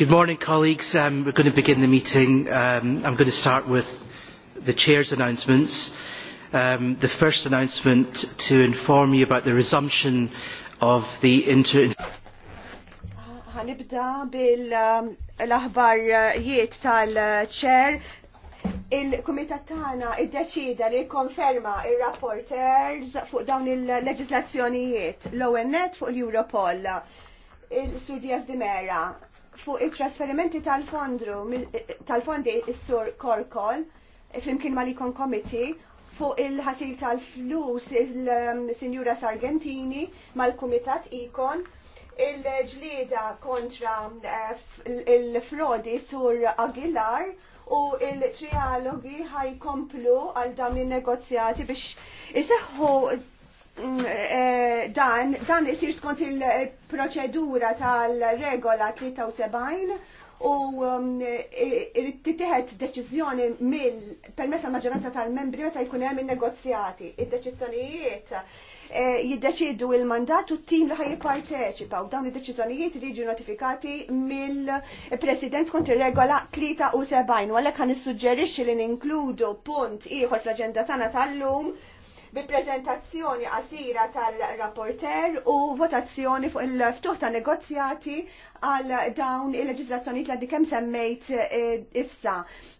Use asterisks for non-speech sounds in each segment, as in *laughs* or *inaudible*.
Good morning, colleagues. Um, we're going to begin the meeting. Um, I'm going to start with the Chair's announcements. Um, the first announcement to inform you about the resumption of the inter... Ħanibda bil-aħbarijiet tal-ċer. Il-Kumitat tagħna iddeċida li konferma ir-rapporters fuq dawn il-leġislazzjonijiet l-ONET fuq l-Europol. Il-Sur Diaz Dimera fuq il-trasferimenti tal-fondru, tal-fondi s-sur Korkol, flimkien Malikon Committee, fuq il-ħasil tal-flus il-Sinjura Sargentini mal-Kumitat Ikon, il-ġlieda kontra eh, il-frodi sur Aguilar u il-trialogi ħajkomplu għal dawn il-negozjati biex iseħħu Mm, eh, dan, dan jisir skont il-proċedura tal-regola 73 u mm, eh, eh, titieħed deċiżjoni mill permessa maġġoranza tal-membri meta jkun hemm in-negozjati. Id-deċiżjonijiet jiddeċidu il-mandat u t-tim li ħajjipparteċipa u dawn id-deċiżjonijiet jiġu notifikati mill-President kont ir-regola 73 u għalhekk kan nissuġġerixxi li ninkludu punt ieħor fl-aġenda tagħna tal-lum bi prezentazzjoni qasira tal-rapporter u votazzjoni fuq il-ftuħ ta' negozjati għal dawn il-leġizlazzjoni li dikem semmejt eh, issa.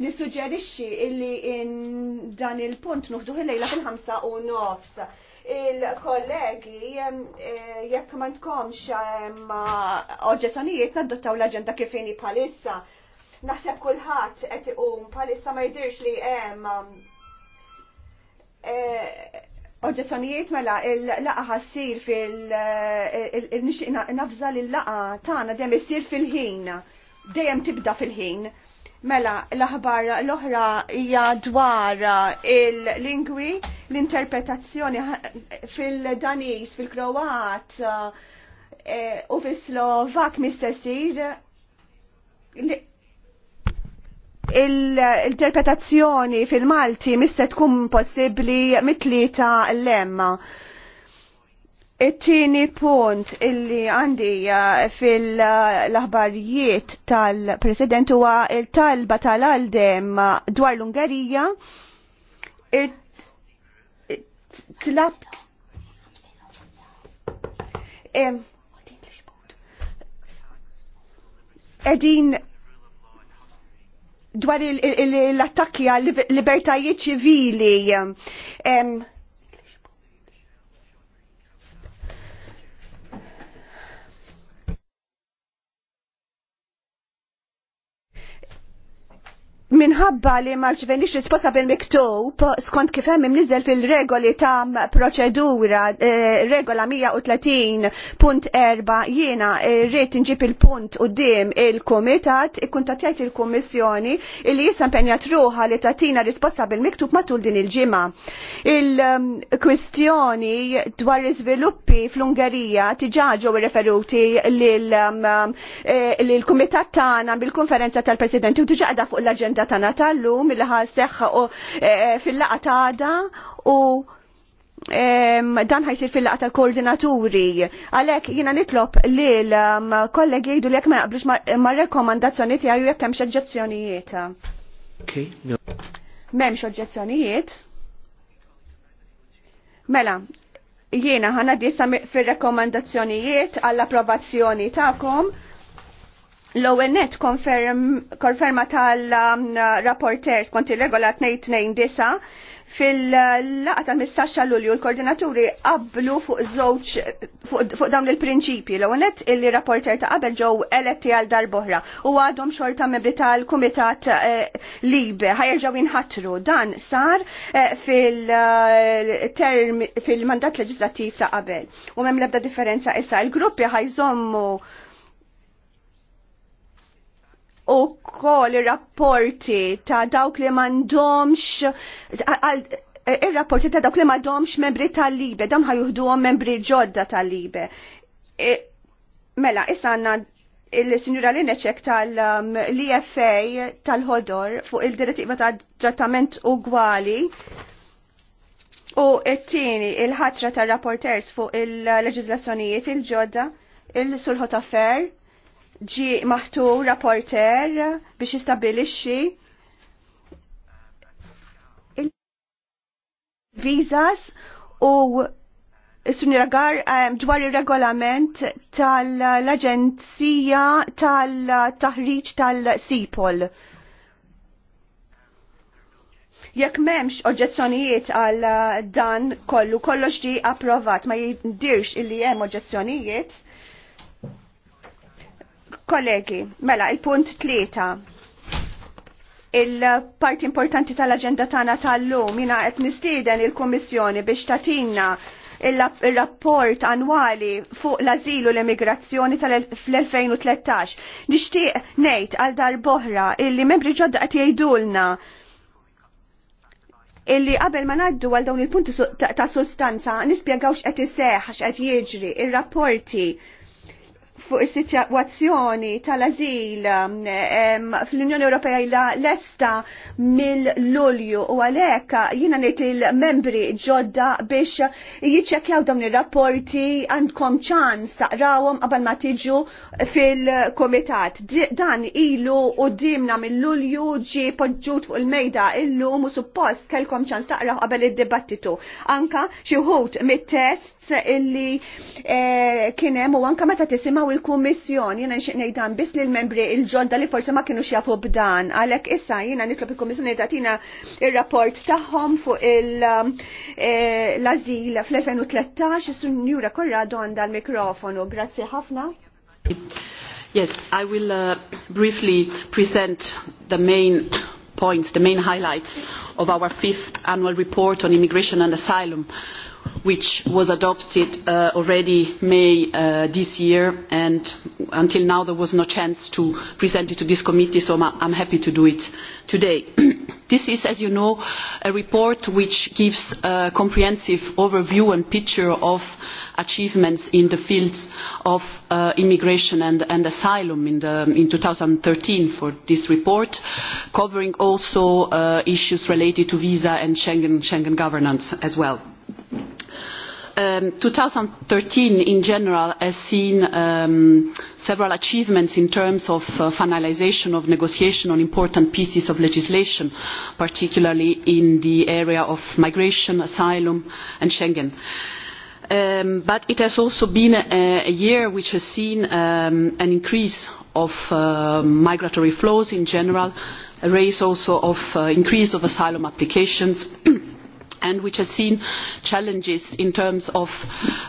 Nissuġġerixxi illi dan il-punt nuħduħ il-lejla fil 5 u nofs il-kollegi eh, jekk ma tkomx ma oġġezzjonijiet naddottaw l-aġenda kifini palissa. Naħseb kulħadd qed iqum palissa ma jidhirx li hemm Eh, oġġezzjonijiet mela il-laqa ħassir fil-nixtieq eh, nafza lill-laqa tagħna dejjem issir fil-ħin, dejjem tibda fil-ħin. Mela l-aħbar l-oħra hija dwar il-lingwi, l-interpretazzjoni fil-Danis, fil-Kroat eh, u fil-Slovak mistessir il-interpretazzjoni fil-Malti mista tkun possibli mitlita l-lemma. It-tieni punt illi għandi uh, fil-aħbarijiet tal-President huwa il-talba tal-Aldem dwar l-Ungerija it edin dwar l-attakki għal libertajiet ċivili minħabba li marċvenix risposta bil-miktub, skont kif hemm imniżel fil-regoli ta' proċedura, eh, regola 130.4 jiena eh, rrid nġib il-punt dim il-kumitat, ikkuntatjajt il-kummissjoni illi jissa impenjat ruħa li tatina risposta bil-miktub matul din il-ġimgħa. Il-kwistjoni ehm, dwar iżviluppi fl-Ungerija tiġaġu referuti l ehm, eh, kumitat tagħna bil-konferenza tal-Presidenti u tiġa fuq l agenda T'a ta' natallu mill lum seħħa u eh, eh, fil-laqgħa għada u dan ħajsir fil laqa tal-koordinaturi. Għalhekk jiena nitlob lil kollegi jgħidu li jekk ma jaqblux mar-rekomandazzjoni tiegħu jekk hemmx oġġezzjonijiet. M'hemmx oġġezzjonijiet. Mela, jiena ħana disa fil-rekomandazzjonijiet għall-approvazzjoni ta'kom. L-ONET konferma tal rapporters kont il-regola 229 fil-laqa tal-15 lulju l-koordinaturi qablu fuq żewġ fuq dawn il-prinċipji l-ONET illi rapporter ta' qabel ġew eletti għal darbohra u għadhom xorta membri tal-Kumitat eh, Libe ħajerġgħu jinħatru dan sar eh, eh, fil-mandat leġislattiv ta' qabel u m'hemm l-ebda differenza issa il-gruppi ħajżommu u kol rapporti ta' dawk li mandomx il-rapporti ta' dawk li mandomx membri tal-libe, dam ħajuhdu membri ġodda tal-libe. E, mela, issa għanna il-sinjura li neċek tal-IFA tal-ħodor fuq il-direttiva ta' trattament ugwali u it-tieni il-ħatra tal-rapporters fuq il-leġizlazzjonijiet il-ġodda il-sulħot affer ġi maħtu rapporter biex jistabilixxi il-vizas u Sunira Gar eh, dwar ir-regolament tal-Aġenzija tal-Taħriġ tal-Sipol. Jekk memx oġġezzjonijiet għal dan kollu, kollox ġi approvat, ma jidirx illi hemm oġġezzjonijiet, Kollegi, mela, il-punt tlieta. Il-parti importanti tal-agenda tagħna tal-lum jina qed nistieden il-Kummissjoni biex tatina il-rapport annwali fuq l-azilu l-immigrazzjoni tal-2013. Nixtieq ngħid għal boħra illi membri ġodda qed jgħidulna illi qabel ma ngħaddu għal dawn il-punti ta' sostanza nispjegawx qed iseħħ x'qed jiġri ir-rapporti fuq is-sitwazzjoni tal-azil um, fl-Unjoni Ewropea l lesta mill-Lulju u għalhekk jiena ngħid il-membri ġodda biex jiċċekkjaw dawn ir-rapporti għandkom ċans taqrawhom qabel ma tiġu fil-kumitat. Dan ilu qudiemna mill-Lulju ġie poġġut fuq il-mejda illum u suppost kellkom ċans taqraw qabel id-dibattitu. Anka xi wħud mit-test progress illi eh, kienem u anka meta tisimaw il-Kummissjoni jiena nixtieq ngħidan biss l membri il-ġodda li forsi ma kienu jafu b'dan. Għalhekk issa jiena nitlob il-Kummissjoni tagħtina il rapport tagħhom fuq eh, l-azil fl-2013 sun sunjura korra donda l-mikrofonu. Grazzi ħafna. Yes, I will uh, briefly present the main points, the main highlights of our fifth annual report on immigration and asylum which was adopted uh, already May uh, this year and until now there was no chance to present it to this committee so I'm happy to do it today. *clears throat* this is, as you know, a report which gives a comprehensive overview and picture of achievements in the fields of uh, immigration and, and asylum in, the, in 2013 for this report, covering also uh, issues related to visa and Schengen, Schengen governance as well um, 2013 in general has seen um, several achievements in terms of uh, finalization of negotiation on important pieces of legislation, particularly in the area of migration, asylum and Schengen. Um, but it has also been a, a year which has seen um, an increase of uh, migratory flows in general, a raise also of uh, increase of asylum applications, *clears throat* and which has seen challenges in terms of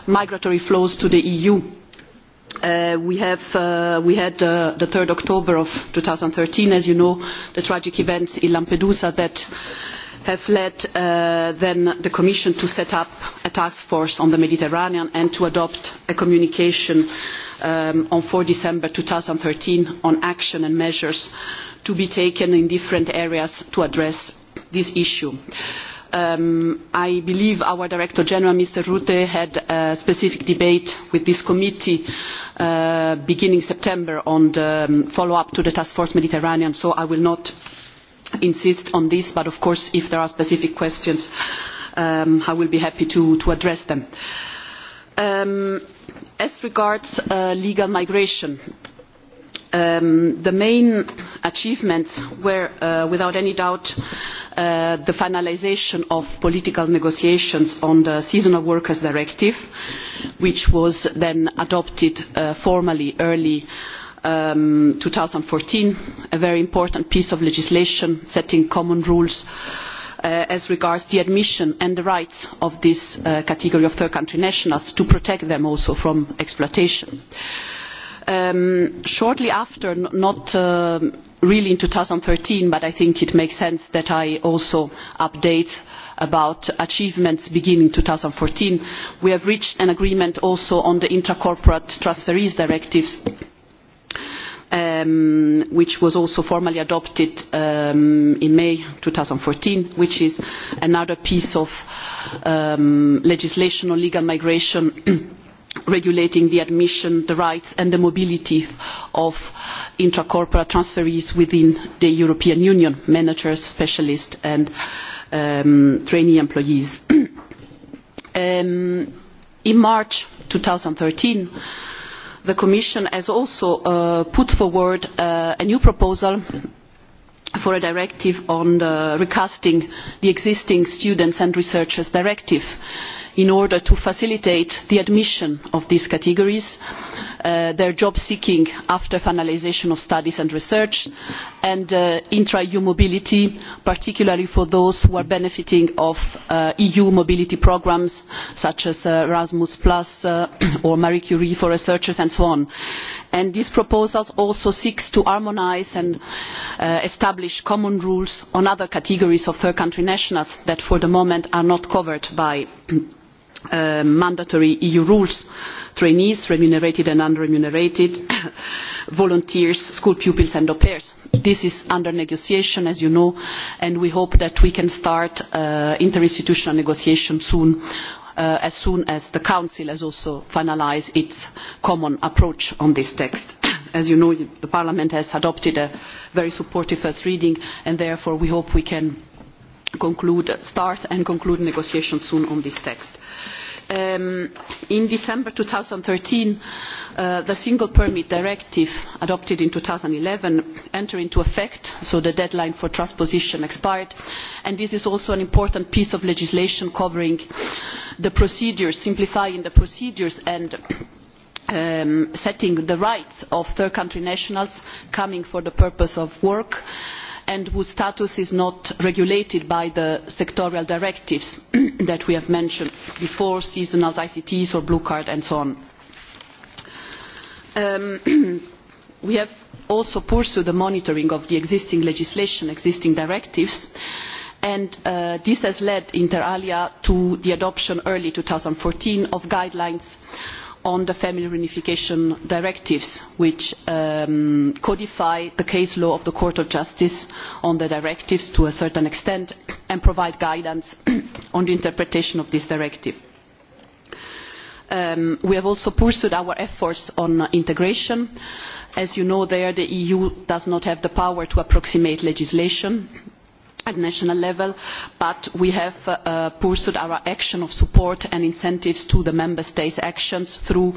migratory flows to the EU. Uh, we, have, uh, we had uh, the 3rd October of 2013, as you know, the tragic events in Lampedusa that have led uh, then the Commission to set up a task force on the Mediterranean and to adopt a communication um, on 4 December 2013 on action and measures to be taken in different areas to address this issue. Uh, um, I believe our Director General, Mr. Rutte, had a specific debate with this committee uh, beginning September on the um, follow-up to the Task Force Mediterranean, so I will not insist on this, but of course if there are specific questions, um, I will be happy to, to address them. Um, as regards uh, legal migration, Um, the main achievements were, uh, without any doubt, uh, the finalisation of political negotiations on the Seasonal Workers Directive, which was then adopted uh, formally early um, 2014, a very important piece of legislation setting common rules Uh, as regards the admission and the rights of this uh, category of third country nationals to protect them also from exploitation. Uh, Um, shortly after, not uh, really in 2013, but I think it makes sense that I also update about achievements beginning 2014. We have reached an agreement also on the intracorporate transferees directives um, which was also formally adopted um, in May 2014, which is another piece of um, legislation on legal migration *clears throat* regulating the admission, the rights and the mobility of intracorporate transferees within the European Union, managers, specialists and um, trainee employees. *clears throat* um, in March 2013, the Commission has also uh, put forward uh, a new proposal for a directive on the recasting the existing Students and Researchers Directive in order to facilitate the admission of these categories, uh, their job seeking after finalization of studies and research, and uh, intra-EU mobility, particularly for those who are benefiting of uh, EU mobility programs such as uh, Erasmus Plus uh, *clears throat* or Marie Curie for researchers and so on and this proposal also seeks to harmonise and uh, establish common rules on other categories of third country nationals that for the moment are not covered by Uh, mandatory EU rules, trainees, remunerated and unremunerated, *coughs* volunteers, school pupils and au pairs. This is under negotiation, as you know, and we hope that we can start uh, interinstitutional negotiation soon uh, as soon as the Council has also finalised its common approach on this text. *coughs* as you know, the Parliament has adopted a very supportive first reading and therefore we hope we can conclude, start and conclude negotiations soon on this text. Uh, Um, in December 2013, uh, the Single Permit Directive, adopted in 2011, entered into effect, so the deadline for transposition expired. And this is also an important piece of legislation covering the procedures, simplifying the procedures and um, setting the rights of third country nationals coming for the purpose of work and whose status is not regulated by the sectoral directives *clears throat* that we have mentioned before, seasonal ICTs or blue card and so on. Um, *clears throat* we have also pursued the monitoring of the existing legislation, existing directives, and uh, this has led inter alia to the adoption early fourteen of guidelines on the family reunification directives which um, codify the case law of the Court of Justice on the directives to a certain extent and provide guidance *clears throat* on the interpretation of this directive. Um, we have also pursued our efforts on uh, integration. As you know there, the EU does not have the power to approximate legislation at national level, but we have uh, uh, pursued our action of support and incentives to the member states' actions through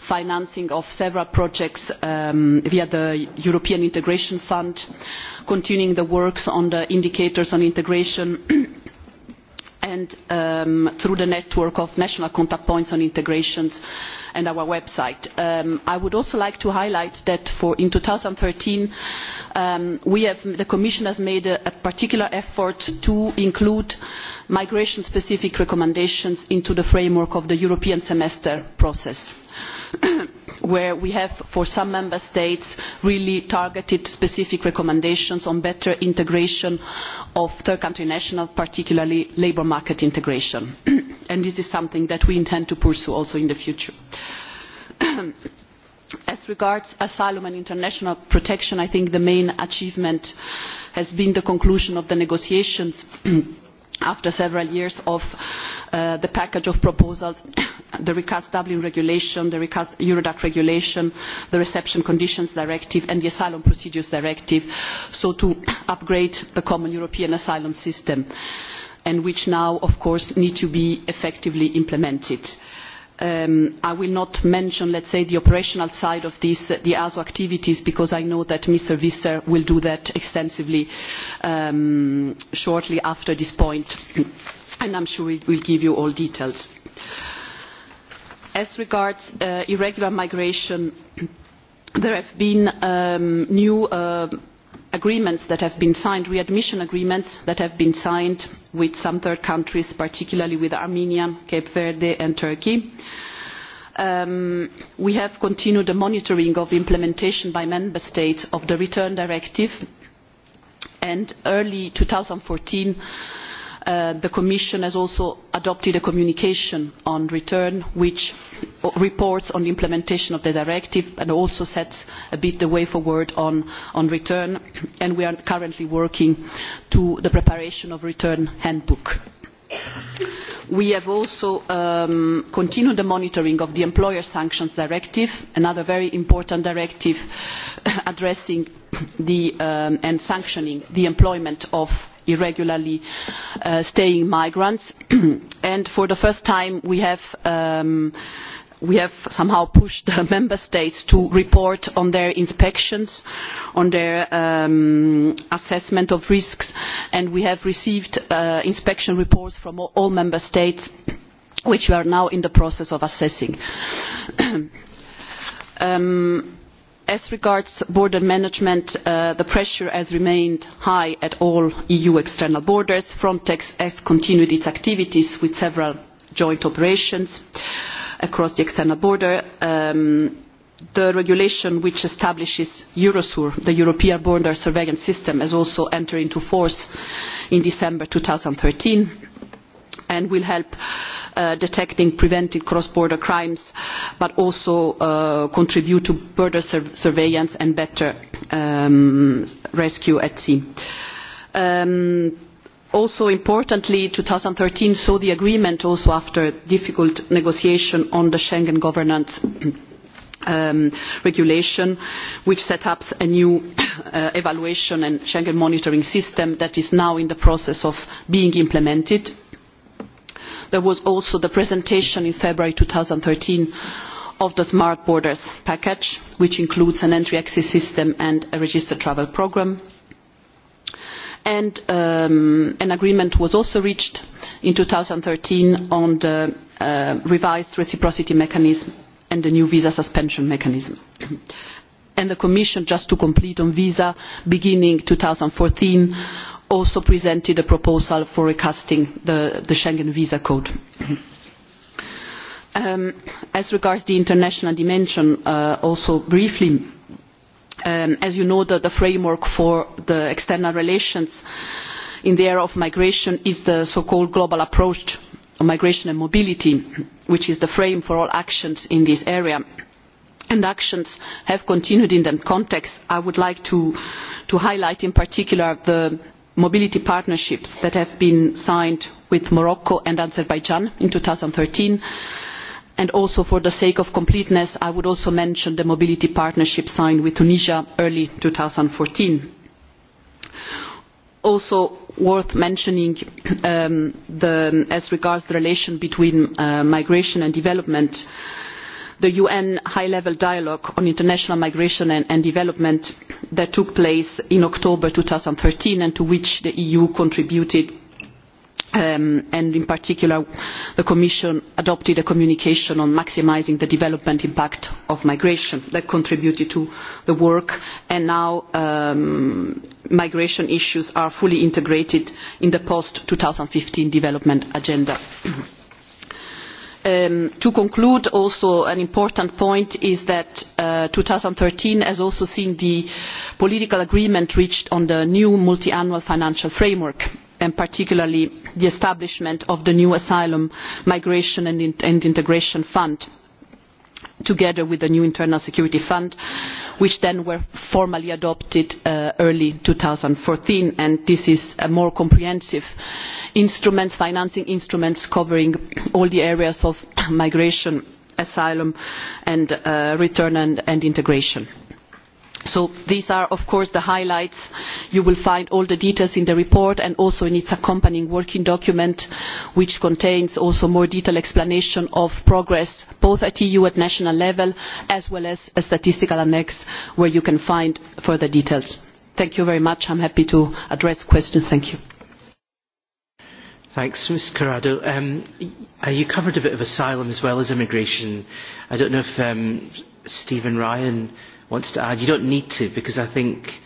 financing of several projects um, via the European Integration Fund, continuing the works on the indicators on integration *clears throat* and um, through the network of national contact points on integrations and our website. Um, I would also like to highlight that for in 2013 um, we have, the Commission has made a, a particular effort to include migration-specific recommendations into the framework of the European semester process *coughs* where we have for some member states really targeted specific recommendations on better integration of third country nationals, particularly labour market integration. *coughs* and this is something that we intend to pursue also in the future. *coughs* As regards asylum and international protection, I think the main achievement has been the conclusion of the negotiations after several years of uh, the package of proposals, *coughs* the recast Dublin regulation, the recast Eurodac regulation, the reception conditions directive and the asylum procedures directive, so to *coughs* upgrade the common European asylum system and which now of course need to be effectively implemented. Um, I will not mention, let's say, the operational side of these, uh, the ASO activities, because I know that Mr. Visser will do that extensively um, shortly after this point, *clears throat* and I'm sure it will give you all details. As regards uh, irregular migration, *clears throat* there have been um, new uh, agreements that have been signed, readmission agreements that have been signed with some third countries, particularly with Armenia, Cape Verde and Turkey. Um, we have continued the monitoring of implementation by member states of the return directive and early fourteen Uh, the Commission has also adopted a communication on return which reports on the implementation of the directive and also sets a bit the way forward on, on return and we are currently working to the preparation of return handbook. We have also um, continued the monitoring of the Employer Sanctions Directive, another very important directive *coughs* addressing the, um, and sanctioning the employment of irregularly uh, staying migrants. *clears throat* and for the first time, we have um, we have somehow pushed the *laughs* member states to report on their inspections, on their um, assessment of risks, and we have received uh, inspection reports from all member states, *clears throat* which we are now in the process of assessing. *clears throat* um, As regards border management, uh, the pressure has remained high at all EU external borders. Frontex has continued its activities with several joint operations across the external border. Um, the regulation which establishes Eurosur, the European Border Surveillance System, has also entered into force in December thirteen and will help uh, detecting, preventing cross-border crimes, but also uh, contribute to border sur surveillance and better um, rescue at sea. Um, also importantly, 2013 saw the agreement also after difficult negotiation on the Schengen governance *coughs* um, regulation which set up a new *coughs* uh, evaluation and Schengen monitoring system that is now in the process of being implemented There was also the presentation in February 2013 of the Smart Borders package, which includes an entry exit system and a registered travel programme. And um, an agreement was also reached in 2013 on the uh, revised reciprocity mechanism and the new visa suspension mechanism. *coughs* and the Commission, just to complete on visa, beginning 2014, also presented a proposal for recasting the, the Schengen Visa Code. *clears throat* um, as regards the international dimension, uh, also briefly, um, as you know, the, the framework for the external relations in the area of migration is the so-called global approach on migration and mobility, which is the frame for all actions in this area and actions have continued in that context. I would like to, to highlight in particular the mobility partnerships that have been signed with Morocco and Azerbaijan in thirteen and also for the sake of completeness I would also mention the mobility partnership signed with Tunisia early fourteen. Also worth mentioning um, the, as regards the relation between uh, migration and development uh, the UN high level dialogue on international migration and, and development that took place in October thirteen and to which the EU contributed um, and in particular the Commission adopted a communication on maximising the development impact of migration that contributed to the work and now um, migration issues are fully integrated in the post fifteen development agenda. *clears throat* Um, to conclude, also an important point is that uh, 2013 has also seen the political agreement reached on the new multiannual financial framework and particularly the establishment of the new asylum, migration and, in and integration fund together with the new internal security fund which then were formally adopted uh, early 2014 and this is a more comprehensive instruments financing instruments covering all the areas of *clears throat* migration asylum and uh, return and, and integration So these are, of course, the highlights. You will find all the details in the report and also in its accompanying working document, which contains also more detailed explanation of progress, both at EU and national level, as well as a statistical annex where you can find further details. Thank you very much. I'm happy to address questions. Thank you. Thanks, Ms. Corrado. Um, uh, you covered a bit of asylum as well as immigration. I don't know if um, Stephen Ryan wants to add. You don't need to because I think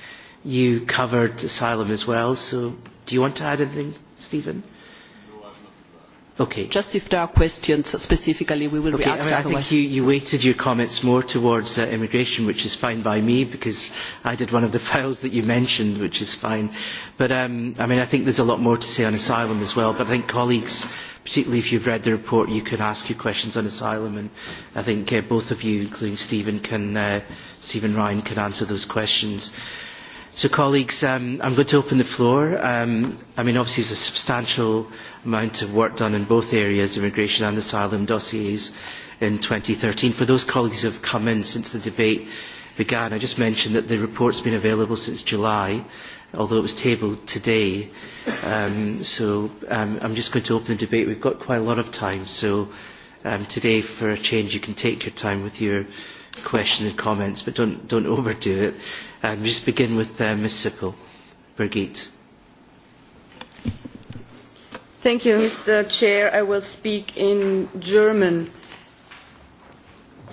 you covered asylum as well. So do you want to add anything, Stephen? Okay. Just if there are questions specifically, we will okay, react I mean, I think you, you weighted your comments more towards uh, immigration, which is fine by me because I did one of the *laughs* files that you mentioned, which is fine. But um, I mean, I think there's a lot more to say on asylum as well, but I think colleagues particularly if you've read the report, you can ask your questions on asylum, and I think uh, both of you, including Stephen, can, uh, Stephen Ryan, can answer those questions. So, colleagues, um, I'm going to open the floor. Um, I mean, obviously, there's a substantial amount of work done in both areas, immigration and asylum dossiers, in 2013. For those colleagues who have come in since the debate began, I just mentioned that the report's been available since July although it was tabled today. Um, so um, I'm just going to open the debate. We've got quite a lot of time, so um, today, for a change, you can take your time with your questions and comments, but don't, don't *laughs* overdo it. Um, just begin with uh, Ms. Sippel, Birgit. Thank you, Mr. Chair. I will speak in German.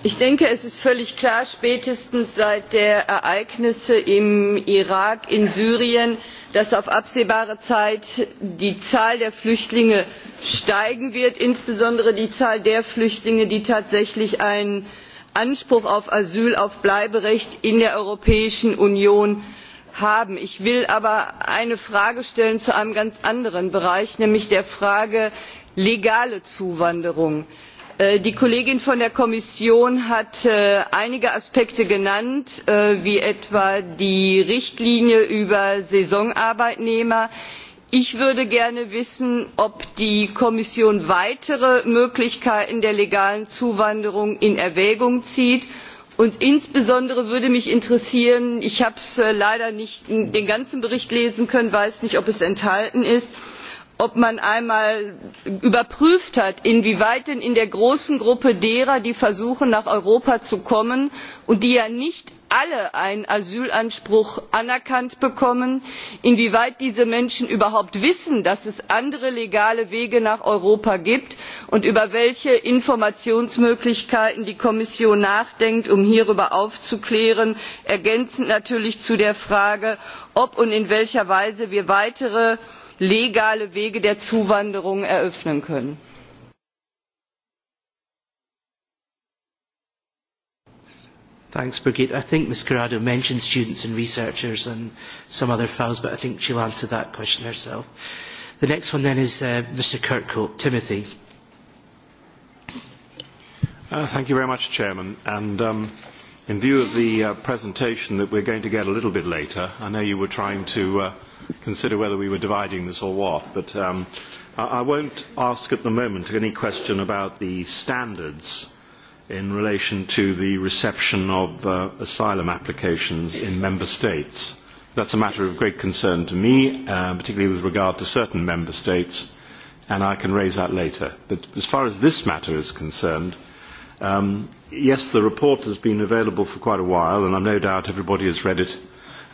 Ich denke, es ist völlig klar, spätestens seit der Ereignisse im Irak, in Syrien, dass auf absehbare Zeit die Zahl der Flüchtlinge steigen wird, insbesondere die Zahl der Flüchtlinge, die tatsächlich einen Anspruch auf Asyl, auf Bleiberecht in der Europäischen Union haben. Ich will aber eine Frage stellen zu einem ganz anderen Bereich, nämlich der Frage legale Zuwanderung Äh, die Kollegin von der Kommission hat äh, einige Aspekte genannt, äh, wie etwa die Richtlinie über Saisonarbeitnehmer. Ich würde gerne wissen, ob die Kommission weitere Möglichkeiten der legalen Zuwanderung in Erwägung zieht. Und insbesondere würde mich interessieren, ich habe es leider nicht den ganzen Bericht lesen können, weiß nicht, ob es enthalten ist, ob man einmal überprüft hat inwieweit denn in der großen gruppe derer die versuchen nach europa zu kommen und die ja nicht alle einen asylanspruch anerkannt bekommen inwieweit diese menschen überhaupt wissen dass es andere legale wege nach europa gibt und über welche informationsmöglichkeiten die kommission nachdenkt um hierüber aufzuklären ergänzend natürlich zu der frage ob und in welcher weise wir weitere legale Wege der Zuwanderung eröffnen können. Thanks, Brigitte. I think Ms. Corrado mentioned students and researchers and some other files, but I think she'll answer that question herself. The next one then is uh, Mr. Kirkhope, Timothy. Uh, thank you very much, Chairman. And um, in view of the uh, presentation that we're going to get a little bit later, I know you were trying to uh, consider whether we were dividing this or what, but um, I, I won't ask at the moment any question about the standards in relation to the reception of uh, asylum applications in member states. That's a matter of great concern to me, uh, particularly with regard to certain member states, and I can raise that later. But as far as this matter is concerned, um, yes, the report has been available for quite a while, and I no doubt everybody has read it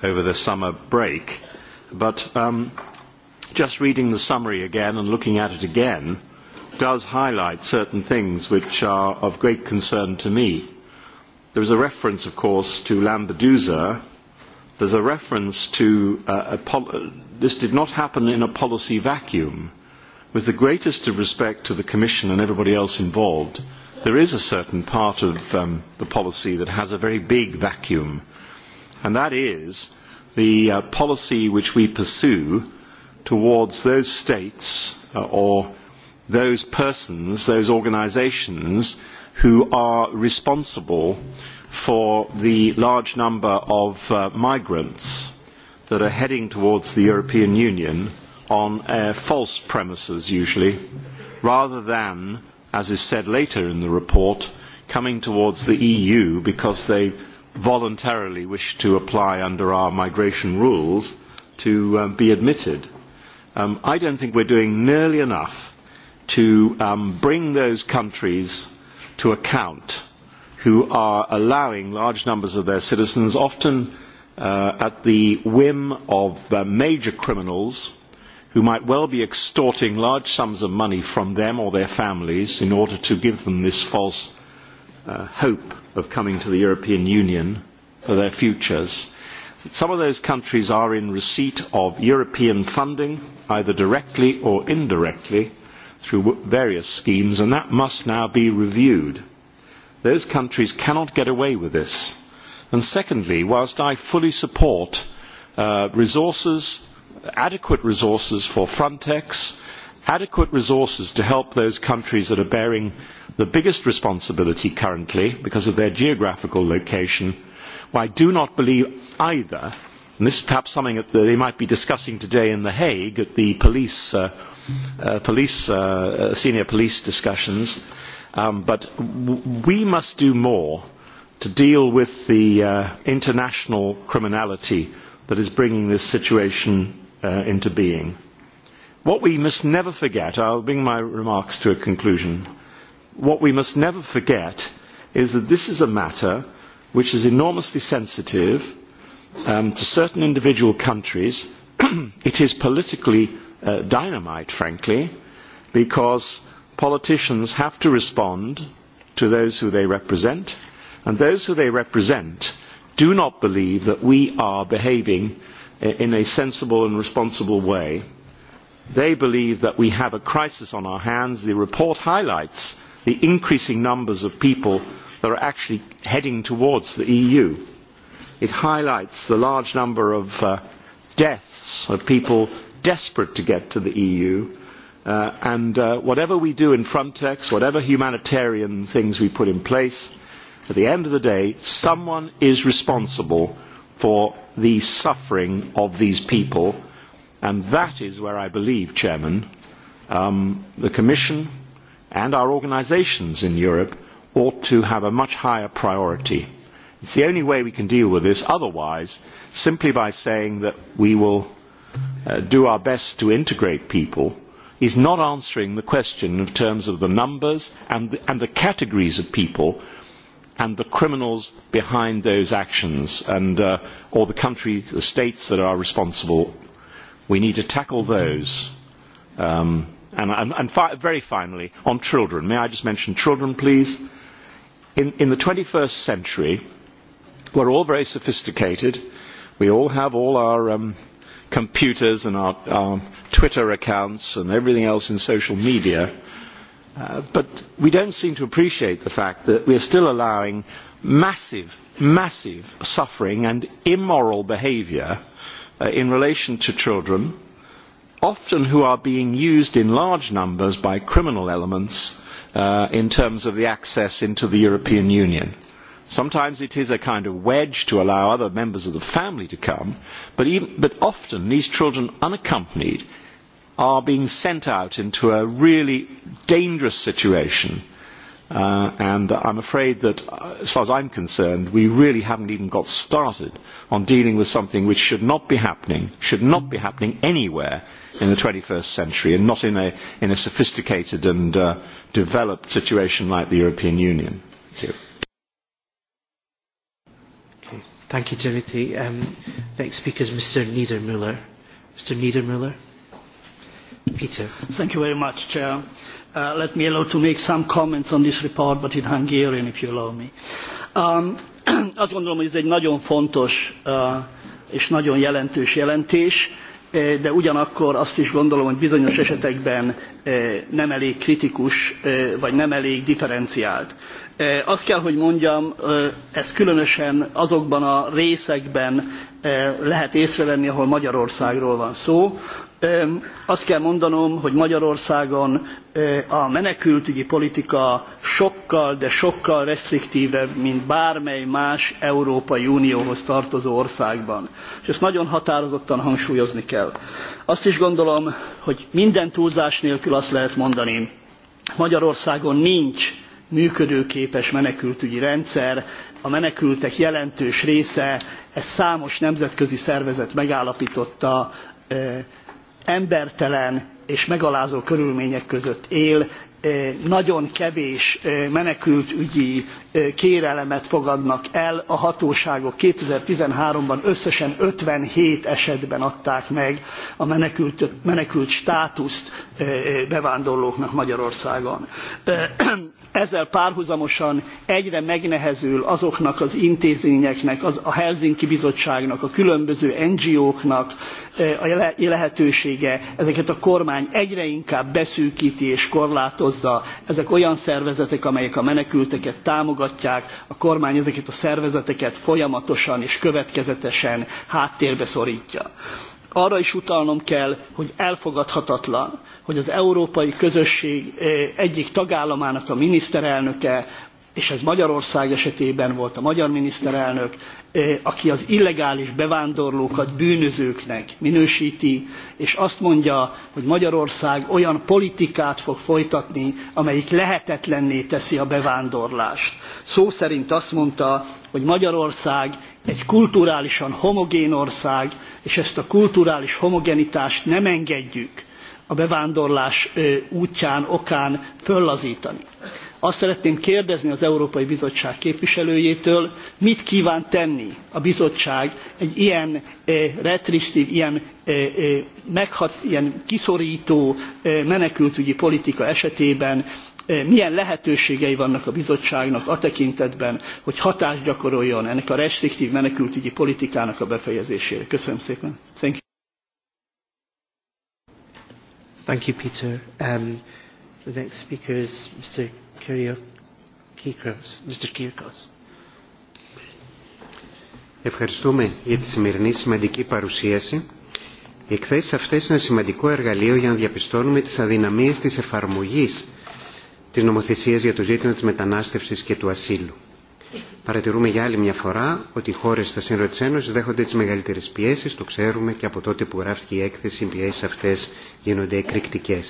over the summer break. But um, just reading the summary again and looking at it again does highlight certain things which are of great concern to me. There is a reference, of course, to Lampedusa. There's a reference to uh, a uh, this did not happen in a policy vacuum. With the greatest of respect to the Commission and everybody else involved, there is a certain part of um, the policy that has a very big vacuum, and that is the uh, policy which we pursue towards those states uh, or those persons, those organisations who are responsible for the large number of uh, migrants that are heading towards the European Union on uh, false premises usually, rather than, as is said later in the report, coming towards the EU because they voluntarily wish to apply under our migration rules to um, be admitted. Um, I don't think we're doing nearly enough to um, bring those countries to account who are allowing large numbers of their citizens, often uh, at the whim of uh, major criminals who might well be extorting large sums of money from them or their families in order to give them this false uh, hope of coming to the European Union for their futures. Some of those countries are in receipt of European funding, either directly or indirectly, through various schemes, and that must now be reviewed. Those countries cannot get away with this. And secondly, whilst I fully support uh, resources, adequate resources for Frontex, adequate resources to help those countries that are bearing the biggest responsibility currently because of their geographical location. Well, I do not believe either, and this is perhaps something that they might be discussing today in The Hague at the police, uh, uh, police, uh, uh senior police discussions, um, but w we must do more to deal with the uh, international criminality that is bringing this situation uh, into being. What we must never forget, I'll bring my remarks to a conclusion, what we must never forget is that this is a matter which is enormously sensitive um, to certain individual countries. *clears throat* it is politically uh, dynamite, frankly, because politicians have to respond to those who they represent, and those who they represent do not believe that we are behaving in a sensible and responsible way They believe that we have a crisis on our hands. The report highlights the increasing numbers of people that are actually heading towards the EU. It highlights the large number of uh, deaths of people desperate to get to the EU. Uh, and uh, whatever we do in Frontex, whatever humanitarian things we put in place, at the end of the day, someone is responsible for the suffering of these people And that is where I believe, Chairman, um, the Commission and our organisations in Europe ought to have a much higher priority. It's the only way we can deal with this otherwise, simply by saying that we will uh, do our best to integrate people is not answering the question in terms of the numbers and the, and the categories of people and the criminals behind those actions and, uh, or the country, the states that are responsible We need to tackle those. Um, and and, and fi very finally, on children. May I just mention children, please? In, in the 21st century, we're all very sophisticated. We all have all our um, computers and our, our Twitter accounts and everything else in social media. Uh, but we don't seem to appreciate the fact that we are still allowing massive, massive suffering and immoral behaviour uh, in relation to children, often who are being used in large numbers by criminal elements uh, in terms of the access into the European Union. Sometimes it is a kind of wedge to allow other members of the family to come, but, even, but often these children unaccompanied are being sent out into a really dangerous situation Uh, and I'm afraid that, uh, as far as I'm concerned, we really haven't even got started on dealing with something which should not be happening, should not be happening anywhere in the 21st century, and not in a, in a sophisticated and uh, developed situation like the European Union. Thank you. Okay. Thank you, Timothy. Um, next speaker is Mr. Niedermüller. Mr. Niedermüller. Peter. Thank you very much, Chair. Uh, let me allow to make some comments on this report, but in Hungarian, if you allow me. Um, *clears throat* azt gondolom, hogy ez egy nagyon fontos uh, és nagyon jelentős jelentés, uh, de ugyanakkor azt is gondolom, hogy bizonyos esetekben uh, nem elég kritikus, uh, vagy nem elég differenciált. Azt kell, hogy mondjam, ez különösen azokban a részekben lehet észrevenni, ahol Magyarországról van szó, Azt kell mondanom, hogy Magyarországon e, a menekültügyi politika sokkal, de sokkal restriktívebb, mint bármely más Európai Unióhoz tartozó országban. És ezt nagyon határozottan hangsúlyozni kell. Azt is gondolom, hogy minden túlzás nélkül azt lehet mondani, Magyarországon nincs működőképes menekültügyi rendszer, a menekültek jelentős része, ezt számos nemzetközi szervezet megállapította, e, embertelen és megalázó körülmények között él, eh, nagyon kevés eh, menekültügyi eh, kérelemet fogadnak el. A hatóságok 2013-ban összesen 57 esetben adták meg a menekült, menekült státuszt bevándorlóknak Magyarországon. Ezzel párhuzamosan egyre megnehezül azoknak az intézményeknek, az, a Helsinki Bizottságnak, a különböző NGO-knak eh, a lehetősége, ezeket a kormány egyre inkább beszűkíti és korlátozza. Ezek olyan szervezetek, amelyek a menekülteket támogatják, a kormány ezeket a szervezeteket folyamatosan és következetesen háttérbe szorítja arra is utalnom kell, hogy elfogadhatatlan, hogy az európai közösség egyik tagállamának a miniszterelnöke, és ez Magyarország esetében volt a magyar miniszterelnök, aki az illegális bevándorlókat bűnözőknek minősíti, és azt mondja, hogy Magyarország olyan politikát fog folytatni, amelyik lehetetlenné teszi a bevándorlást. Szó szerint azt mondta, hogy Magyarország egy kulturálisan homogén ország, és ezt a kulturális homogenitást nem engedjük a bevándorlás útján, okán föllazítani. Azt szeretném kérdezni az Európai Bizottság képviselőjétől, mit kíván tenni a bizottság egy ilyen retrisztív, ilyen, meghat, ilyen kiszorító menekültügyi politika esetében Eh, milyen lehetőségei vannak a bizottságnak a tekintetben, hogy hatást gyakoroljon ennek a restriktív menekültügyi politikának a befejezésére. Köszönöm szépen. Thank you. Thank you, Peter. Um, the next speaker is Mr. Kyrios. Mr. Kirkos. Ευχαριστούμε για τη σημερινή σημαντική παρουσίαση. Οι εκθέσεις αυτές είναι σημαντικό εργαλείο για να διαπιστώνουμε τις αδυναμίες της εφαρμογής Τη νομοθεσία για το ζήτημα τη μετανάστευση και του ασύλου. Παρατηρούμε για άλλη μια φορά ότι οι χώρε στα σύνορα τη Ένωση δέχονται τι μεγαλύτερε πιέσει, το ξέρουμε και από τότε που γράφτηκε η έκθεση οι πιέσει αυτέ γίνονται εκρηκτικέ.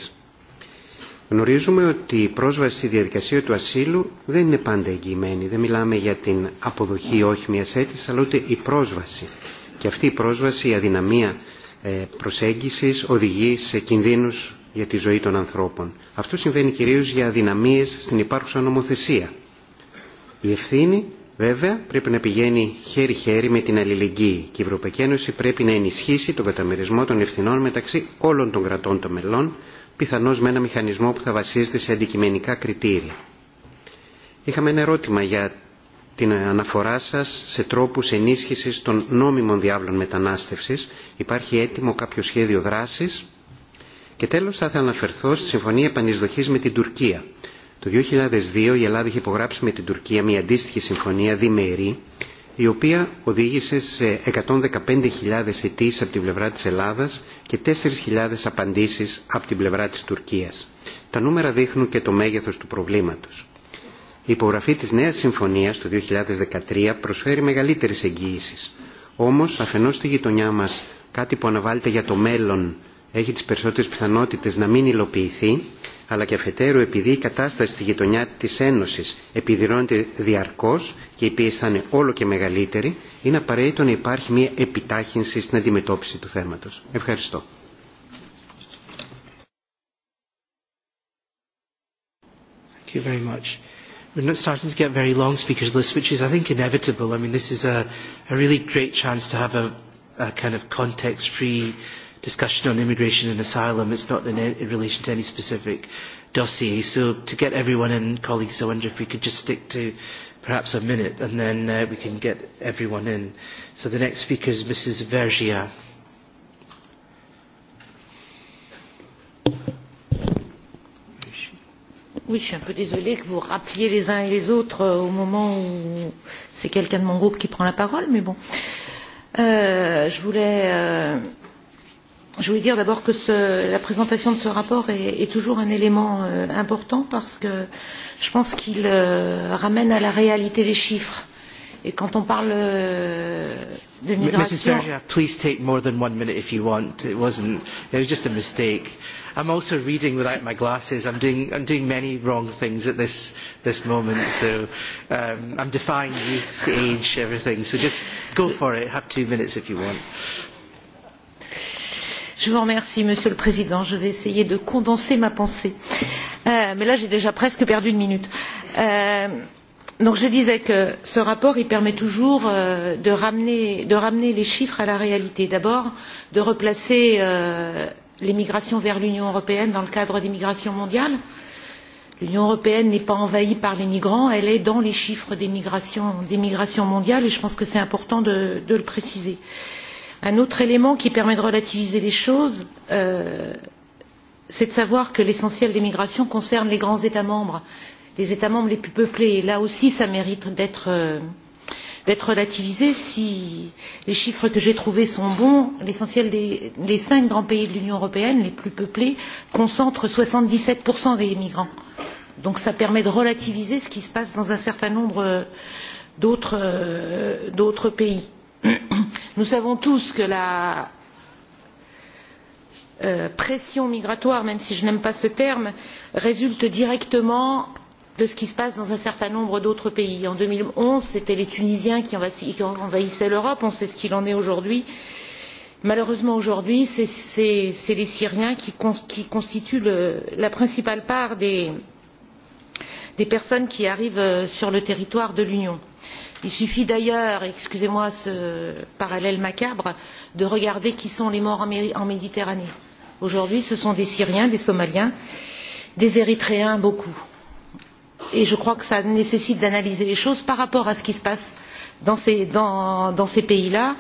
Γνωρίζουμε ότι η πρόσβαση στη διαδικασία του ασύλου δεν είναι πάντα εγγυημένη. Δεν μιλάμε για την αποδοχή όχι μια αίτηση, αλλά ούτε η πρόσβαση. Και αυτή η πρόσβαση, η αδυναμία προσέγγισης οδηγεί σε κινδύνους για τη ζωή των ανθρώπων. Αυτό συμβαίνει κυρίως για αδυναμίες στην υπάρχουσα νομοθεσία. Η ευθύνη βέβαια πρέπει να πηγαίνει χέρι-χέρι με την αλληλεγγύη και η Ευρωπαϊκή Ένωση πρέπει να ενισχύσει τον καταμερισμό των ευθυνών μεταξύ όλων των κρατών των μελών, πιθανώς με ένα μηχανισμό που θα βασίζεται σε αντικειμενικά κριτήρια. Είχαμε ένα ερώτημα για την αναφορά σας σε τρόπους ενίσχυσης των νόμιμων διάβλων μετανάστευσης. Υπάρχει έτοιμο κάποιο σχέδιο δράσης Και τέλος θα ήθελα να αναφερθώ στη Συμφωνία Επανεισδοχής με την Τουρκία. Το 2002 η Ελλάδα είχε υπογράψει με την Τουρκία μια αντίστοιχη συμφωνία διμερή, η οποία οδήγησε σε 115.000 αιτήσει από την πλευρά της Ελλάδας και 4.000 απαντήσεις από την πλευρά της Τουρκίας. Τα νούμερα δείχνουν και το μέγεθος του προβλήματος. Η υπογραφή της νέας συμφωνίας το 2013 προσφέρει μεγαλύτερες εγγύησεις. Όμως, αφενός στη γειτονιά μας, κάτι που αναβάλλεται για το μέλλον έχει τις περισσότερες πιθανότητες να μην υλοποιηθεί, αλλά και αφετέρου επειδή η κατάσταση στη γειτονιά της Ένωσης επιδεινώνεται διαρκώς και η πίεση θα είναι όλο και μεγαλύτερη, είναι απαραίτητο να υπάρχει μια επιτάχυνση στην αντιμετώπιση του θέματος. Ευχαριστώ. Thank you very much. We're not starting to get very long speakers list, which is, I think, inevitable. I mean, this is a, a really great chance to have a, a kind of context-free discussion on immigration and asylum. It's not in, a, in relation to any specific dossier. So to get everyone in, colleagues, I wonder if we could just stick to perhaps a minute and then uh, we can get everyone in. So the next speaker is Mrs. Vergia. Oui, je suis un peu désolée que vous rappeliez les uns et les autres au moment où c'est quelqu'un de mon groupe qui prend la parole, mais bon. Euh, je voulais euh, Je voulais dire d'abord que ce, la présentation de ce rapport est, est toujours un élément euh, important parce que je pense qu'il euh, ramène à la réalité les chiffres. Et quand on parle euh, de migration... Mrs. Berger, please take more than one minute if you want. It wasn't, it was just a mistake. I'm also reading without my glasses. I'm doing, I'm doing many wrong things at this, this moment. So um, I'm defying youth, age, everything. So just go for it. Have two minutes if you want. Je vous remercie, Monsieur le Président. Je vais essayer de condenser ma pensée. Euh, mais là, j'ai déjà presque perdu une minute. Euh, donc, je disais que ce rapport, il permet toujours euh, de, ramener, de ramener les chiffres à la réalité. D'abord, de replacer euh, les migrations vers l'Union européenne dans le cadre des migrations mondiales. L'Union européenne n'est pas envahie par les migrants, elle est dans les chiffres des migrations, des migrations mondiales et je pense que c'est important de, de le préciser. Euh, Un autre élément qui permet de relativiser les choses, euh, c'est de savoir que l'essentiel des migrations concerne les grands États membres, les États membres les plus peuplés. Et là aussi, ça mérite d'être euh, relativisé. Si les chiffres que j'ai trouvés sont bons, l'essentiel des les cinq grands pays de l'Union européenne, les plus peuplés, concentrent 77% des migrants. Donc ça permet de relativiser ce qui se passe dans un certain nombre d'autres euh, pays. *coughs* Nous savons tous que la euh, pression migratoire, même si je n'aime pas ce terme, résulte directement de ce qui se passe dans un certain nombre d'autres pays. En 2011, c'était les Tunisiens qui envahissaient l'Europe, on sait ce qu'il en est aujourd'hui. Malheureusement, aujourd'hui, c'est les Syriens qui, qui constituent le, la principale part des, des personnes qui arrivent euh, sur le territoire de l'Union. Il suffit d'ailleurs, excusez-moi ce parallèle macabre, de regarder qui sont les morts en Méditerranée. Aujourd'hui, ce sont des Syriens, des Somaliens, des Érythréens, beaucoup. Et je crois que ça nécessite d'analyser les choses par rapport à ce qui se passe dans ces, dans, dans ces pays-là.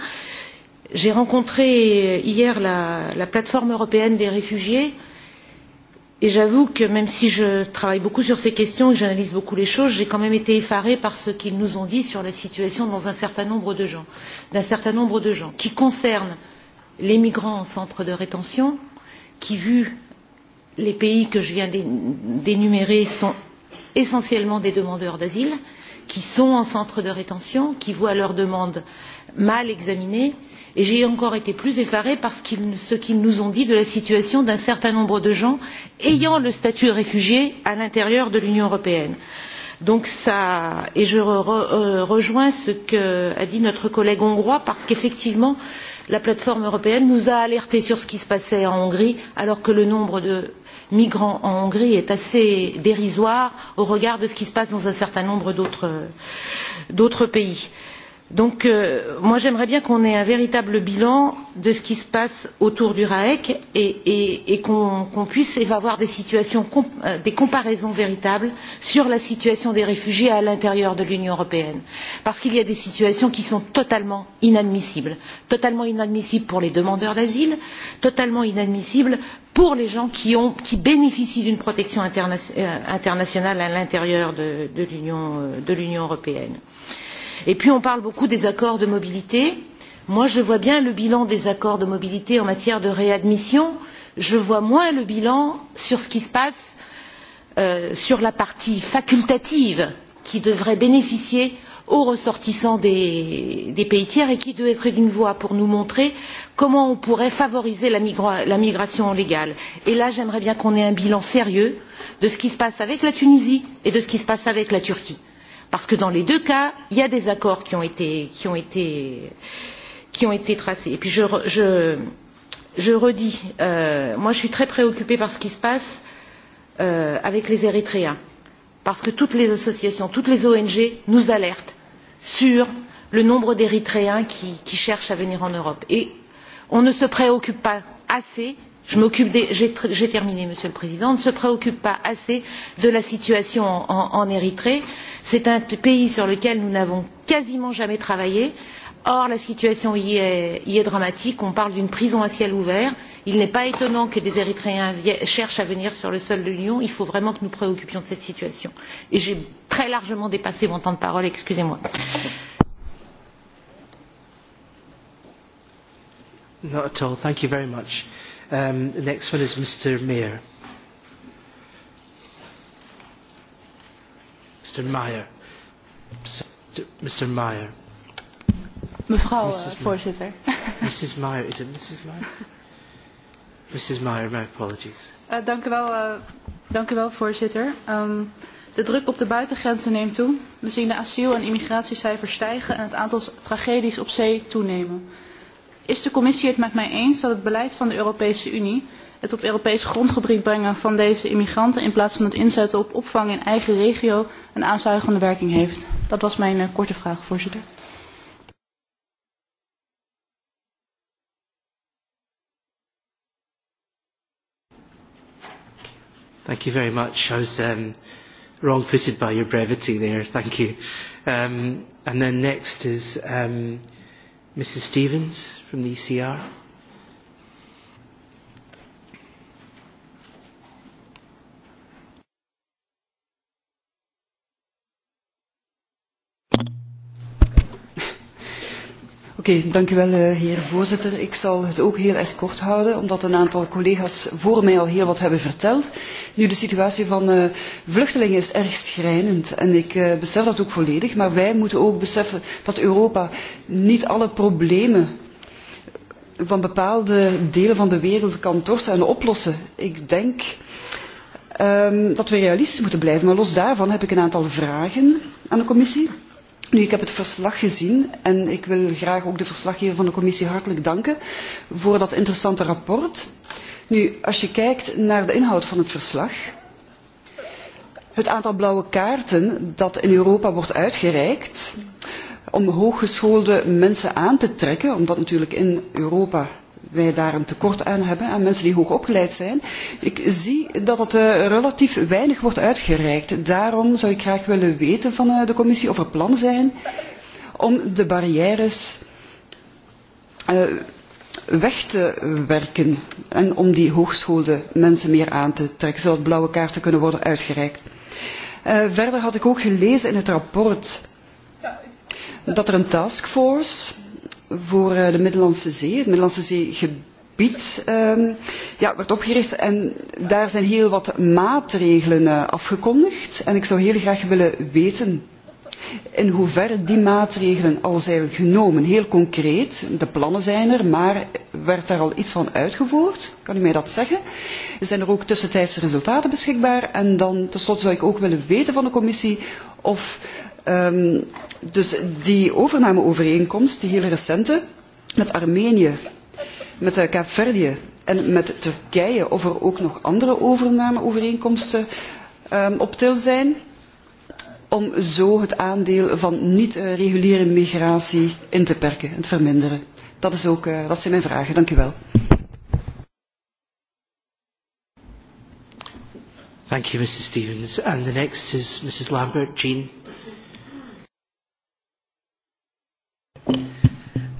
J'ai rencontré hier la, la plateforme européenne des réfugiés. Et j'avoue que même si je travaille beaucoup sur ces questions et j'analyse beaucoup les choses, j'ai quand même été effarée par ce qu'ils nous ont dit sur la situation dans un certain nombre de gens, d'un certain nombre de gens, qui concernent les migrants en centre de rétention, qui, vu les pays que je viens d'énumérer, sont essentiellement des demandeurs d'asile, qui sont en centre de rétention, qui voient leurs demandes mal examinées. Et j'ai encore été plus effarée par ce qu'ils qu nous ont dit de la situation d'un certain nombre de gens ayant le statut de réfugié à l'intérieur de l'Union européenne. Donc ça, et je re, re, euh, rejoins ce qu'a dit notre collègue hongrois parce qu'effectivement, la plateforme européenne nous a alertés sur ce qui se passait en Hongrie alors que le nombre de migrants en Hongrie est assez dérisoire au regard de ce qui se passe dans un certain nombre d'autres pays. Euh, Donc, euh, moi, j'aimerais bien qu'on ait un véritable bilan de ce qui se passe autour du RAEC et, et, et qu'on qu puisse avoir des situations, euh, des comparaisons véritables sur la situation des réfugiés à l'intérieur de l'Union européenne. Parce qu'il y a des situations qui sont totalement inadmissibles. Totalement inadmissibles pour les demandeurs d'asile, totalement inadmissibles pour les gens qui, ont, qui bénéficient d'une protection interna euh, internationale à l'intérieur de, de l'Union euh, européenne. Euh, Et puis on parle beaucoup des accords de mobilité. Moi, je vois bien le bilan des accords de mobilité en matière de réadmission. Je vois moins le bilan sur ce qui se passe euh, sur la partie facultative qui devrait bénéficier aux ressortissants des, des pays tiers et qui doit être d'une voie pour nous montrer comment on pourrait favoriser la, migra la migration légale. Et là, j'aimerais bien qu'on ait un bilan sérieux de ce qui se passe avec la Tunisie et de ce qui se passe avec la Turquie. Parce que dans les deux cas, il y a des accords qui ont été, qui ont été, qui ont été tracés. Et puis je, je, je redis, euh, moi je suis très préoccupée par ce qui se passe euh, avec les Érythréens. Parce que toutes les associations, toutes les ONG nous alertent sur le nombre d'Érythréens qui, qui cherchent à venir en Europe. Et on ne se préoccupe pas assez je m'occupe des j'ai terminé monsieur le président ne se préoccupe pas assez de la situation en, en, en Érythrée c'est un pays sur lequel nous n'avons quasiment jamais travaillé or la situation y est, y est dramatique on parle d'une prison à ciel ouvert il n'est pas étonnant que des érythréens cherchent à venir sur le sol de l'union il faut vraiment que nous préoccupions de cette situation et j'ai très largement dépassé mon temps de parole excusez-moi Not at all. Thank you very much. Um, the next one is Mr. Mayer. Mr. Meyer. Mr. Meyer. Mevrouw uh, voorzitter. Mrs. *laughs* Meyer, is it Mrs. Meyer? Mrs. Meyer, my apologies. Uh, dank, u wel, uh, dank u wel, voorzitter. Um, de druk op de buitengrenzen neemt toe. We zien de asiel- en immigratiecijfers stijgen en het aantal tragedies op zee toenemen. Is de commissie het met mij eens dat het beleid van de Europese Unie, het op Europees grondgebied brengen van deze immigranten in plaats van het inzetten op opvang in eigen regio, een aanzuigende werking heeft? Dat was mijn uh, korte vraag, voorzitter. Thank you very much. I was um, wrong-footed by your brevity there. Thank you. Um, and then next is um, Mrs. Stevens from the ECR. Oké, okay, dank u wel, eh, heer voorzitter. Ik zal het ook heel erg kort houden, omdat een aantal collega's voor mij al heel wat hebben verteld. Nu, de situatie van uh, vluchtelingen is erg schrijnend en ik uh, besef dat ook volledig. Maar wij moeten ook beseffen dat Europa niet alle problemen van bepaalde delen van de wereld kan torsen en oplossen. Ik denk um, dat we realistisch moeten blijven, maar los daarvan heb ik een aantal vragen aan de commissie. Nu, ik heb het verslag gezien en ik wil graag ook de verslaggever van de commissie hartelijk danken voor dat interessante rapport. Nu, als je kijkt naar de inhoud van het verslag, het aantal blauwe kaarten dat in Europa wordt uitgereikt om hooggeschoolde mensen aan te trekken, omdat natuurlijk in Europa wij daar een tekort aan hebben aan mensen die hoog opgeleid zijn. Ik zie dat het uh, relatief weinig wordt uitgereikt. Daarom zou ik graag willen weten van uh, de commissie of er plannen zijn om de barrières uh, weg te werken en om die hoogscholde mensen meer aan te trekken, zodat blauwe kaarten kunnen worden uitgereikt. Uh, verder had ik ook gelezen in het rapport dat er een taskforce voor eh, de Middellandse Zee. Het Middellandse Zeegebied um, ja, werd opgericht en daar zijn heel wat maatregelen eh, afgekondigd. En ik zou heel graag willen weten in hoeverre die maatregelen al zijn genomen. Heel concreet, de plannen zijn er, maar werd daar al iets van uitgevoerd? Kan u mij dat zeggen? Zijn er ook tussentijdse resultaten beschikbaar? En dan tenslotte zou ik ook willen weten van de commissie of Um, dus die overnameovereenkomst, die hele recente, met Armenië, met uh, eh, Kaapverdië en met Turkije, of er ook nog andere overnameovereenkomsten um, op til zijn, om zo het aandeel van niet-reguliere uh, migratie in te perken en te verminderen. Dat, is ook, uh, dat zijn mijn vragen. Dank u wel. Thank you, Mrs. Stevens. And the next is Mrs. Lambert, Jean.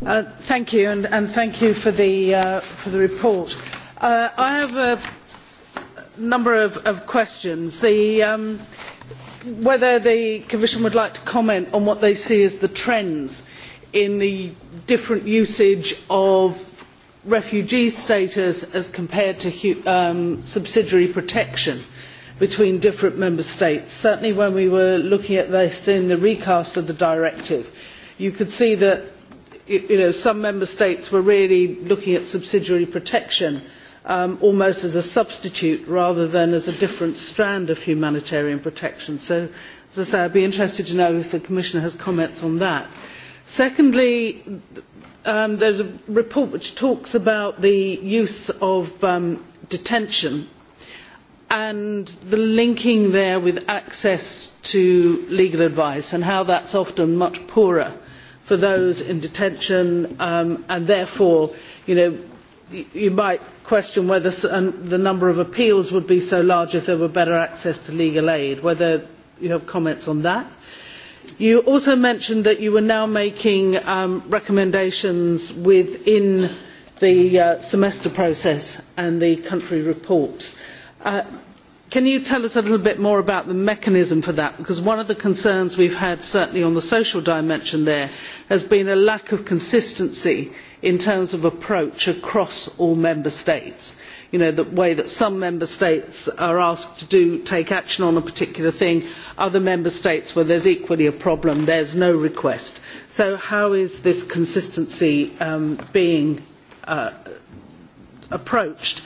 Uh, thank you, and, and thank you for the, uh, for the report. Uh, I have a number of, of questions. The, um, whether the Commission would like to comment on what they see as the trends in the different usage of refugee status as compared to um, subsidiary protection between different member states. Certainly when we were looking at this in the recast of the directive, you could see that you know, some member states were really looking at subsidiary protection um, almost as a substitute rather than as a different strand of humanitarian protection. So, as I say, I'd be interested to know if the Commissioner has comments on that. Secondly, um, there's a report which talks about the use of um, detention and the linking there with access to legal advice and how that's often much poorer for those in detention um, and therefore you know you might question whether the number of appeals would be so large if there were better access to legal aid whether you have comments on that you also mentioned that you were now making um, recommendations within the uh, semester process and the country reports uh, Can you tell us a little bit more about the mechanism for that? Because one of the concerns we have had, certainly on the social dimension there, has been a lack of consistency in terms of approach across all member states. You know, the way that some member states are asked to do, take action on a particular thing, other member states where there is equally a problem, there is no request. So how is this consistency um, being uh, approached?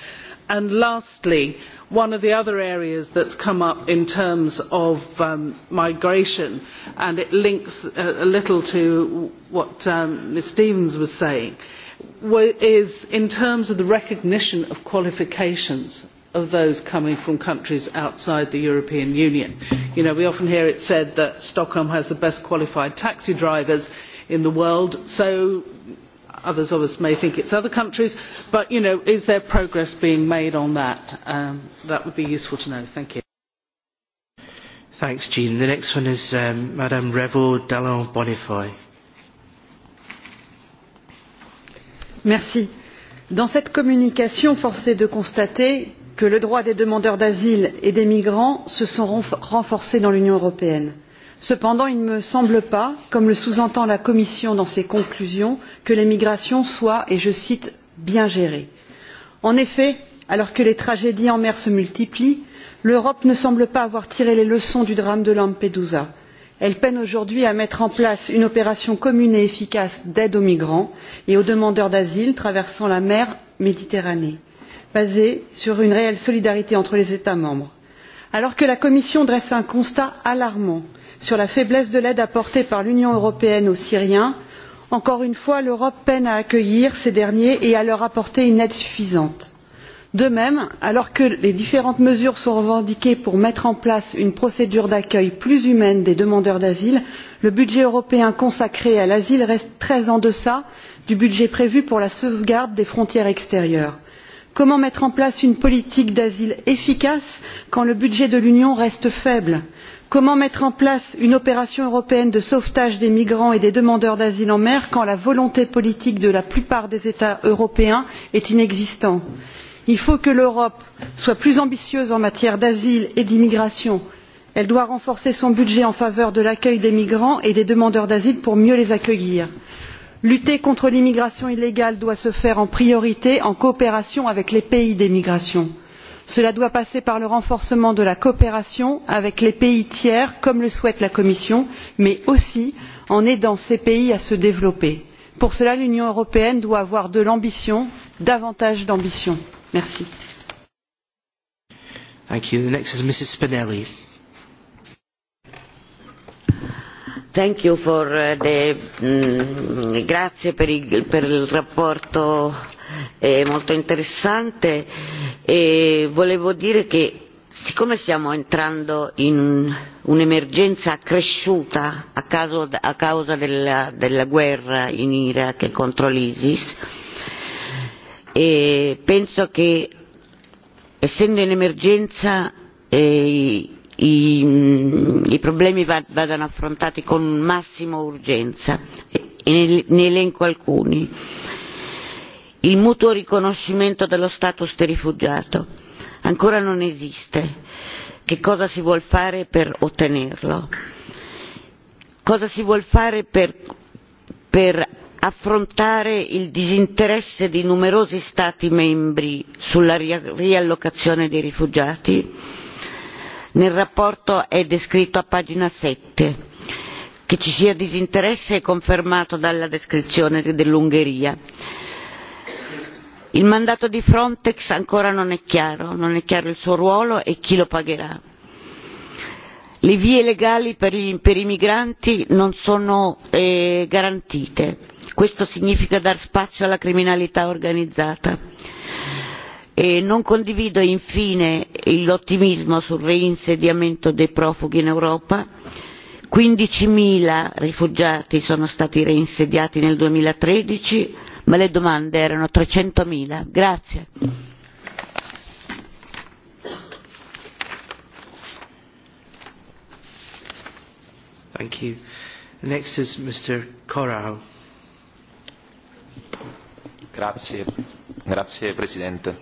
And lastly, one of the other areas that has come up in terms of um, migration, and it links a, a little to what um, Ms Stevens was saying, is in terms of the recognition of qualifications of those coming from countries outside the European Union. You know, we often hear it said that Stockholm has the best qualified taxi drivers in the world, so others of us may think it's other countries, but you know, is there progress being made on that? Um, that would be useful to know. Thank you. Thanks, Jean. The next one is um, Madame Dallon Bonifoy. Merci. Dans cette communication, force est de constater que le droit des demandeurs d'asile et des migrants se sont renforcés dans l'Union européenne cependant il ne me semble pas comme le sous entend la commission dans ses conclusions que les migrations soient et je cite bien gérées. en effet alors que les tragédies en mer se multiplient l'europe ne semble pas avoir tiré les leçons du drame de lampedusa. elle peine aujourd'hui à mettre en place une opération commune et efficace d'aide aux migrants et aux demandeurs d'asile traversant la mer méditerranée basée sur une réelle solidarité entre les états membres. alors que la commission dresse un constat alarmant sur la faiblesse de l'aide apportée par l'union européenne aux syriens encore une fois l'europe peine à accueillir ces derniers et à leur apporter une aide suffisante. de même alors que les différentes mesures sont revendiquées pour mettre en place une procédure d'accueil plus humaine des demandeurs d'asile le budget européen consacré à l'asile reste très en deçà du budget prévu pour la sauvegarde des frontières extérieures. comment mettre en place une politique d'asile efficace quand le budget de l'union reste faible? comment mettre en place une opération européenne de sauvetage des migrants et des demandeurs d'asile en mer quand la volonté politique de la plupart des états européens est inexistante? il faut que l'europe soit plus ambitieuse en matière d'asile et d'immigration. elle doit renforcer son budget en faveur de l'accueil des migrants et des demandeurs d'asile pour mieux les accueillir. lutter contre l'immigration illégale doit se faire en priorité en coopération avec les pays d'émigration. migrations cela doit passer par le renforcement de la coopération avec les pays tiers comme le souhaite la commission mais aussi en aidant ces pays à se développer. pour cela l'union européenne doit avoir de l'ambition davantage d'ambition eh, molto interessante e volevo dire che siccome stiamo entrando in un'emergenza cresciuta a, caso, a causa della, della guerra in Iraq e contro l'ISIS, e penso che essendo in emergenza eh, i, i problemi vadano affrontati con massima urgenza e ne elenco alcuni il mutuo riconoscimento dello status di rifugiato. Ancora non esiste. Che cosa si vuol fare per ottenerlo? Cosa si vuol fare per, per affrontare il disinteresse di numerosi Stati membri sulla riallocazione dei rifugiati? Nel rapporto è descritto a pagina 7 che ci sia disinteresse è confermato dalla descrizione dell'Ungheria il mandato di frontex ancora non è chiaro non è chiaro il suo ruolo e chi lo pagherà le vie legali per, per i migranti non sono eh, garantite questo significa dar spazio alla criminalità organizzata e non condivido infine l'ottimismo sul reinsediamento dei profughi in Europa quindicimila rifugiati sono stati reinsediati nel duemilatredici ma le domande erano 300.000. Grazie. Thank you. next is Mr. Corau. Grazie, grazie Presidente.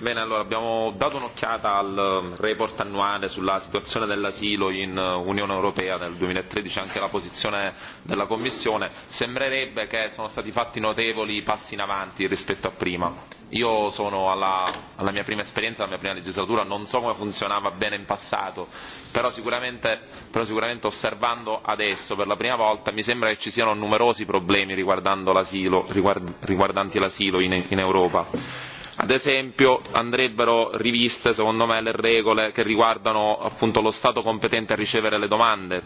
Bene, allora abbiamo dato un'occhiata al um, report annuale sulla situazione dell'asilo in uh, Unione Europea nel 2013, anche la posizione della Commissione. Sembrerebbe che sono stati fatti notevoli passi in avanti rispetto a prima. Io sono alla, alla mia prima esperienza, alla mia prima legislatura, non so come funzionava bene in passato, però sicuramente, però sicuramente osservando adesso per la prima volta mi sembra che ci siano numerosi problemi riguard, riguardanti l'asilo in, in Europa Ad esempio andrebbero riviste secondo me le regole che riguardano appunto lo Stato competente a ricevere le domande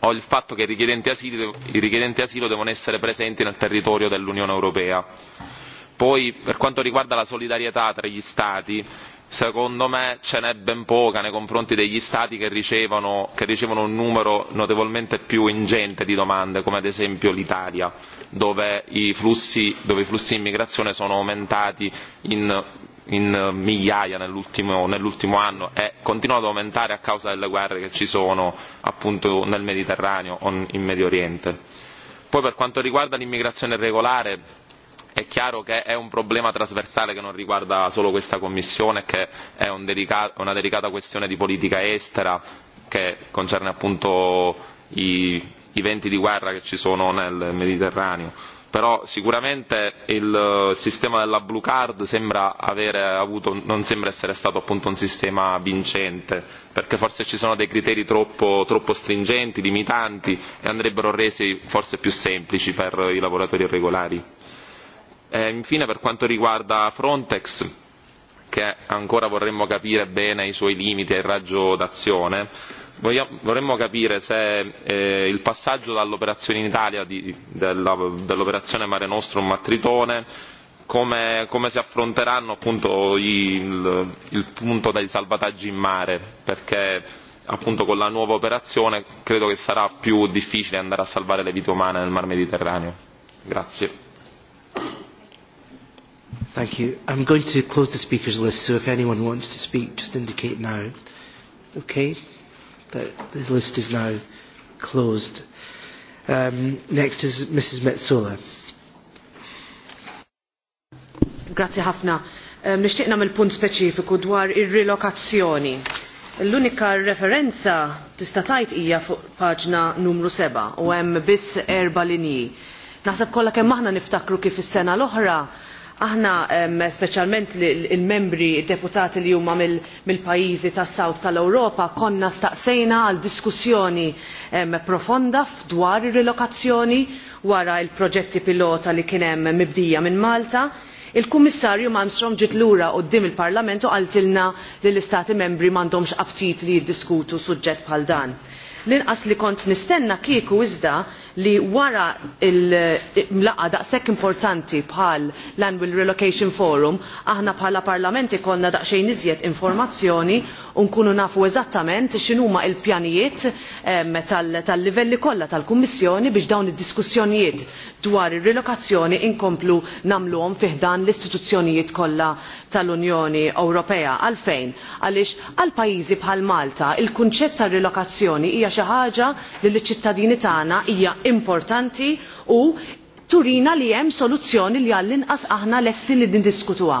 o il fatto che i richiedenti asilo, i richiedenti asilo devono essere presenti nel territorio dell'Unione Europea. Poi per quanto riguarda la solidarietà tra gli Stati secondo me ce n'è ben poca nei confronti degli stati che ricevono, che ricevono un numero notevolmente più ingente di domande come ad esempio l'Italia dove i flussi, dove i flussi di immigrazione sono aumentati in, in migliaia nell'ultimo, nell'ultimo anno e continuano ad aumentare a causa delle guerre che ci sono appunto nel Mediterraneo o in Medio Oriente. Poi per quanto riguarda l'immigrazione regolare è chiaro che è un problema trasversale che non riguarda solo questa Commissione, che è un delicato, una delicata questione di politica estera che concerne appunto i, i venti di guerra che ci sono nel Mediterraneo. Però sicuramente il sistema della blue card sembra avere avuto, non sembra essere stato appunto un sistema vincente, perché forse ci sono dei criteri troppo, troppo stringenti, limitanti e andrebbero resi forse più semplici per i lavoratori irregolari. E infine per quanto riguarda Frontex, che ancora vorremmo capire bene i suoi limiti e il raggio d'azione, vorremmo capire se eh, il passaggio dall'operazione in Italia di, della, dell'operazione Mare Nostrum a Tritone come, come si affronteranno appunto il, il punto dei salvataggi in mare perché appunto con la nuova operazione credo che sarà più difficile andare a salvare le vite umane nel mar Mediterraneo. Grazie. Thank you. I'm going to close the speakers list, so if anyone wants to speak, just indicate now. Okay? That the list is now closed. Um, next is Mrs. Metzola. Grazie ħafna. Um, Nishtiqna mill-punt speċifiku dwar ir-relokazzjoni. L-unika referenza tista' tajt hija fuq paġna numru 7 u hemm biss erba' linji. Naħseb kollha kemm aħna niftakru kif is-sena l-oħra aħna speċjalment il-membri deputati li huma mill-pajjiżi tas-South tal-Ewropa konna staqsejna għal diskussjoni profonda dwar ir-relokazzjoni wara l-proġetti pilota li kien hemm mibdija minn Malta il-kummissarju malmstrom ġiet lura quddiem il-parlament u qaltilna li l-istati membri m'għandhomx aptit li jiddiskutu suġġett bħal dan. l-inqas li kont nistenna kieku iżda li wara il-mlaqa daqshekk importanti bħal l anwil Relocation Forum aħna bħala Parlamenti konna daqsxejn iżjed informazzjoni u nkunu nafu eżattament x'inhuma l-pjanijiet tal-livelli kollha tal-Kummissjoni biex dawn id-diskussjonijiet dwar ir-relokazzjoni inkomplu nagħmluhom fih dan l-istituzzjonijiet kollha tal-Unjoni Ewropea. Għalfejn? Għaliex għal pajjiżi bħal Malta il-kunċett tar-relokazzjoni hija xi ħaġa li l-ċittadini tagħna hija importanti u turina li hemm soluzzjoni li għall-inqas aħna lesti li nindiskutuha.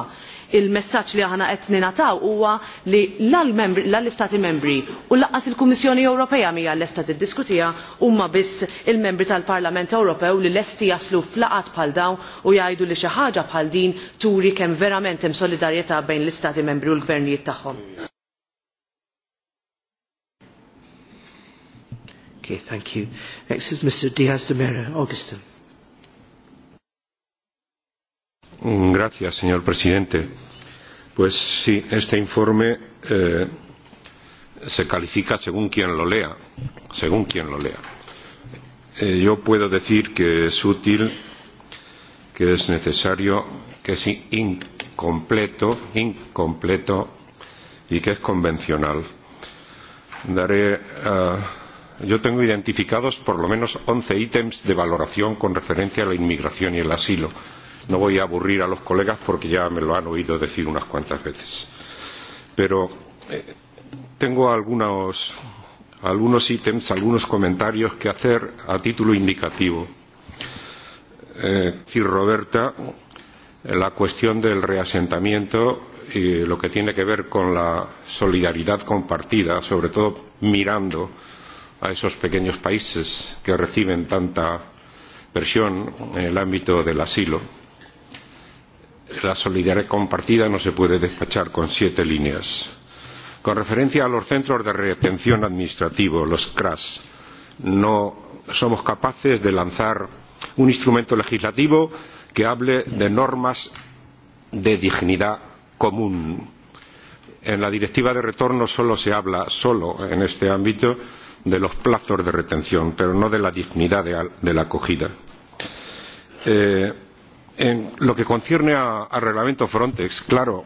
Il-messaġġ li aħna qed ningħataw huwa li l-istati membri u lanqas il-Kummissjoni Ewropea mija lesta tiddiskutiha huma biss il-membri tal-Parlament Ewropew li lesti jaslu flaqat bħal dawn u jgħidu li xi ħaġa bħal din turi kemm verament hemm solidarjetà bejn l-istati membri u l-gvernijiet tagħhom. Okay, thank you. Next is Mr. Diaz de Mera, Augustin. Mm, gracias, señor presidente. Pues sí, este informe eh, se califica según quien lo lea, según quien lo lea. Eh, yo puedo decir que es útil, que es necesario, que es incompleto, incompleto y que es convencional. Daré uh, yo tengo identificados por lo menos once ítems de valoración con referencia a la inmigración y el asilo. No voy a aburrir a los colegas porque ya me lo han oído decir unas cuantas veces. Pero eh, tengo algunos, algunos ítems, algunos comentarios que hacer a título indicativo. Eh, decir Roberta, la cuestión del reasentamiento y lo que tiene que ver con la solidaridad compartida, sobre todo mirando a esos pequeños países que reciben tanta presión en el ámbito del asilo. La solidaridad compartida no se puede despachar con siete líneas. Con referencia a los centros de retención administrativo, los CRAS, no somos capaces de lanzar un instrumento legislativo que hable de normas de dignidad común. En la directiva de retorno solo se habla, solo en este ámbito, de los plazos de retención, pero no de la dignidad de, de la acogida. Eh, en lo que concierne al reglamento Frontex, claro,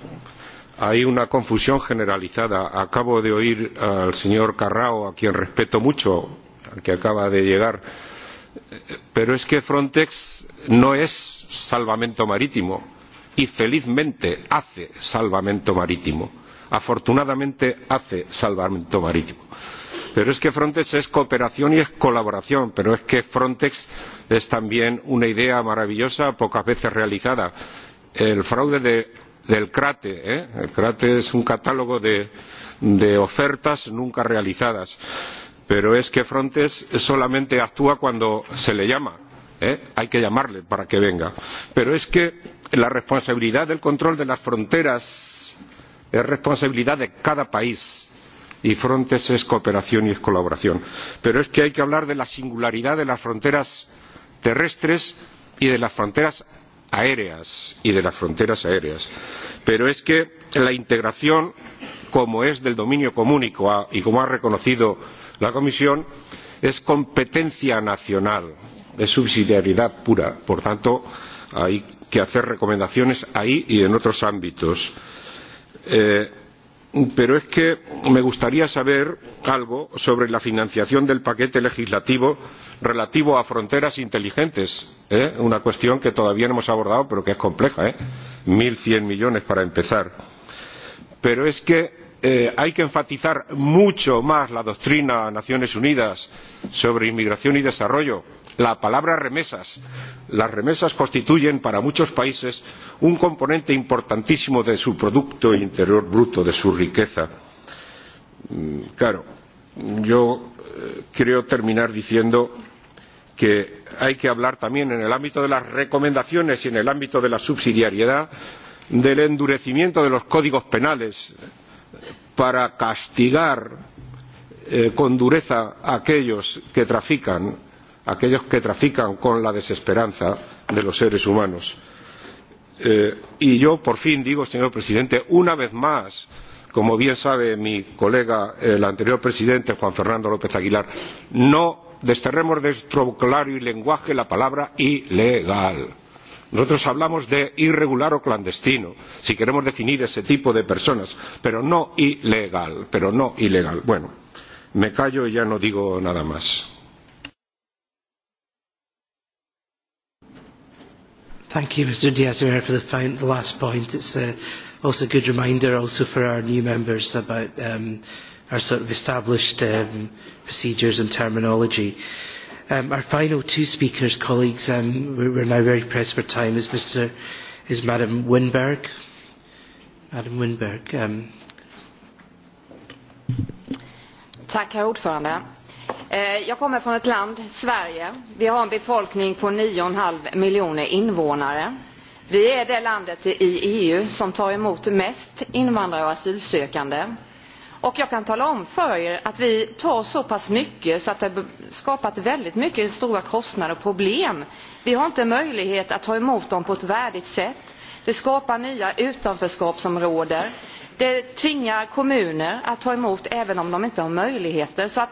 hay una confusión generalizada. Acabo de oír al señor Carrao, a quien respeto mucho, al que acaba de llegar, pero es que Frontex no es salvamento marítimo y felizmente hace salvamento marítimo. Afortunadamente hace salvamento marítimo pero es que frontex es cooperación y es colaboración pero es que frontex es también una idea maravillosa pocas veces realizada el fraude de, del crate ¿eh? el crate es un catálogo de, de ofertas nunca realizadas pero es que frontex solamente actúa cuando se le llama ¿eh? hay que llamarle para que venga pero es que la responsabilidad del control de las fronteras es responsabilidad de cada país y Frontex es cooperación y es colaboración. Pero es que hay que hablar de la singularidad de las fronteras terrestres y de las fronteras aéreas y de las fronteras aéreas. Pero es que la integración, como es del dominio común y como ha reconocido la Comisión, es competencia nacional, es subsidiariedad pura. Por tanto, hay que hacer recomendaciones ahí y en otros ámbitos. Eh, pero es que me gustaría saber algo sobre la financiación del paquete legislativo relativo a fronteras inteligentes, ¿eh? una cuestión que todavía no hemos abordado pero que es compleja, ¿eh? cien millones para empezar. Pero es que eh, hay que enfatizar mucho más la doctrina de las Naciones Unidas sobre inmigración y desarrollo, la palabra remesas. Las remesas constituyen para muchos países un componente importantísimo de su Producto Interior Bruto, de su riqueza. Mm, claro, yo quiero eh, terminar diciendo que hay que hablar también en el ámbito de las recomendaciones y en el ámbito de la subsidiariedad del endurecimiento de los códigos penales para castigar eh, con dureza a aquellos que trafican aquellos que trafican con la desesperanza de los seres humanos. Eh, y yo, por fin, digo, señor presidente, una vez más, como bien sabe mi colega, el anterior presidente, Juan Fernando López Aguilar, no desterremos de nuestro vocabulario y lenguaje la palabra ilegal. Nosotros hablamos de irregular o clandestino, si queremos definir ese tipo de personas, pero no ilegal, pero no ilegal. Bueno, me callo y ya no digo nada más. Thank you, Mr. diaz for the, fine, the last point. It's uh, also a good reminder also for our new members about um, our sort of established um, procedures and terminology. Um, our final two speakers, colleagues, um, we're now very pressed for time, is, Mr, is Madam Winberg. Madam Winberg. Um. Tack, herr ordförande. Eh, jag kommer från ett land, Sverige. Vi har en befolkning på 9,5 miljoner invånare. Vi är det landet i EU som tar emot mest invandrare och asylsökande. Och jag kan tala om för er att vi tar så pass mycket så att det har skapat väldigt mycket stora kostnader och problem. Vi har inte möjlighet att ta emot dem på ett värdigt sätt. Det skapar nya utanförskapsområden. Det tvingar kommuner att ta emot även om de inte har möjligheter. Så att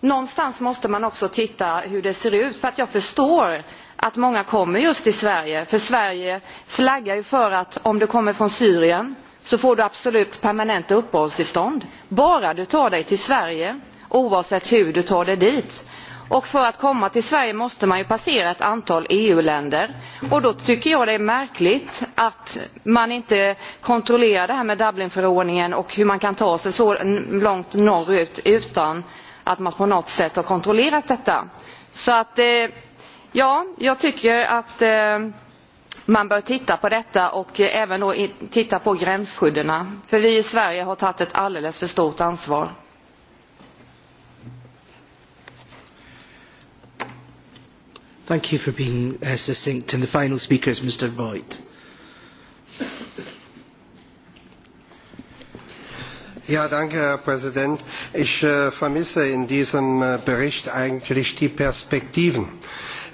någonstans måste man också titta hur det ser ut för att jag förstår att många kommer just till Sverige. För Sverige flaggar ju för att om du kommer från Syrien så får du absolut permanenta uppehållstillstånd. Bara du tar dig till Sverige, oavsett hur du tar dig dit. Och för att komma till Sverige måste man ju passera ett antal EU-länder. Och då tycker jag det är märkligt att man inte kontrollerar det här med Dublinförordningen och hur man kan ta sig så långt norrut utan att man på något sätt har kontrollerat detta. Så att, eh, ja, jag tycker att eh, man bör titta på detta och eh, även då titta på gränsskyddena. För vi i Sverige har tagit ett alldeles för stort ansvar. Thank you for being uh, succinct. And the final speaker is Mr. Voigt. Ja, danke, Herr Präsident. Ich äh, vermisse in diesem äh, Bericht eigentlich die Perspektiven.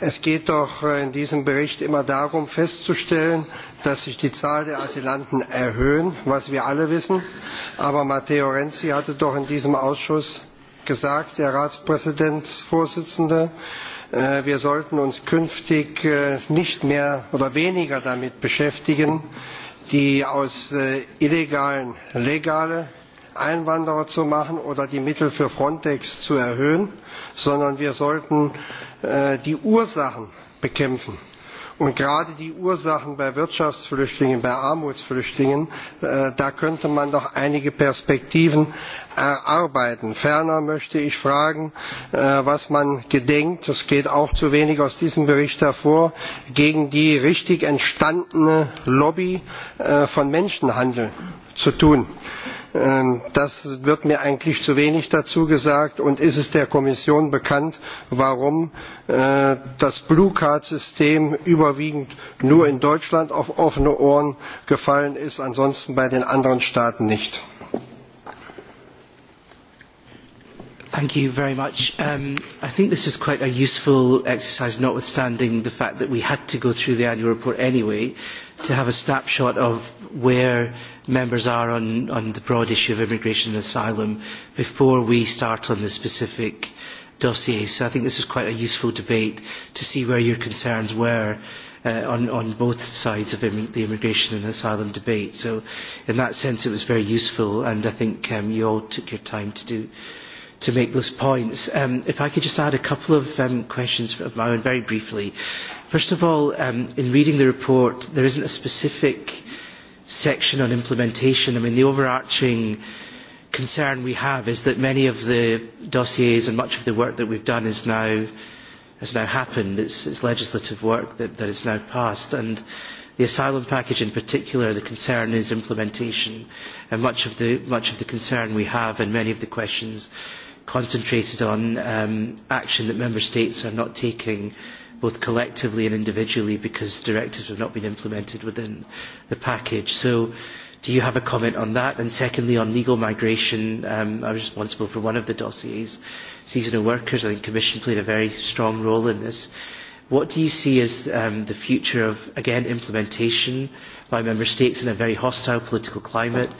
Es geht doch äh, in diesem Bericht immer darum festzustellen, dass sich die Zahl der Asylanten erhöhen, was wir alle wissen. Aber Matteo Renzi hatte doch in diesem Ausschuss gesagt, der Ratspräsidentsvorsitzende, äh, wir sollten uns künftig äh, nicht mehr oder weniger damit beschäftigen, die aus Illegalen legale Einwanderer zu machen oder die Mittel für Frontex zu erhöhen, sondern wir sollten äh, die Ursachen bekämpfen. Und gerade die Ursachen bei Wirtschaftsflüchtlingen, bei Armutsflüchtlingen, äh, da könnte man doch einige Perspektiven erarbeiten. Ferner möchte ich fragen, äh, was man gedenkt, das geht auch zu wenig aus diesem Bericht hervor, gegen die richtig entstandene Lobby äh, von Menschenhandel zu tun. Äh, Ähm, das wird mir eigentlich zu wenig dazu gesagt. Und ist es der Kommission bekannt, warum äh, das Blue Card System überwiegend nur in Deutschland auf offene Ohren gefallen ist, ansonsten bei den anderen Staaten nicht? Thank you very much. Um, I think this is quite a useful exercise, notwithstanding the fact that we had to go through the annual report anyway to have a snapshot of where members are on, on the broad issue of immigration and asylum before we start on the specific dossier. So I think this was quite a useful debate to see where your concerns were uh, on, on both sides of Im the immigration and asylum debate. So in that sense it was very useful and I think um, you all took your time to do to make those points. Um, if I could just add a couple of um, questions of my own very briefly. First of all, um, in reading the report, there isn't a specific section on implementation. I mean, the overarching concern we have is that many of the dossiers and much of the work that we've done is now, has now happened. It's, it's legislative work that, that is now passed. And the asylum package in particular, the concern is implementation. And much of the, much of the concern we have and many of the questions concentrated on um, action that member states are not taking both collectively and individually because directives have not been implemented within the package. So do you have a comment on that? And secondly, on legal migration, um, I was responsible for one of the dossiers, seasonal workers. I think the Commission played a very strong role in this. What do you see as um, the future of, again, implementation by member states in a very hostile political climate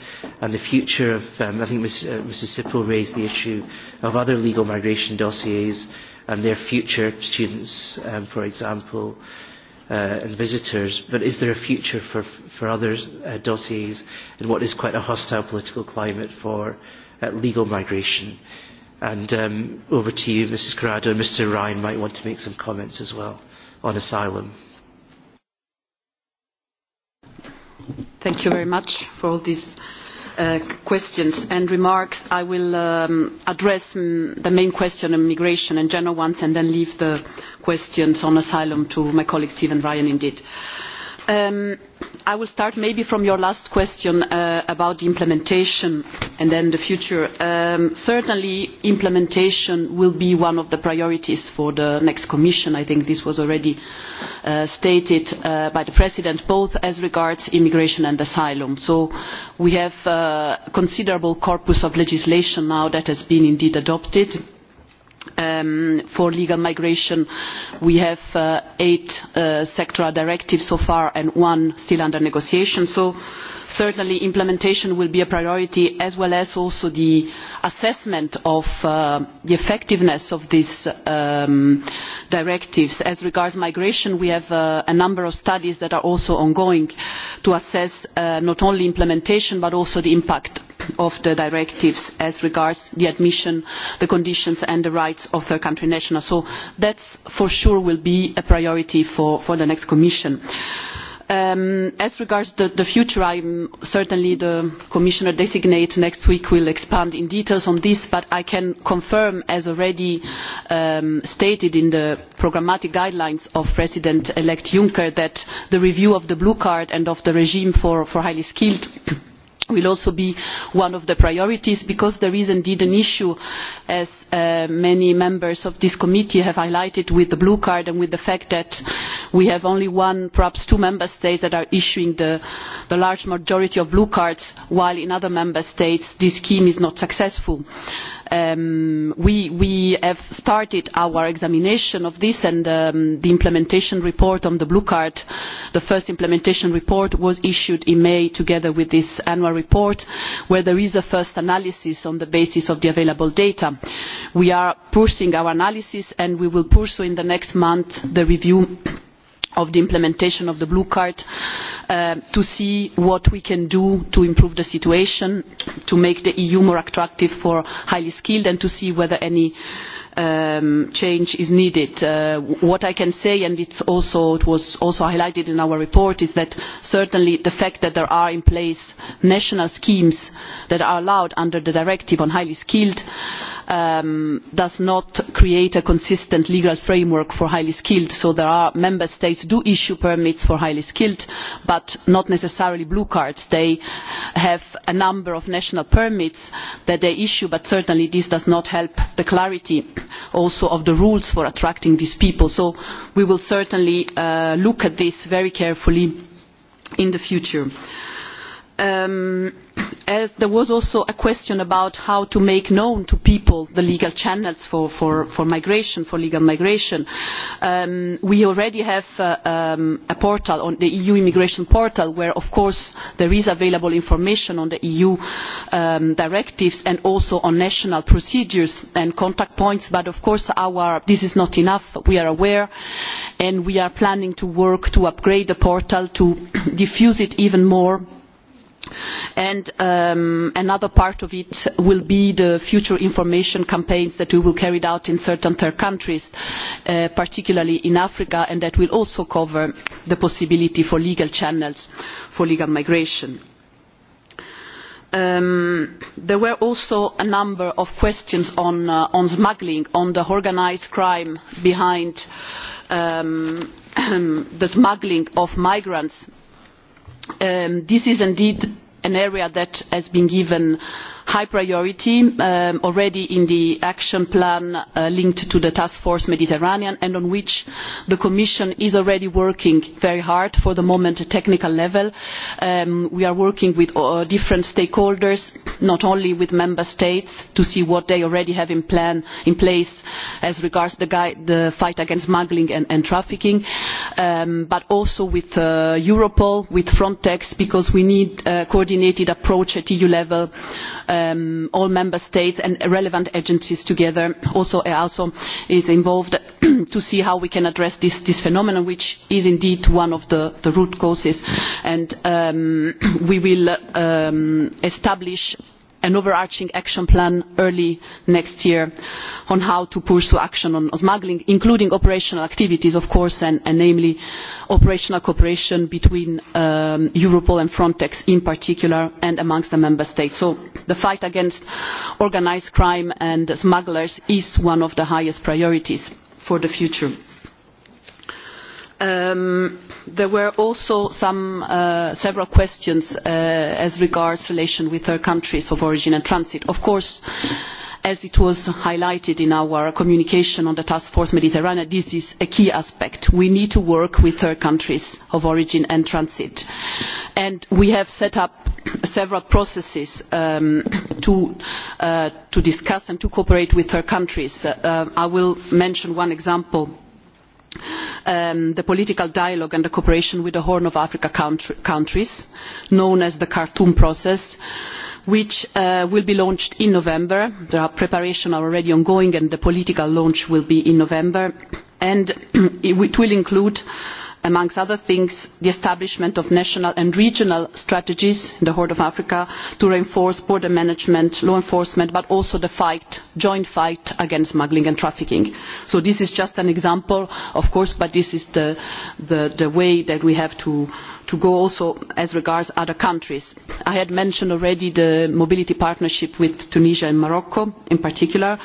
and the future of, um, I think Ms, uh, Mrs. Sippel raised the issue of other legal migration dossiers and their future, students, um, for example, uh, and visitors. But is there a future for, for other uh, dossiers in what is quite a hostile political climate for uh, legal migration? And um, over to you, Mrs. and Mr. Ryan might want to make some comments as well on asylum. Thank you very much for all these uh, questions and remarks. I will um, address m mm, the main question on migration and general ones and then leave the questions on asylum to my colleague Stephen Ryan indeed. Uh, Um, I will start maybe from your last question uh, about implementation and then the future. Um, certainly implementation will be one of the priorities for the next Commission. I think this was already uh, stated uh, by the President, both as regards immigration and asylum. So we have a uh, considerable corpus of legislation now that has been indeed adopted um, for legal migration, we have uh, eight uh, sectoral directives so far and one still under negotiation. So certainly implementation will be a priority as well as also the assessment of uh, the effectiveness of these um, directives. As regards migration, we have uh, a number of studies that are also ongoing to assess uh, not only implementation but also the impact of the directives as regards the admission, the conditions and the rights of third country nationals. So that for sure will be a priority for, for the next Commission. Um, as regards the, the future, I'm certainly the commissioner designate next week will expand in details on this, but I can confirm, as already um, stated in the programmatic guidelines of President-elect Juncker, that the review of the blue card and of the regime for, for highly skilled will also be one of the priorities because there is indeed an issue as uh, many members of this committee have highlighted with the blue card and with the fact that we have only one perhaps two member states that are issuing the, the large majority of blue cards while in other member states this scheme is not successful. Uh, um, we, we have started our examination of this and um, the implementation report on the blue card, the first implementation report was issued in May together with this annual report where there is a first analysis on the basis of the available data. We are pursuing our analysis and we will pursue in the next month the review of the implementation of the blue card uh, to see what we can do to improve the situation, to make the EU more attractive for highly skilled and to see whether any um, change is needed. Uh, what I can say, and it's also, it was also highlighted in our report, is that certainly the fact that there are in place national schemes that are allowed under the directive on highly skilled um, does not create a consistent legal framework for highly skilled. So there are member states do issue permits for highly skilled, but not necessarily blue cards. They have a number of national permits that they issue, but certainly this does not help the clarity also of the rules for attracting these people. So we will certainly uh, look at this very carefully in the future um, as there was also a question about how to make known to people the legal channels for, for, for migration, for legal migration, um, we already have uh, um, a portal on the EU immigration portal where of course there is available information on the EU um, directives and also on national procedures and contact points but of course our, this is not enough, we are aware and we are planning to work to upgrade the portal to *coughs* diffuse it even more And um, another part of it will be the future information campaigns that we will carry out in certain third countries, uh, particularly in Africa, and that will also cover the possibility for legal channels for legal migration. Um, there were also a number of questions on, uh, on smuggling, on the organised crime behind um, *clears throat* the smuggling of migrants um, this is indeed an area that has been given high priority um, already in the action plan uh, linked to the Task Force Mediterranean and on which the Commission is already working very hard for the moment at technical level. Um, we are working with uh, different stakeholders, not only with Member States, to see what they already have in, plan, in place as regards the, guide, the fight against smuggling and, and trafficking, um, but also with uh, Europol, with Frontex, because we need a coordinated approach at EU level uh, um, all member states and relevant agencies together, also EASO is involved *clears throat* to see how we can address this, this phenomenon, which is indeed one of the, the root causes. And um, *clears throat* we will um, establish an overarching action plan early next year on how to pursue action on smuggling, including operational activities, of course, and, namely operational cooperation between um, Europol and Frontex in particular and amongst the member states. So the fight against organised crime and smugglers is one of the highest priorities for the future. Um, there were also some, uh, several questions uh, as regards relation with third countries of origin and transit. Of course, as it was highlighted in our communication on the Task Force Mediterranean, this is a key aspect. We need to work with third countries of origin and transit. And we have set up several processes um, to, uh, to discuss and to cooperate with third countries. Uh, I will mention one example um, the political dialogue and the cooperation with the Horn of Africa country, countries, known as the Khartoum process, which uh, will be launched in November. There are preparations are already ongoing and the political launch will be in November. And *clears throat* it will include amongst other things, the establishment of national and regional strategies in the Horn of Africa to reinforce border management, law enforcement, but also the fight, joint fight against smuggling and trafficking. So this is just an example, of course, but this is the, the, the way that we have to to go also as regards other countries. I had mentioned already the mobility partnership with Tunisia and Morocco in particular.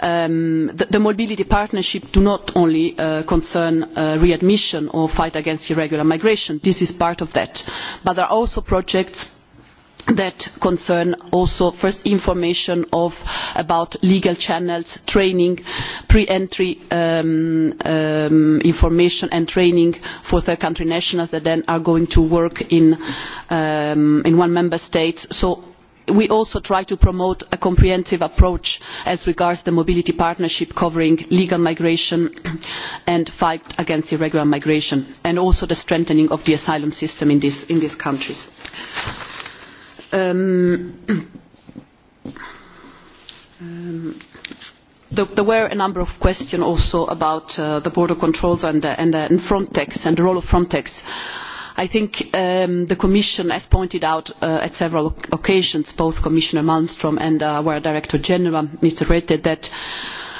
Um, the, the mobility partnership do not only uh, concern uh, readmission or fight against irregular migration. This is part of that. But there are also projects that concern also first information of, about legal channels, training, pre-entry um, um, information and training for third country nationals that then are going to work in, um, in one member state. So we also try to promote a comprehensive approach as regards the mobility partnership covering legal migration *clears throat* and fight against irregular migration and also the strengthening of the asylum system in, this, in these countries um, um, There were a number of questions also about uh, the border controls and, uh, and, uh, and Frontex and the role of Frontex. I think um, the Commission has pointed out uh, at several occasions, both Commissioner Malmström and uh, our Director General, Mr. Rete, that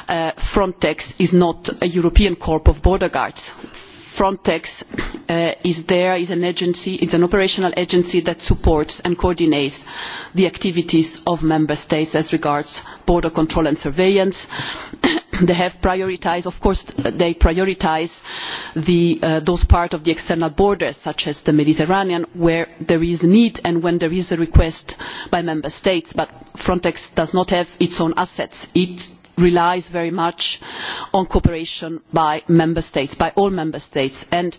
uh, Frontex is not a European Corps of Border Guards. Frontex uh, is there, is an agency, it's an operational agency that supports and coordinates the activities of member states as regards border control and surveillance. *coughs* they have prioritised, of course, they prioritise the, uh, those parts of the external borders, such as the Mediterranean, where there is need and when there is a request by member states. But Frontex does not have its own assets. It relies very much on cooperation by member states, by all member states. And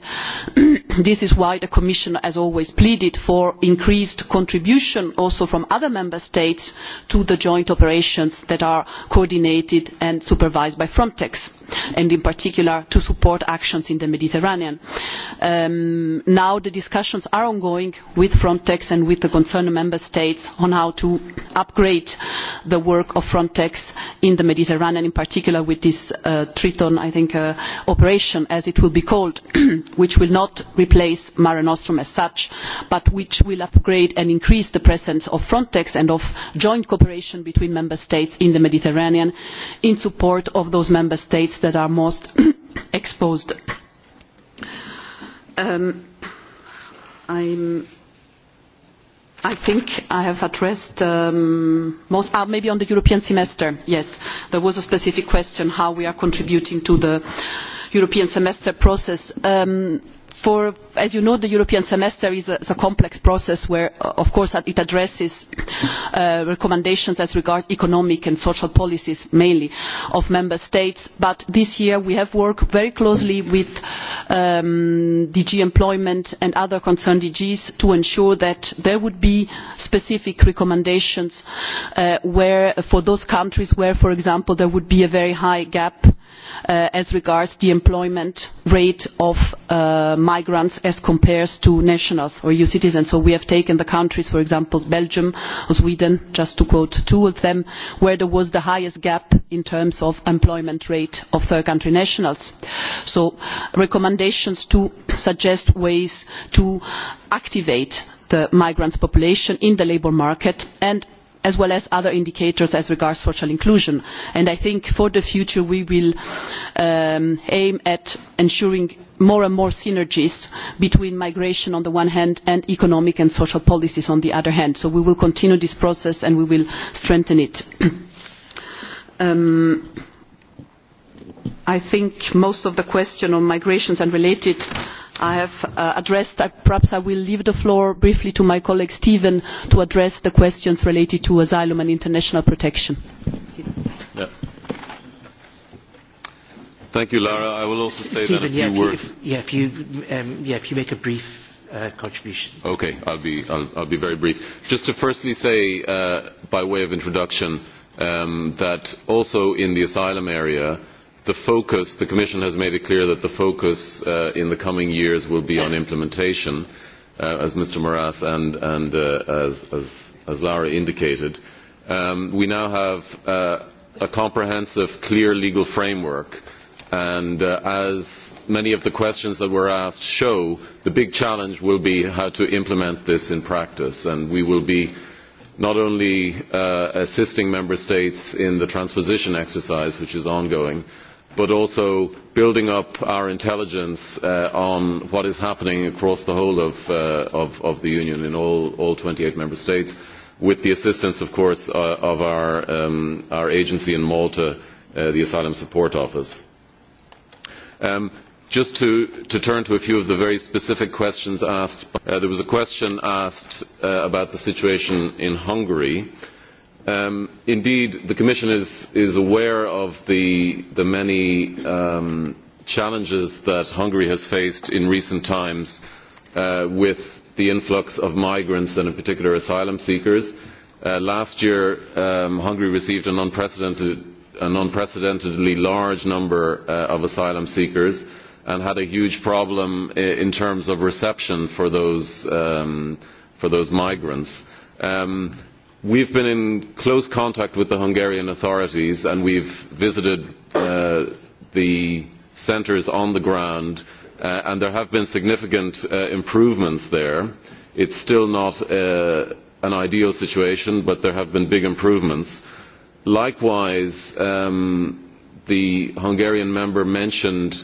*clears throat* this is why the Commission has always pleaded for increased contribution also from other member states to the joint operations that are coordinated and supervised by Frontex and in particular to support actions in the Mediterranean. Um, now the discussions are ongoing with Frontex and with the concerned member states on how to upgrade the work of Frontex in the Mediterranean, in particular with this uh, Triton, I think, uh, operation, as it will be called, *clears throat* which will not replace Mare Nostrum as such, but which will upgrade and increase the presence of Frontex and of joint cooperation between member states in the Mediterranean in support of those member states states that are most *coughs* exposed. Um, I'm, I think I have addressed um, most, uh, maybe on the European semester, yes. There was a specific question how we are contributing to the European semester process. Um, for, as you know, the European semester is a, is a complex process where, uh, of course, it addresses uh, recommendations as regards economic and social policies, mainly, of member states. But this year we have worked very closely with um, DG Employment and other concerned DGs to ensure that there would be specific recommendations uh, where, for those countries where, for example, there would be a very high gap Uh, as regards the employment rate of uh, migrants as compared to nationals or EU citizens. So we have taken the countries, for example, Belgium or Sweden, just to quote two of them, where there was the highest gap in terms of employment rate of third country nationals. So recommendations to suggest ways to activate the migrants population in the labour market and as well as other indicators as regards social inclusion. And I think for the future we will um, aim at ensuring more and more synergies between migration on the one hand and economic and social policies on the other hand. So we will continue this process and we will strengthen it. *coughs* um, I think most of the question on migrations and related I have uh, addressed, uh, perhaps I will leave the floor briefly to my colleague Stephen to address the questions related to asylum and international protection. Yeah. Thank you, Lara. I will also say Stephen, that a few yeah, if words. You, if, yeah, if you, um, yeah, if you make a brief uh, contribution. Okay, I'll be, I'll, I'll be very brief. Just to firstly say, uh, by way of introduction, um, that also in the asylum area, the focus, the Commission has made it clear that the focus uh, in the coming years will be on implementation, uh, as Mr. Moras and, and uh, as, as, as Lara indicated. Um, we now have uh, a comprehensive, clear legal framework and uh, as many of the questions that were asked show, the big challenge will be how to implement this in practice and we will be not only uh, assisting member states in the transposition exercise, which is ongoing, but also building up our intelligence uh, on what is happening across the whole of, uh, of, of the Union in all, all 28 member states, with the assistance, of course, uh, of our, um, our agency in Malta, uh, the Asylum Support Office. Um, just to, to turn to a few of the very specific questions asked, uh, there was a question asked uh, about the situation in Hungary. Uh, Um, indeed, the Commission is, is aware of the, the many um, challenges that Hungary has faced in recent times uh, with the influx of migrants and in particular asylum seekers. Uh, last year, um, Hungary received an unprecedented, an unprecedentedly large number uh, of asylum seekers and had a huge problem in terms of reception for those, um, for those migrants. Um, We have been in close contact with the Hungarian authorities and we have visited uh, the centres on the ground uh, and there have been significant uh, improvements there. It is still not uh, an ideal situation but there have been big improvements. Likewise, um, the Hungarian member mentioned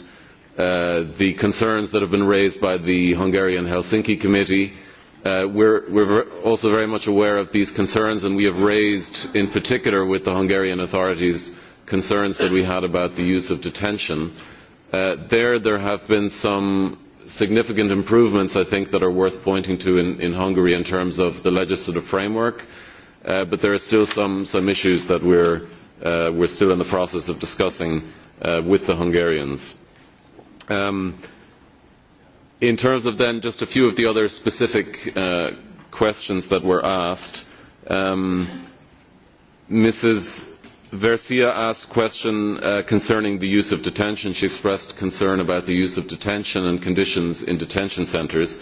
uh, the concerns that have been raised by the Hungarian Helsinki Committee uh, Uh, we're, we're also very much aware of these concerns and we have raised in particular with the Hungarian authorities concerns that we had about the use of detention. Uh, there, there have been some significant improvements, I think, that are worth pointing to in, in Hungary in terms of the legislative framework, uh, but there are still some, some issues that we're, uh, we're still in the process of discussing uh, with the Hungarians. Um, In terms of then just a few of the other specific uh, questions that were asked, um, Mrs. Versia asked a question uh, concerning the use of detention. She expressed concern about the use of detention and conditions in detention centres.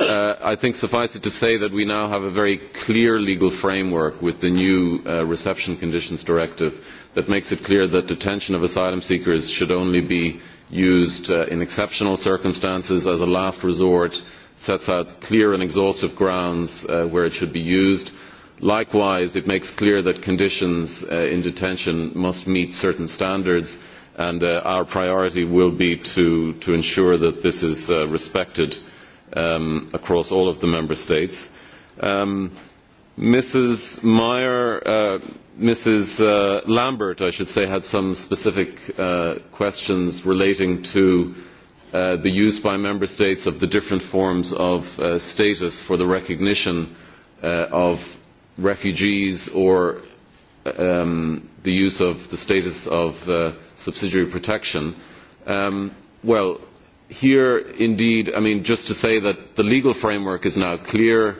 Uh, I think suffice it to say that we now have a very clear legal framework with the new uh, Reception Conditions Directive that makes it clear that detention of asylum seekers should only be used uh, in exceptional circumstances as a last resort, sets out clear and exhaustive grounds uh, where it should be used. Likewise, it makes clear that conditions uh, in detention must meet certain standards, and uh, our priority will be to, to ensure that this is uh, respected um, across all of the member states. Um, Mrs. Meyer uh, Mrs. Uh, Lambert, I should say, had some specific uh, questions relating to uh, the use by member states of the different forms of uh, status for the recognition uh, of refugees or um, the use of the status of uh, subsidiary protection. Um, well, here indeed, I mean, just to say that the legal framework is now clear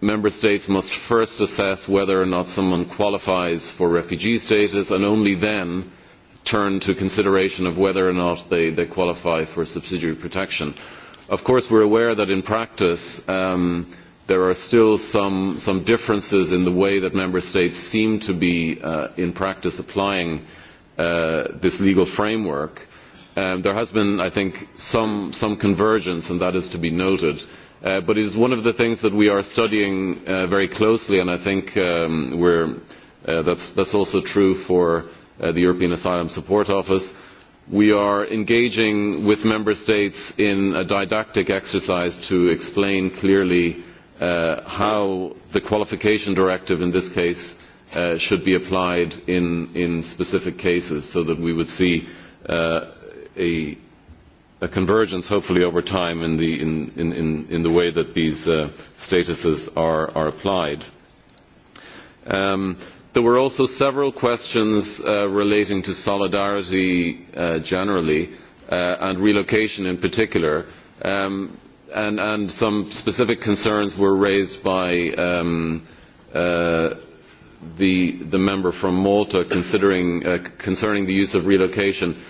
member states must first assess whether or not someone qualifies for refugee status and only then turn to consideration of whether or not they, they qualify for subsidiary protection. Of course, we're aware that in practice um, there are still some, some differences in the way that member states seem to be uh, in practice applying uh, this legal framework. Um, there has been, I think, some, some convergence, and that is to be noted. Uh, but it is one of the things that we are studying uh, very closely, and I think um, we're, uh, that's, that's also true for uh, the European Asylum Support Office. We are engaging with member states in a didactic exercise to explain clearly uh, how the qualification directive in this case uh, should be applied in, in specific cases so that we would see uh, a, a convergence hopefully over time in the, in, in, in, in the way that these uh, statuses are, are applied. Um, there were also several questions uh, relating to solidarity uh, generally uh, and relocation in particular um, and, and some specific concerns were raised by um, uh, the, the member from Malta considering, uh, concerning the use of relocation.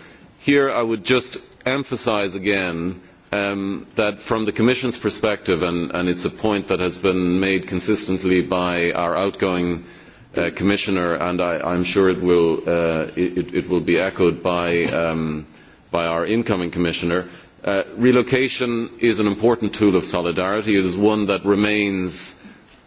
Here I would just emphasise again um, that from the Commission's perspective, and, and it's a point that has been made consistently by our outgoing uh, Commissioner, and I, I'm sure it will, uh, it, it will be echoed by, um, by our incoming Commissioner, uh, relocation is an important tool of solidarity. It is one that remains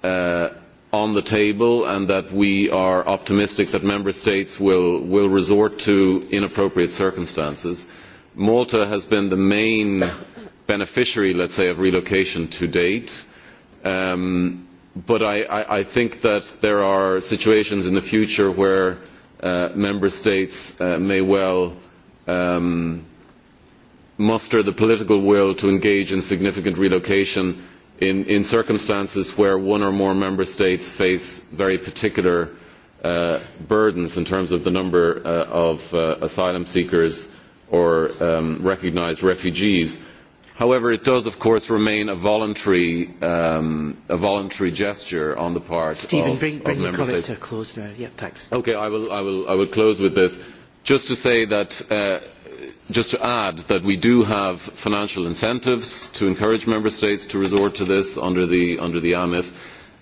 uh, on the table and that we are optimistic that member states will, will resort to in appropriate circumstances. Malta has been the main beneficiary, let's say, of relocation to date. Um, but I, I, I think that there are situations in the future where uh, member states uh, may well um, muster the political will to engage in significant relocation in, in circumstances where one or more member states face very particular uh, burdens in terms of the number uh, of uh, asylum seekers or um, recognized refugees. However, it does, of course, remain a voluntary, um, a voluntary gesture on the part Stephen, of, bring, bring of member comments states. to a close now. Yeah, thanks. Okay, I will, I will, I will close with this. Just to say that, uh, just to add that we do have financial incentives to encourage member states to resort to this under the, under the AMIF.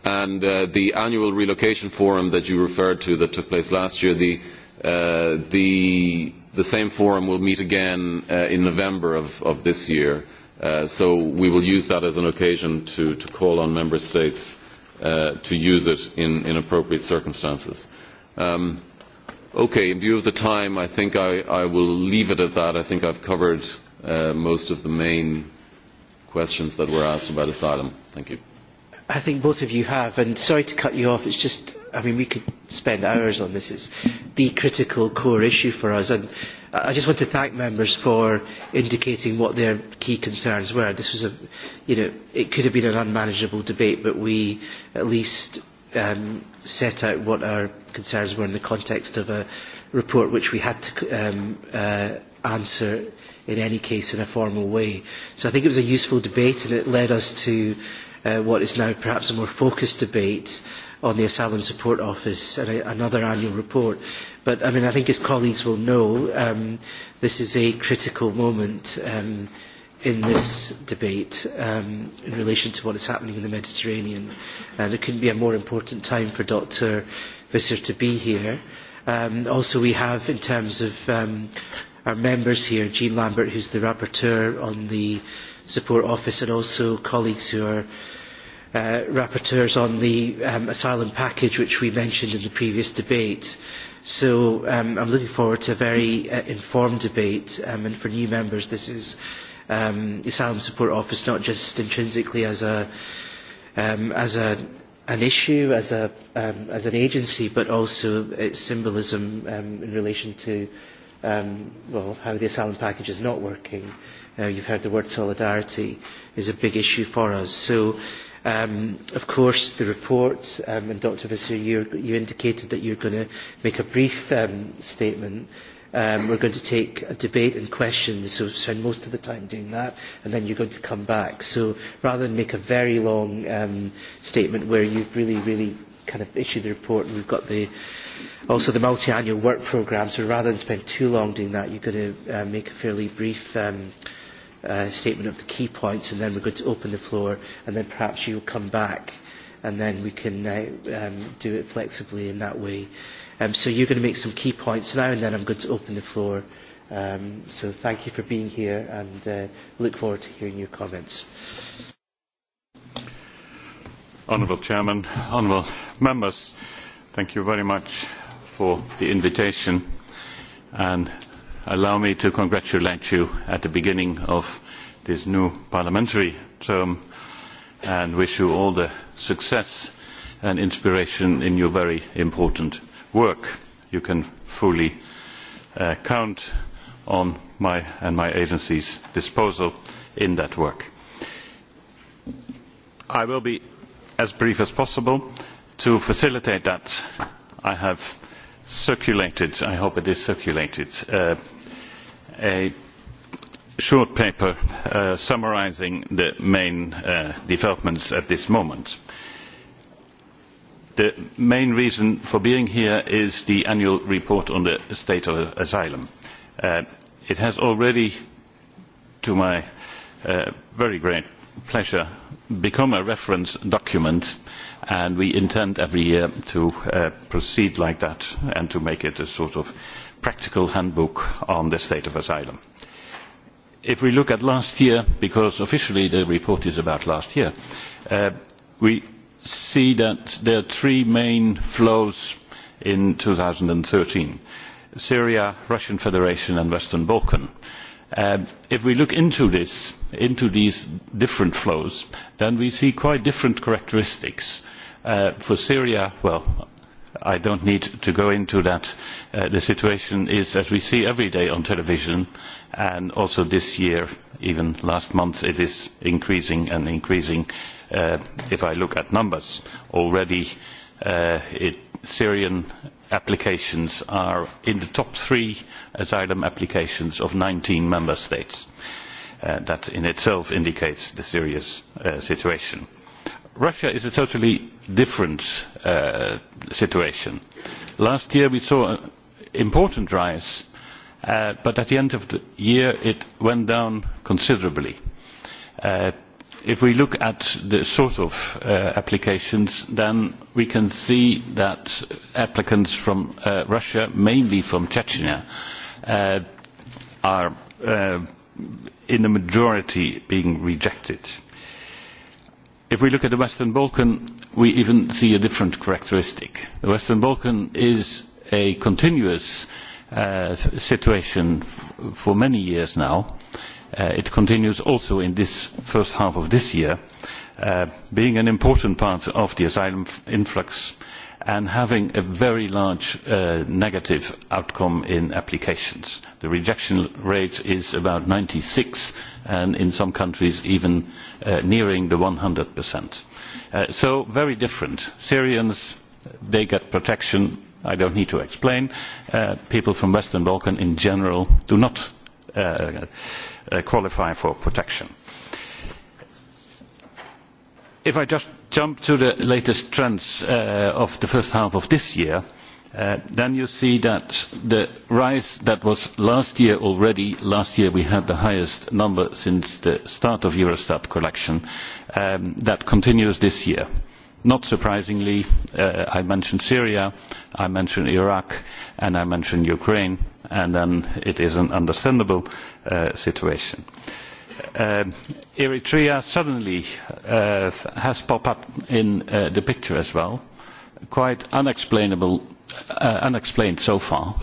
And uh, the annual relocation forum that you referred to that took place last year, the, uh, the the same forum will meet again uh, in November of, of this year. Uh, so we will use that as an occasion to, to call on member states uh, to use it in, in appropriate circumstances. Um, okay, in view of the time, I think I, I will leave it at that. I think I've covered uh, most of the main questions that were asked about asylum. Thank you. I think both of you have, and sorry to cut you off, it's just, I mean, we could spend hours on this. It's the critical core issue for us, and I just want to thank members for indicating what their key concerns were. This was a, you know, it could have been an unmanageable debate, but we at least um, set out what our concerns were in the context of a report which we had to um, uh, answer in any case in a formal way. So I think it was a useful debate, and it led us to Uh, what is now perhaps a more focused debate on the Asylum Support Office and a, another annual report. But I mean, I think as colleagues will know, um, this is a critical moment um, in this debate um, in relation to what is happening in the Mediterranean. And it couldn't be a more important time for Dr. Visser to be here. Um, also, we have, in terms of um, our members here, Jean Lambert, who's the rapporteur on the Support Office and also colleagues who are uh, rapporteurs on the um, asylum package which we mentioned in the previous debate. So um, I'm looking forward to a very uh, informed debate um, and for new members this is um, the Asylum Support Office not just intrinsically as a um, as a an issue as a um, as an agency, but also its symbolism um, in relation to um, well how the asylum package is not working. Uh, you've heard the word solidarity is a big issue for us. So, um, of course, the report, um, and Dr. Visser, you, you indicated that you're going to make a brief um, statement. Um, we're going to take a debate and questions, so spend most of the time doing that, and then you're going to come back. So rather than make a very long um, statement where you've really, really kind of issued the report, and we've got the also the multi-annual work programme, so rather than spend too long doing that, you're going to uh, make a fairly brief um, uh, statement of the key points and then we're going to open the floor and then perhaps you'll come back and then we can uh, um, do it flexibly in that way. Um, so you're going to make some key points now and then I'm going to open the floor. Um, so thank you for being here and uh, look forward to hearing your comments. Honourable Chairman, Honourable Members, thank you very much for the invitation and allow me to congratulate you at the beginning of this new parliamentary term and wish you all the success and inspiration in your very important work. You can fully uh, count on my and my agency's disposal in that work. I will be as brief as possible. To facilitate that, I have circulated, I hope it is circulated, uh, a short paper uh, summarizing the main uh, developments at this moment. The main reason for being here is the annual report on the state of asylum. Uh, it has already, to my uh, very great pleasure, become a reference document and we intend every year to uh, proceed like that and to make it a sort of uh, practical handbook on the state of asylum. If we look at last year, because officially the report is about last year, uh, we see that there are three main flows in 2013. Syria, Russian Federation and Western Balkan. Uh, if we look into this, into these different flows, then we see quite different characteristics. Uh, for Syria, well, I don't need to go into that. Uh, the situation is, as we see every day on television, and also this year, even last month, it is increasing and increasing. Uh, if I look at numbers, already uh, it, Syrian applications are in the top three asylum applications of 19 member states. Uh, that in itself indicates the serious uh, situation. Russia is a totally different uh, situation. Last year we saw an important rise, uh, but at the end of the year it went down considerably. Uh, if we look at the sort of uh, applications, then we can see that applicants from uh, Russia, mainly from Chechnya, uh, are uh, in the majority being rejected. If we look at the Western Balkan, we even see a different characteristic. The Western Balkan is a continuous uh, situation for many years now. Uh, it continues also in this first half of this year, uh, being an important part of the asylum influx and having a very large uh, negative outcome in applications. The rejection rate is about 96 and in some countries even uh, nearing the 100%. Uh, so very different. Syrians, they get protection, I don't need to explain. Uh, people from Western Balkan in general do not uh, uh, qualify for protection. If I just jump to the latest trends uh, of the first half of this year, uh, then you see that the rise that was last year already, last year we had the highest number since the start of Eurostat collection, um, that continues this year. Not surprisingly, uh, I mentioned Syria, I mentioned Iraq, and I mentioned Ukraine, and then it is an understandable uh, situation. Uh, uh, Eritrea suddenly uh, has popped up in uh, the picture as well, quite unexplainable, uh, unexplained so far.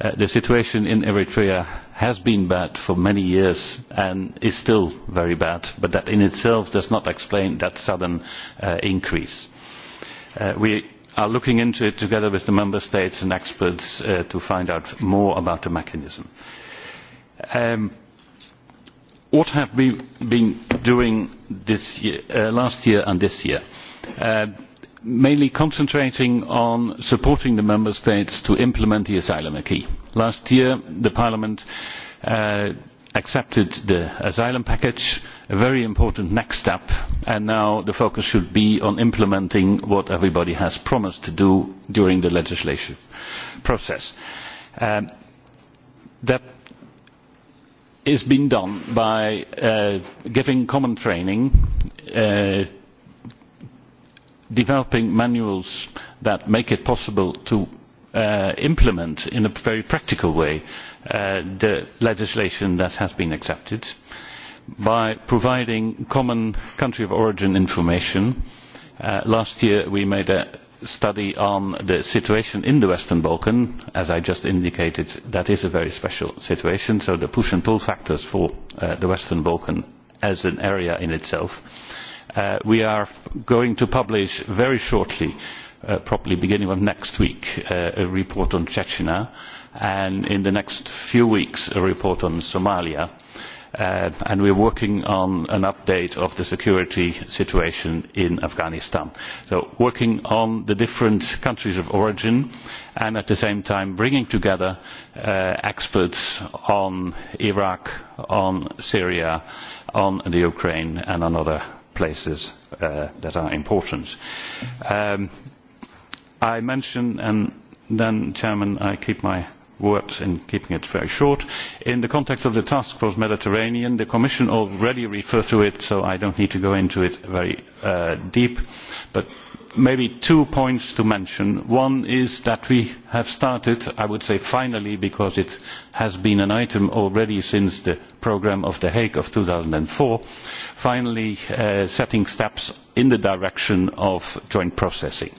Uh, the situation in Eritrea has been bad for many years and is still very bad, but that in itself does not explain that sudden uh, increase. Uh, we are looking into it together with the member states and experts uh, to find out more about the mechanism. Um, what have we been doing this year, uh, last year and this year? Uh, mainly concentrating on supporting the member states to implement the asylum acquis. Last year, the Parliament uh, accepted the asylum package, a very important next step, and now the focus should be on implementing what everybody has promised to do during the legislation process. Um, that is being done by uh, giving common training, uh, developing manuals that make it possible to uh, implement in a very practical way uh, the legislation that has been accepted, by providing common country of origin information. Uh, last year we made a study on the situation in the Western Balkan, as I just indicated, that is a very special situation, so the push and pull factors for uh, the Western Balkan as an area in itself. Uh, we are going to publish very shortly, uh, probably beginning of next week, uh, a report on Chechnya, and in the next few weeks a report on Somalia uh, and we're working on an update of the security situation in Afghanistan. So working on the different countries of origin and at the same time bringing together uh, experts on Iraq, on Syria, on the Ukraine and on other places uh, that are important. Um, I mentioned, and then, Chairman, I keep my words in keeping it very short. In the context of the Task Force Mediterranean, the Commission already referred to it, so I don't need to go into it very uh, deep, but maybe two points to mention. One is that we have started, I would say finally, because it has been an item already since the programme of The Hague of 2004, finally uh, setting steps in the direction of joint processing.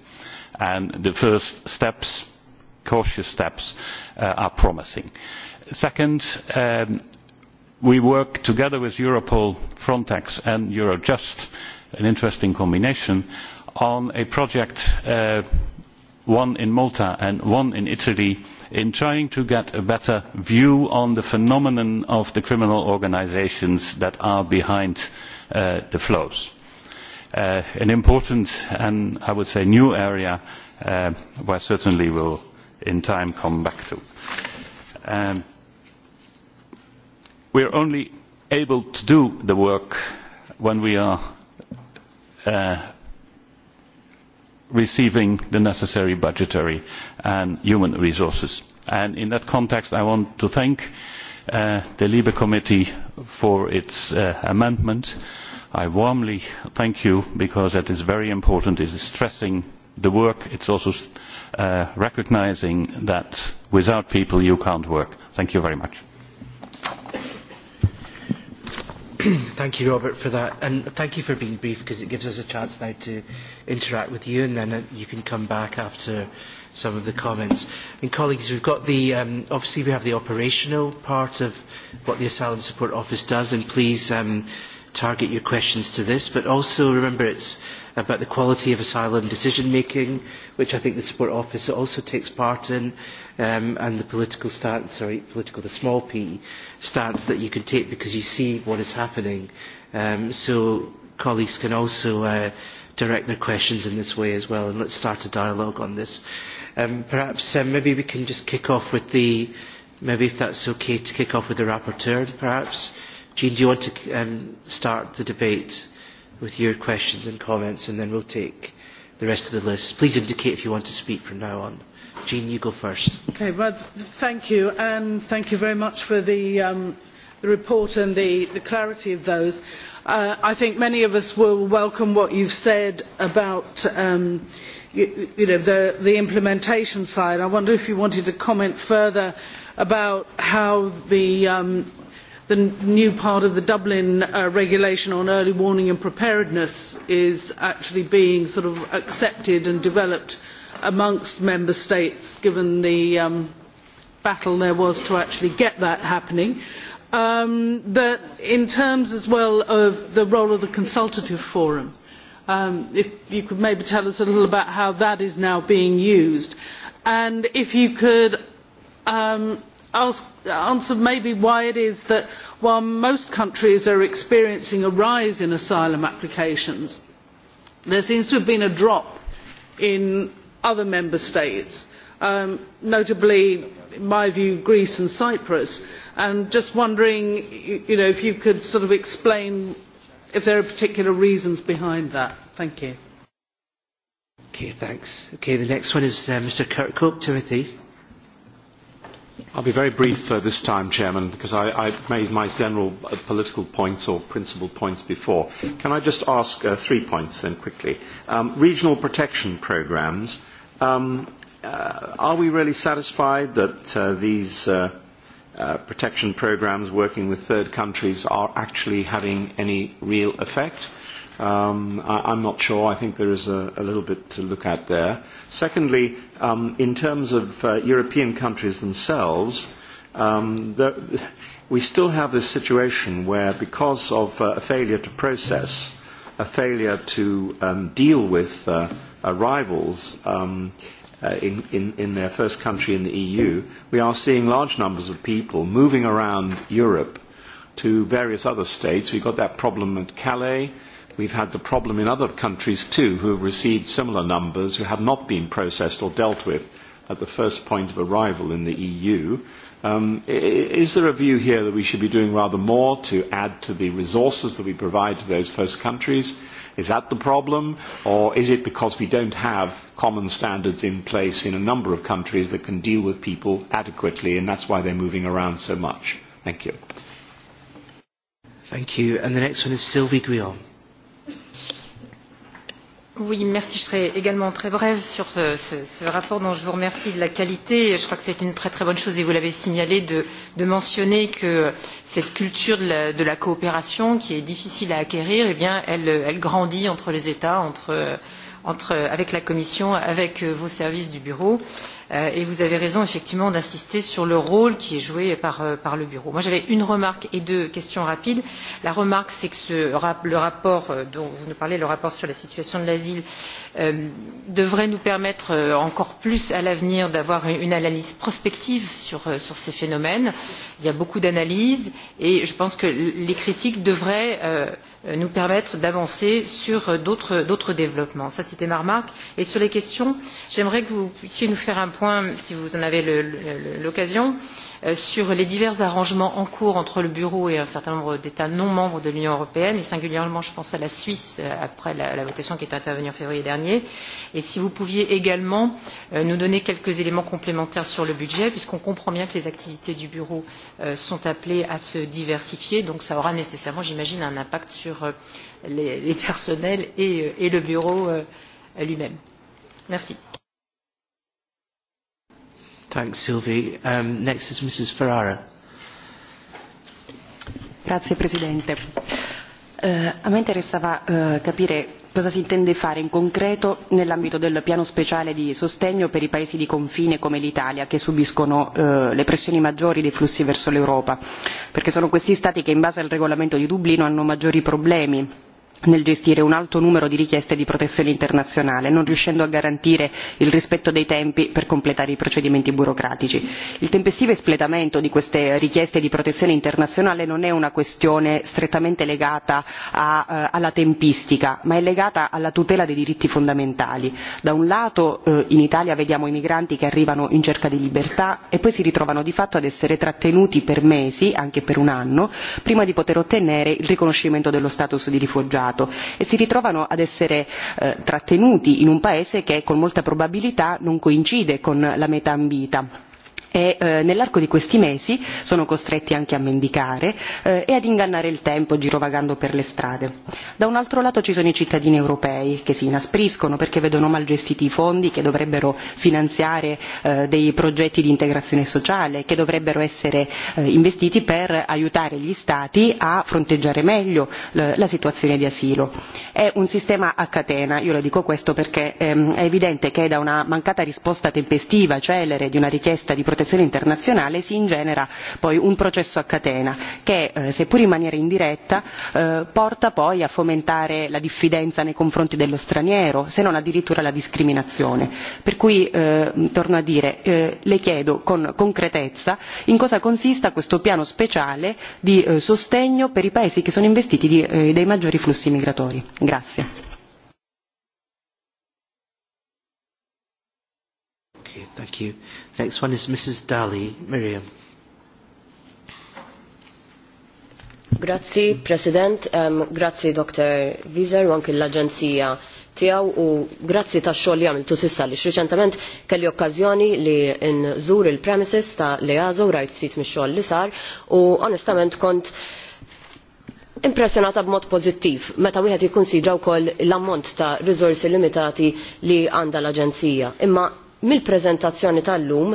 And the first steps cautious steps uh, are promising. Second, um, we work together with Europol, Frontex and Eurojust, an interesting combination, on a project, uh, one in Malta and one in Italy, in trying to get a better view on the phenomenon of the criminal organisations that are behind uh, the flows. Uh, an important and, I would say, new area uh, where certainly we'll in time come back to. Um, we are only able to do the work when we are uh, receiving the necessary budgetary and human resources. And in that context, I want to thank uh, the LIBE Committee for its uh, amendment. I warmly thank you because that is very important. It is stressing the work. It's also st uh, recognizing that without people you can't work. Thank you very much. *clears throat* thank you, Robert, for that. And thank you for being brief because it gives us a chance now to interact with you and then uh, you can come back after some of the comments. And colleagues, we've got the, um, obviously we have the operational part of what the Asylum Support Office does and please um, target your questions to this, but also remember it's about the quality of asylum decision making, which I think the support office also takes part in, um, and the political stance, sorry, political, the small p stance that you can take because you see what is happening. Um, so colleagues can also uh, direct their questions in this way as well, and let's start a dialogue on this. Um, perhaps uh, maybe we can just kick off with the, maybe if that's okay to kick off with the rapporteur, perhaps Jean, do you want to um, start the debate with your questions and comments and then we'll take the rest of the list? Please indicate if you want to speak from now on. Jean, you go first. Okay, well, thank you, and thank you very much for the, um, the report and the, the clarity of those. Uh, I think many of us will welcome what you've said about um, you, you know, the, the implementation side. I wonder if you wanted to comment further about how the um, the new part of the Dublin uh, regulation on early warning and preparedness is actually being sort of accepted and developed amongst member states given the um, battle there was to actually get that happening. Um, that in terms as well of the role of the consultative forum, um, if you could maybe tell us a little about how that is now being used. And if you could um, ask, answer maybe why it is that while most countries are experiencing a rise in asylum applications, there seems to have been a drop in other member states, um, notably, in my view, Greece and Cyprus. And just wondering, you, you know, if you could sort of explain if there are particular reasons behind that. Thank you. Okay, thanks. Okay, the next one is uh, Mr. Kirkhope, Timothy. I'll be very brief uh, this time, Chairman, because I, I made my general uh, political points or principal points before. Can I just ask uh, three points then quickly? Um, regional protection programs. Um, uh, are we really satisfied that uh, these uh, uh, protection programs working with third countries are actually having any real effect? Um, I, I'm not sure. I think there is a, a little bit to look at there. Secondly, um, in terms of uh, European countries themselves, um, the, we still have this situation where because of uh, a failure to process, a failure to um, deal with uh, arrivals uh, um, uh, in, in, in their first country in the EU, we are seeing large numbers of people moving around Europe to various other states. We've got that problem at Calais We've had the problem in other countries too who have received similar numbers who have not been processed or dealt with at the first point of arrival in the EU. Um, is there a view here that we should be doing rather more to add to the resources that we provide to those first countries? Is that the problem? Or is it because we don't have common standards in place in a number of countries that can deal with people adequately and that's why they're moving around so much? Thank you. Thank you. And the next one is Sylvie Guillaume. Oui, merci. Je serai également très brève sur ce, ce, ce rapport dont je vous remercie de la qualité. Je crois que c'est une très très bonne chose, et vous l'avez signalé, de, de mentionner que cette culture de la, de la coopération, qui est difficile à acquérir, eh bien, elle, elle grandit entre les États, entre, entre, avec la Commission, avec euh, vos services du Bureau. Euh, Euh, et vous avez raison effectivement d'insister sur le rôle qui est joué par, euh, par le bureau. Moi j'avais une remarque et deux questions rapides. La remarque c'est que ce, le rapport euh, dont vous nous parlez, le rapport sur la situation de l'asile, euh, devrait nous permettre euh, encore plus à l'avenir d'avoir une, une analyse prospective sur, euh, sur ces phénomènes. Il y a beaucoup d'analyses et je pense que les critiques devraient euh, nous permettre d'avancer sur euh, d'autres développements. Ça, c'était ma remarque. Et sur les questions, j'aimerais que vous puissiez nous faire un point point, si vous en avez l'occasion, euh, sur les divers arrangements en cours entre le Bureau et un certain nombre d'États non membres de l'Union européenne, et singulièrement, je pense à la Suisse, euh, après la, la votation qui est intervenue en février dernier. Et si vous pouviez également euh, nous donner quelques éléments complémentaires sur le budget, puisqu'on comprend bien que les activités du Bureau euh, sont appelées à se diversifier, donc ça aura nécessairement, j'imagine, un impact sur euh, les, les personnels et, euh, et le Bureau euh, lui-même. Merci. Thanks, Sylvie. Um, next is Mrs. Ferrara. Grazie, Presidente. Uh, a me interessava uh, capire cosa si intende fare in concreto nell'ambito del piano speciale di sostegno per i paesi di confine come l'Italia che subiscono eh, le pressioni maggiori dei flussi verso l'Europa, perché sono questi stati che in base al regolamento di Dublino hanno maggiori problemi nel gestire un alto numero di richieste di protezione internazionale, non riuscendo a garantire il rispetto dei tempi per completare i procedimenti burocratici. Il tempestivo espletamento di queste richieste di protezione internazionale non è una questione strettamente legata a, eh, alla tempistica, ma è legata alla tutela dei diritti fondamentali. Da un lato eh, in Italia vediamo i migranti che arrivano in cerca di libertà e poi si ritrovano di fatto ad essere trattenuti per mesi, anche per un anno, prima di poter ottenere il riconoscimento dello status di rifugiato stato e si ritrovano ad essere eh, trattenuti in un paese che con molta probabilità non coincide con la meta ambita e eh, nell'arco di questi mesi sono costretti anche a mendicare eh, e ad ingannare il tempo girovagando per le strade. Da un altro lato ci sono i cittadini europei che si inaspriscono perché vedono mal gestiti i fondi che dovrebbero finanziare eh, dei progetti di integrazione sociale che dovrebbero essere eh, investiti per aiutare gli stati a fronteggiare meglio la situazione di asilo. È un sistema a catena, io lo dico questo perché ehm, è evidente che da una mancata risposta tempestiva, celere di una richiesta di protezione protezione internazionale si ingenera poi un processo a catena che eh, seppur in maniera indiretta eh, porta poi a fomentare la diffidenza nei confronti dello straniero se non addirittura la discriminazione per cui eh, torno a dire le chiedo con concretezza in cosa consista questo piano speciale di sostegno per i paesi che sono investiti dei maggiori flussi migratori grazie Thank you. Next one is Mrs. Daly, Miriam. Grazzi, President, um, grazie, Dr. Wieser, u anki l-Aġenzija u grazzi ta' xogħol li għamiltu sissa li xriċentament kelli okkazjoni li nżur il-premises ta' li għazu rajt ftit mix-xogħol li sar u onestament kont impressjonata b'mod pożittiv meta wieħed jikkunsidra wkoll l-ammont ta' riżorsi limitati li għandha l-Aġenzija. Imma mill-prezentazzjoni tal-lum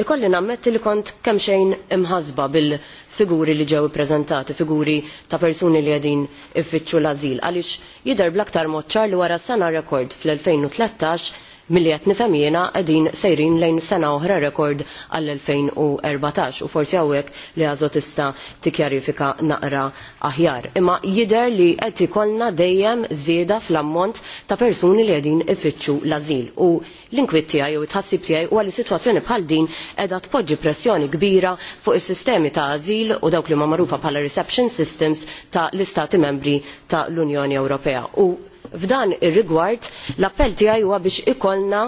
ikolli nammetti li kont kemm xejn imħasba bil-figuri li ġew ippreżentati, figuri ta' persuni li qegħdin iffittxu l-azil għaliex jidher bl-aktar moċċar li wara sena rekord fl-2013 milli qed nifhem jiena qegħdin sejrin lejn sena oħra rekord għall-2014 u forsi hawnhekk li għazotista tista' tikkjarifika naqra aħjar. Imma jidher li qed ikollna dejjem zieda fl-ammont ta' persuni li qegħdin ifittxu l-ażil u l-inkwitt tiegħi u tħassib tiegħi u għalli sitwazzjoni bħal din qiegħda tpoġġi pressjoni kbira fuq is-sistemi ta' azil u dawk li ma magħrufa bħala reception systems ta' l-istati membri ta' l-Unjoni Ewropea. U F'dan ir-rigward l-appell tiegħi huwa biex ikollna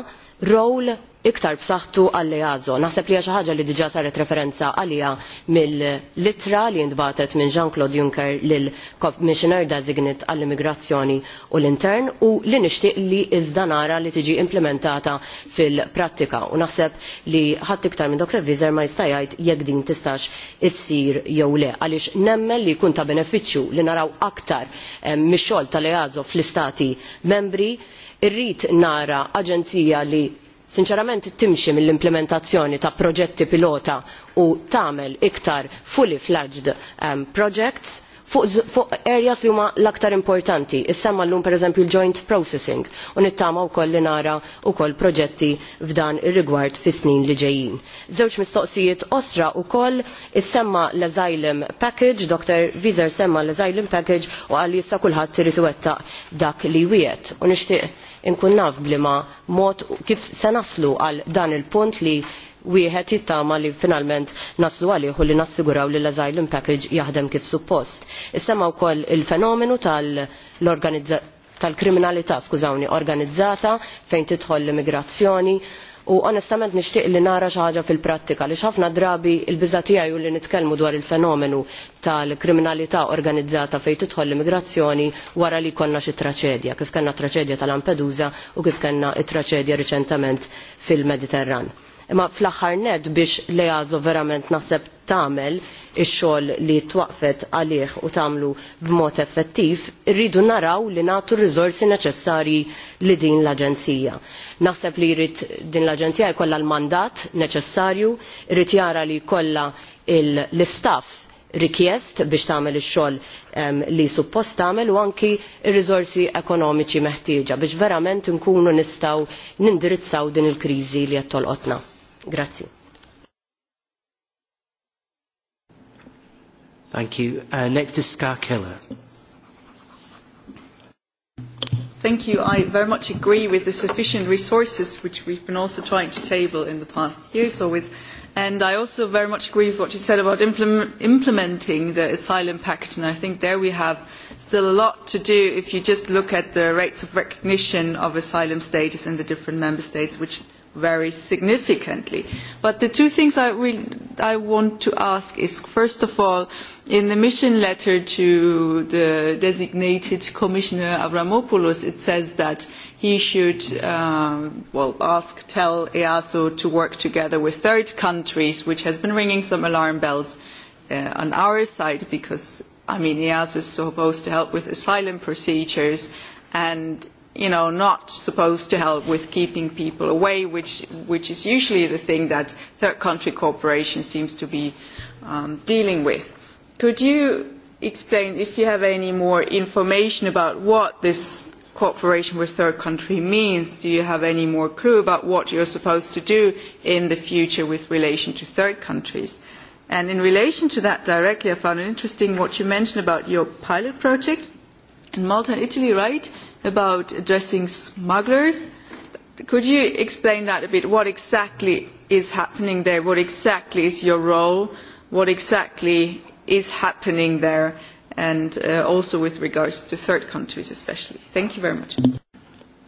role iktar b'saħħtu għalli għażo. Naħseb li hija xi ħaġa li diġà saret referenza għalija mill-litra li ntbatet minn Jean-Claude Juncker lil Commissioner Designit għall-Immigrazzjoni u l-Intern u li nixtieq li iżda nara li tiġi implementata fil-prattika. U naħseb li ħadd iktar minn Dr. Vizer ma jista' jgħid jekk din tistax issir jew le għaliex nemmen li jkun ta' benefiċċju li naraw aktar eh, mix-xogħol tal-EASO fl-istati membri irrit nara aġenzija li sinċerament timxi mill-implementazzjoni ta' proġetti pilota u tagħmel iktar fully fledged um, projects fuq, areas li huma l-aktar importanti. Issemma llum per l-joint processing u nittama wkoll li nara wkoll proġetti f'dan ir-rigward fis-snin li ġejjin. Żewġ mistoqsijiet osra wkoll issemma l-asylum package, Dr. Vizer semma l-asylum package u qal issa kulħadd irid iwettaq dak li wiet. U nixtieq inkun naf blima mod kif se naslu għal dan il-punt li wieħed jittama li finalment naslu għalih u li nassiguraw li l-asylum package jaħdem kif suppost. Issema wkoll il-fenomenu tal-kriminalità tal skużawni organizzata fejn tidħol l-immigrazzjoni u onestament nixtieq li nara xi ħaġa fil-prattika li ħafna drabi l-biża' tiegħi li nitkellmu dwar il-fenomenu tal-kriminalità organizzata fejn tidħol l-immigrazzjoni wara li konna xi traċedja kif kellna traċedja tal Lampedusa u kif kellna t traċedja riċentement fil-Mediterran imma fl-aħħar net biex Leazo verament naħseb tagħmel ix-xogħol li twaqfet għalih u tagħmlu b'mod effettiv, irridu naraw li nagħtu r-riżorsi neċessarji li din l-aġenzija. Naħseb li jrid din l-aġenzija jkollha l-mandat neċessarju, jrid jara li jkollha l-istaff rikjest biex tagħmel ix-xogħol li suppost tagħmel u anki r-riżorsi ekonomiċi meħtieġa biex verament nkunu nistgħu nindirizzaw din il-kriżi li qed tolqotna. Grazie. Thank you. Uh, next is Scar Keller. Thank you. I very much agree with the sufficient resources which we've been also trying to table in the past years always. And I also very much agree with what you said about implement, implementing the asylum pact. And I think there we have still a lot to do if you just look at the rates of recognition of asylum status in the different member states, which very significantly. But the two things I, will, I want to ask is, first of all, in the mission letter to the designated Commissioner Avramopoulos, it says that he should um, well, ask, tell EASO to work together with third countries, which has been ringing some alarm bells uh, on our side because, I mean, EASO is supposed to help with asylum procedures and you know, not supposed to help with keeping people away, which, which is usually the thing that third country cooperation seems to be um, dealing with. Could you explain if you have any more information about what this cooperation with third country means? Do you have any more clue about what you're supposed to do in the future with relation to third countries? And in relation to that directly, I found it interesting what you mentioned about your pilot project in Malta and Italy, right? about addressing smugglers. Could you explain that a bit? What exactly is happening there? What exactly is your role? What exactly is happening there? And uh, also with regards to third countries especially. Thank you very much.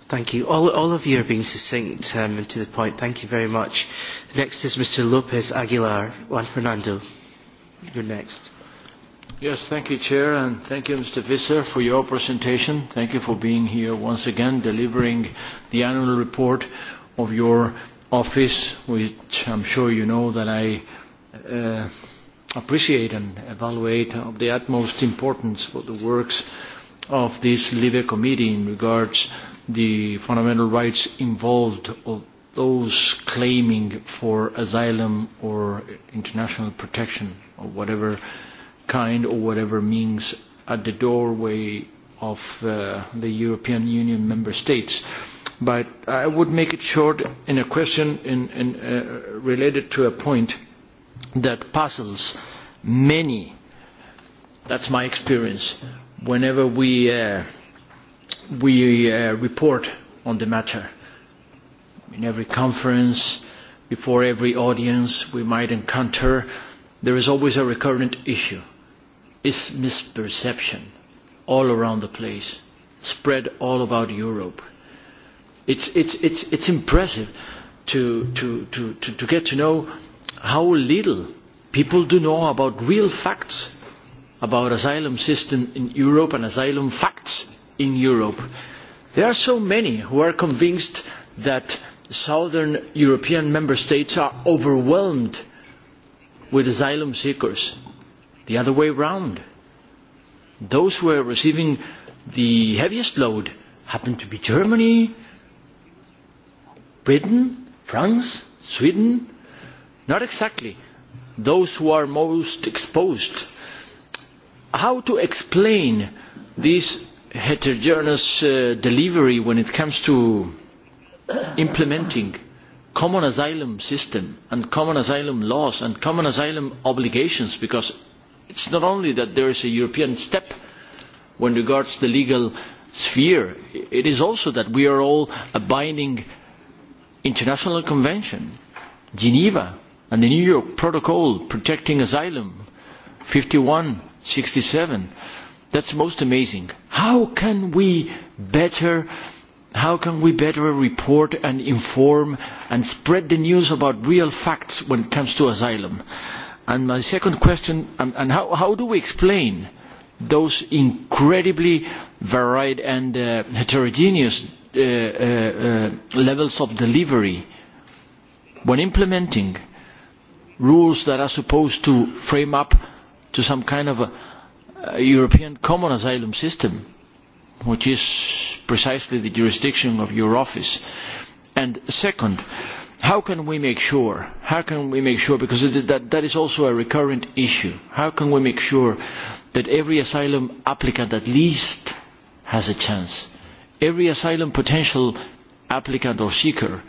Thank you. All, all of you are being succinct um, and to the point. Thank you very much. Next is Mr. Lopez Aguilar. Juan Fernando, you're next. Yes, thank you, Chair, and thank you, Mr. Visser, for your presentation. Thank you for being here once again, delivering the annual report of your office, which I'm sure you know that I uh, appreciate and evaluate of the utmost importance for the works of this LIBE committee in regards the fundamental rights involved of those claiming for asylum or international protection or whatever kind or whatever means at the doorway of uh, the European Union member states. But I would make it short in a question in, in, uh, related to a point that puzzles many. That's my experience. Whenever we, uh, we uh, report on the matter, in every conference, before every audience we might encounter, there is always a recurrent issue – is misperception all around the place, spread all about Europe. It's, it's, it's, it's impressive to, to, to, to, to get to know how little people do know about real facts about asylum system in Europe and asylum facts in Europe. There are so many who are convinced that southern European member states are overwhelmed with asylum seekers the other way round. Those who are receiving the heaviest load happened to be Germany, Britain, France, Sweden. Not exactly those who are most exposed. How to explain this heterogeneous uh, delivery when it comes to implementing common asylum system and common asylum laws and common asylum obligations because It's not only that there is a European step when regards the legal sphere, it is also that we are all a binding international convention, Geneva and the New York Protocol protecting asylum, 51, 67. That's most amazing. How can we better how can we better report and inform and spread the news about real facts when it comes to asylum? And my second question, and, um, and how, how do we explain those incredibly varied and uh, heterogeneous uh, uh, uh, levels of delivery when implementing rules that are supposed to frame up to some kind of a, a European common asylum system, which is precisely the jurisdiction of your office? And second, uh, how can we make sure? How can we make sure? Because it, that, that is also a recurrent issue. How can we make sure that every asylum applicant at least has a chance? Every asylum potential applicant or seeker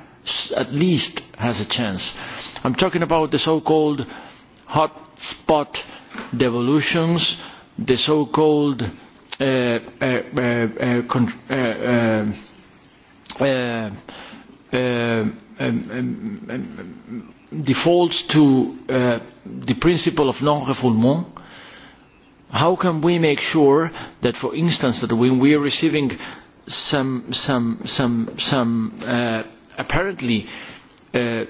at least has a chance. I'm talking about the so-called hot spot devolutions, the so-called uh, uh, uh, uh, uh, um, uh, uh, uh, uh, Um, um, um, defaults to uh, the principle of non-refoulement, how can we make sure that, for instance, that when we are receiving some, some, some, some uh, apparently uh,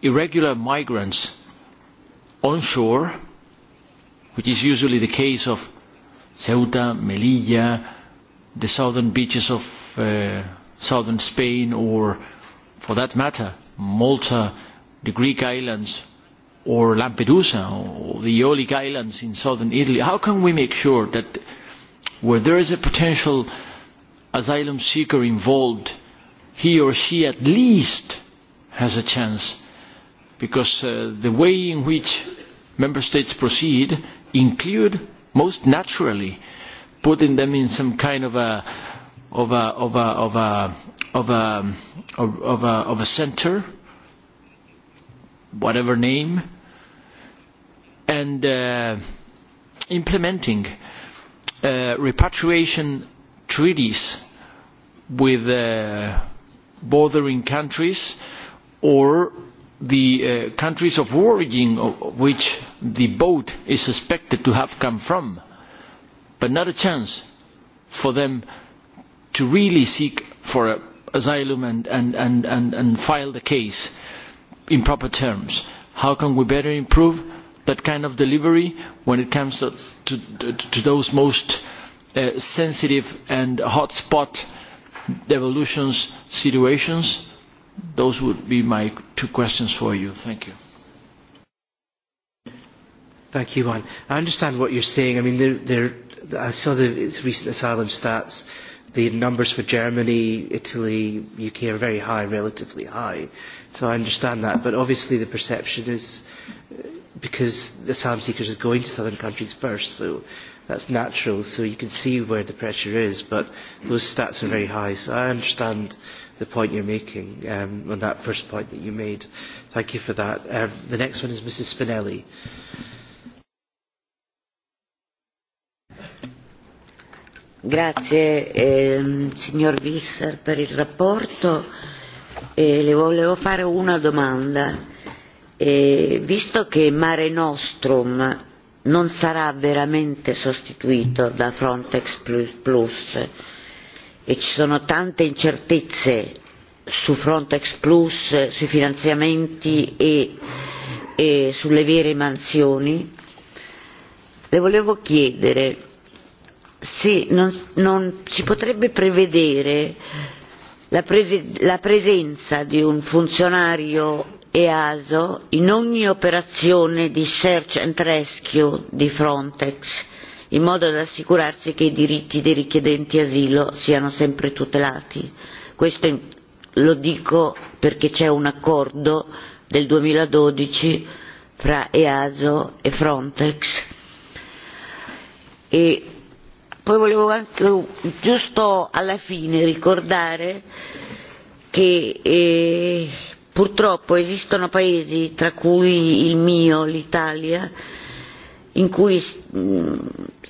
irregular migrants onshore, which is usually the case of Ceuta, Melilla, the southern beaches of uh, southern Spain or for that matter, Malta, the Greek islands, or Lampedusa, or the Eolic Islands in southern Italy, how can we make sure that where there is a potential asylum seeker involved, he or she at least has a chance? Because uh, the way in which member states proceed include, most naturally, putting them in some kind of a of a, of a, of a, of a, of a, of a center, whatever name, and uh, implementing uh, repatriation treaties with uh, bordering countries or the uh, countries of origin of which the boat is suspected to have come from, but not a chance for them to really seek for a asylum and, and, and, and, and file the case in proper terms. How can we better improve that kind of delivery when it comes to, to, to those most uh, sensitive and hotspot devolutions situations? Those would be my two questions for you. Thank you. Thank you, Juan. I understand what you're saying. I mean, they're, they're, I saw the recent asylum stats the numbers for Germany, Italy, UK are very high, relatively high. So I understand that. But obviously the perception is uh, because asylum seekers are going to southern countries first, so that's natural. So you can see where the pressure is, but those stats are very high. So I understand the point you're making um, on that first point that you made. Thank you for that. Um, the next one is Mrs. Spinelli. Grazie ehm, signor Visser per il rapporto. Eh, le volevo fare una domanda. Eh, visto che Mare Nostrum non sarà veramente sostituito da Frontex Plus, Plus e ci sono tante incertezze su Frontex Plus, sui finanziamenti e, e sulle vere mansioni, le volevo chiedere se non, non si potrebbe prevedere la, prese, la presenza di un funzionario EASO in ogni operazione di search and rescue di Frontex in modo da assicurarsi che i diritti dei richiedenti asilo siano sempre tutelati. Questo lo dico perché c'è un accordo del 2012 fra EASO e Frontex e Poi volevo anche giusto alla fine ricordare che eh, purtroppo esistono paesi, tra cui il mio, l'Italia, in cui mh, mm,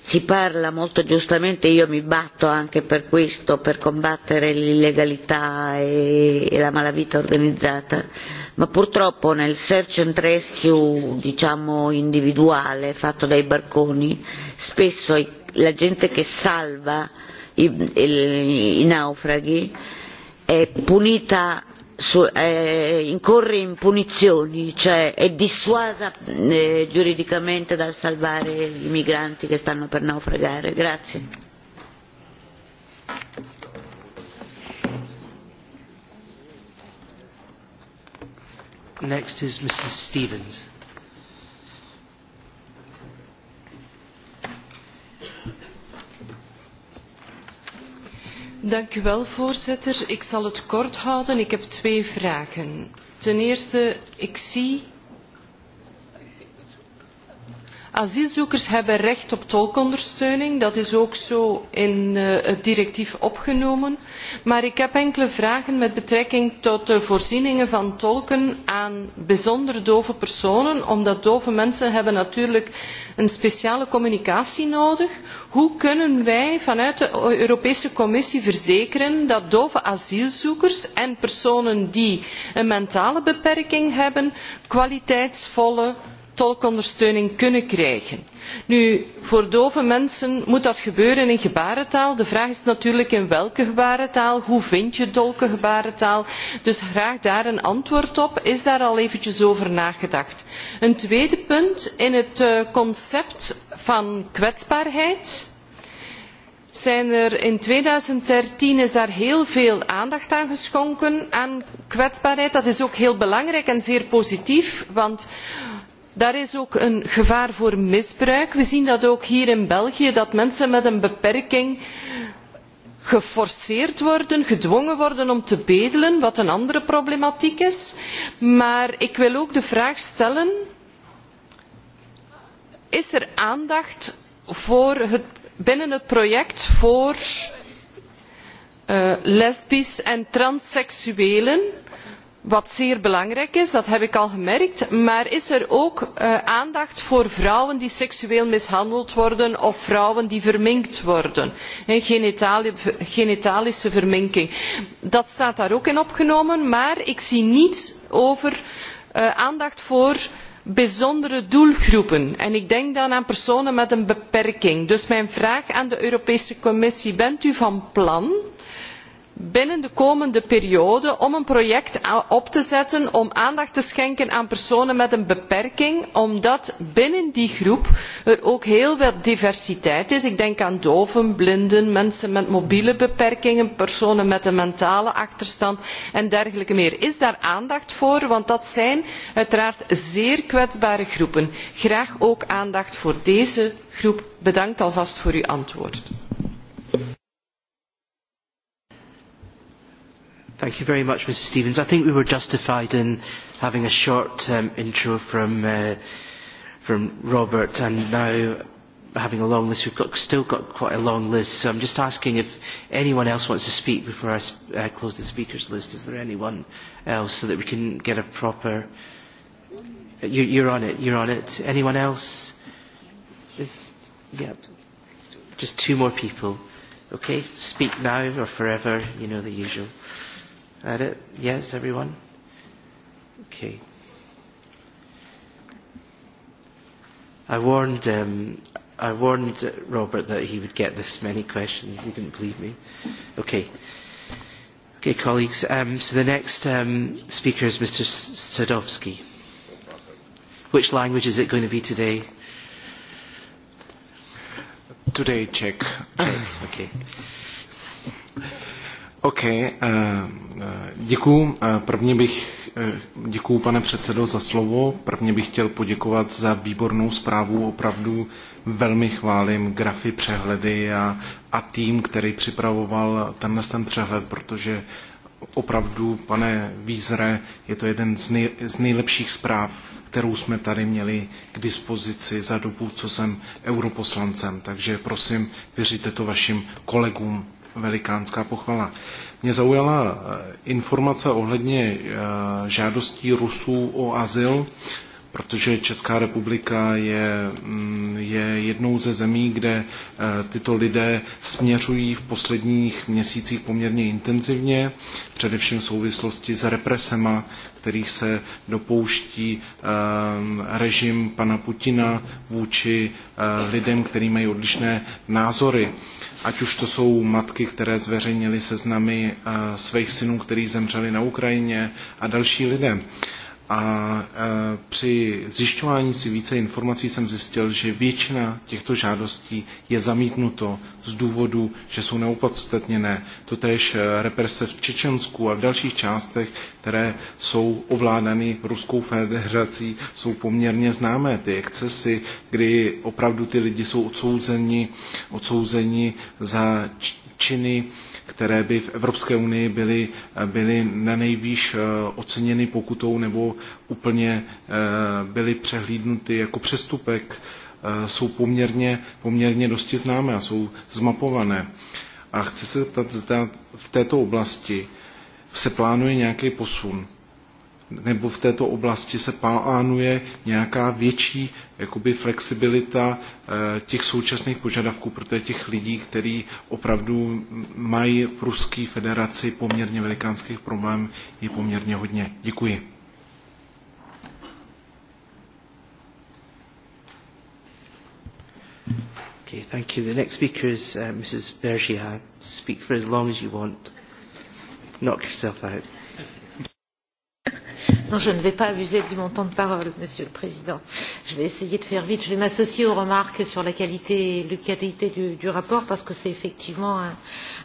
si parla molto giustamente, io mi batto anche per questo, per combattere l'illegalità e, e la malavita organizzata, ma purtroppo nel search and rescue diciamo individuale fatto dai barconi spesso i la gente che salva i, i, i naufraghi è punita su, è, incorre in punizioni, cioè è dissuasa eh, giuridicamente dal salvare i migranti che stanno per naufragare. Grazie. Next is Mrs. Stevens. Dank u wel, voorzitter. Ik zal het kort houden. Ik heb twee vragen. Ten eerste, ik zie Asielzoekers hebben recht op tolkondersteuning. Dat is ook zo in uh, het directief opgenomen. Maar ik heb enkele vragen met betrekking tot de voorzieningen van tolken aan bijzonder dove personen. Omdat dove mensen hebben natuurlijk een speciale communicatie nodig. Hoe kunnen wij vanuit de Europese Commissie verzekeren dat dove asielzoekers en personen die een mentale beperking hebben kwaliteitsvolle tolkondersteuning kunnen krijgen. Nu, voor dove mensen moet dat gebeuren in gebarentaal. De vraag is natuurlijk in welke gebarentaal, hoe vind je gebarentaal. Dus graag daar een antwoord op. Is daar al eventjes over nagedacht? Een tweede punt in het eh, concept van kwetsbaarheid. Zijn er in 2013 is daar heel veel aandacht aan geschonken aan kwetsbaarheid. Dat is ook heel belangrijk en zeer positief, want Daar is ook een gevaar voor misbruik. We zien dat ook hier in België, dat mensen met een beperking geforceerd worden, gedwongen worden om te bedelen, wat een andere problematiek is. Maar ik wil ook de vraag stellen, is er aandacht voor het, binnen het project voor uh, lesbisch en transseksuelen? wat zeer belangrijk is, dat heb ik al gemerkt, maar is er ook uh, aandacht voor vrouwen die seksueel mishandeld worden of vrouwen die verminkt worden? He, genitali, genitalische verminking. Dat staat daar ook in opgenomen, maar ik zie niets over uh, aandacht voor bijzondere doelgroepen en ik denk dan aan personen met een beperking. Dus mijn vraag aan de Europese Commissie, bent u van plan binnen de komende periode om een project op te zetten om aandacht te schenken aan personen met een beperking omdat binnen die groep er ook heel wat diversiteit is. ik denk aan doven blinden mensen met mobiele beperkingen personen met een mentale achterstand en dergelijke meer. is daar aandacht voor want dat zijn uiteraard zeer kwetsbare groepen. graag ook aandacht voor deze groep. bedankt alvast voor uw antwoord. Thank you very much, Mr Stevens. I think we were justified in having a short um, intro from, uh, from Robert, and now having a long list. We've got, still got quite a long list, so I'm just asking if anyone else wants to speak before I uh, close the speakers list. Is there anyone else so that we can get a proper... Uh, you, you're on it, you're on it. Anyone else? Just, yeah. Just two more people. Okay, speak now or forever, you know the usual. That it? Yes, everyone? Okay. I warned, um, I warned Robert that he would get this many questions. He didn't believe me. Okay. Okay, colleagues. Um, so the next um, speaker is Mr. Stadovsky. Which language is it going to be today? Today, Czech. *coughs* Czech. okay. OK, eh, eh, děkuji. Eh, prvně bych, děkuji pane předsedo za slovo. Prvně bych chtěl poděkovat za výbornou zprávu. Opravdu velmi chválím grafy, přehledy a, a tým, který připravoval tenhle ten přehled, protože opravdu, pane Vízre, je to jeden z, nej, z nejlepších zpráv, kterou jsme tady měli k dispozici za dobu, co jsem europoslancem. Takže prosím, věříte to vašim kolegům velikánská pochvala. Mě zaujala eh, informace ohledně eh, žádostí Rusů o azyl protože Česká republika je, mm, je jednou ze zemí, kde eh, tyto lidé směřují v posledních měsících poměrně intenzivně, především v souvislosti s represema, kterých se dopouští eh, režim pana Putina vůči eh, lidem, kteří mají odlišné názory. Ať už to jsou matky, které zveřejnily seznamy svých synů, kteří zemřeli na Ukrajině a další lidé. A e, při zjišťování si více informací jsem zjistil, že většina těchto žádostí je zamítnuto z důvodu, že jsou neopodstatněné. Totež e, represe v Čečensku a v dalších částech, které jsou ovládány Ruskou federací, jsou poměrně známé. Ty excesy, kdy opravdu ty lidi jsou odsouzeni, odsouzeni za činy které by v Evropské unii byly, byly na nejvýš eh, oceněny pokutou nebo úplně eh, byly přehlídnuty jako přestupek, eh, jsou poměrně, poměrně dosti známé a jsou zmapované. A chci se zeptat, zda v této oblasti se plánuje nějaký posun nebo v této oblasti se plánuje nějaká větší jakoby flexibilita eh, těch současných požadavků, protože těch lidí, kteří opravdu mají v Ruské federaci poměrně velikánských problém, je poměrně hodně. Děkuji. Okay, thank you. The next speaker is uh, Mrs. Bergia. Speak for as long as you want. Knock yourself out. Non, je ne vais pas abuser du montant de parole, Monsieur le Président. Je vais essayer de faire vite. Je vais m'associer aux remarques sur la qualité, la qualité du, du rapport parce que c'est effectivement un,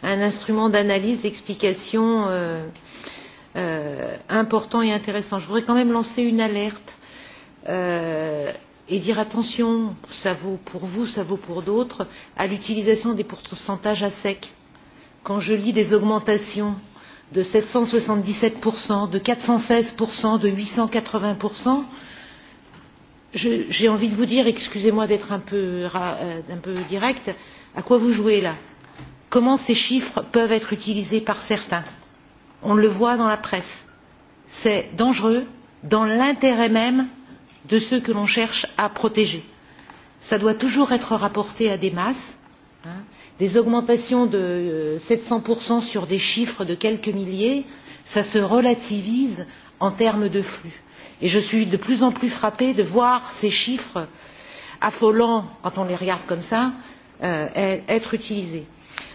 un instrument d'analyse, d'explication euh, euh, important et intéressant. Je voudrais quand même lancer une alerte euh, et dire attention, ça vaut pour vous, ça vaut pour d'autres, à l'utilisation des pourcentages à sec. Quand je lis des augmentations de 777%, de 416%, de 880%. J'ai envie de vous dire, excusez-moi d'être un peu, euh, un peu direct, à quoi vous jouez là Comment ces chiffres peuvent être utilisés par certains On le voit dans la presse. C'est dangereux dans l'intérêt même de ceux que l'on cherche à protéger. Ça doit toujours être rapporté à des masses. Hein des augmentations de 700% euh, sur des chiffres de quelques milliers, ça se relativise en termes de flux. Et je suis de plus en plus frappée de voir ces chiffres affolants, quand on les regarde comme ça, euh, e-, être utilisés.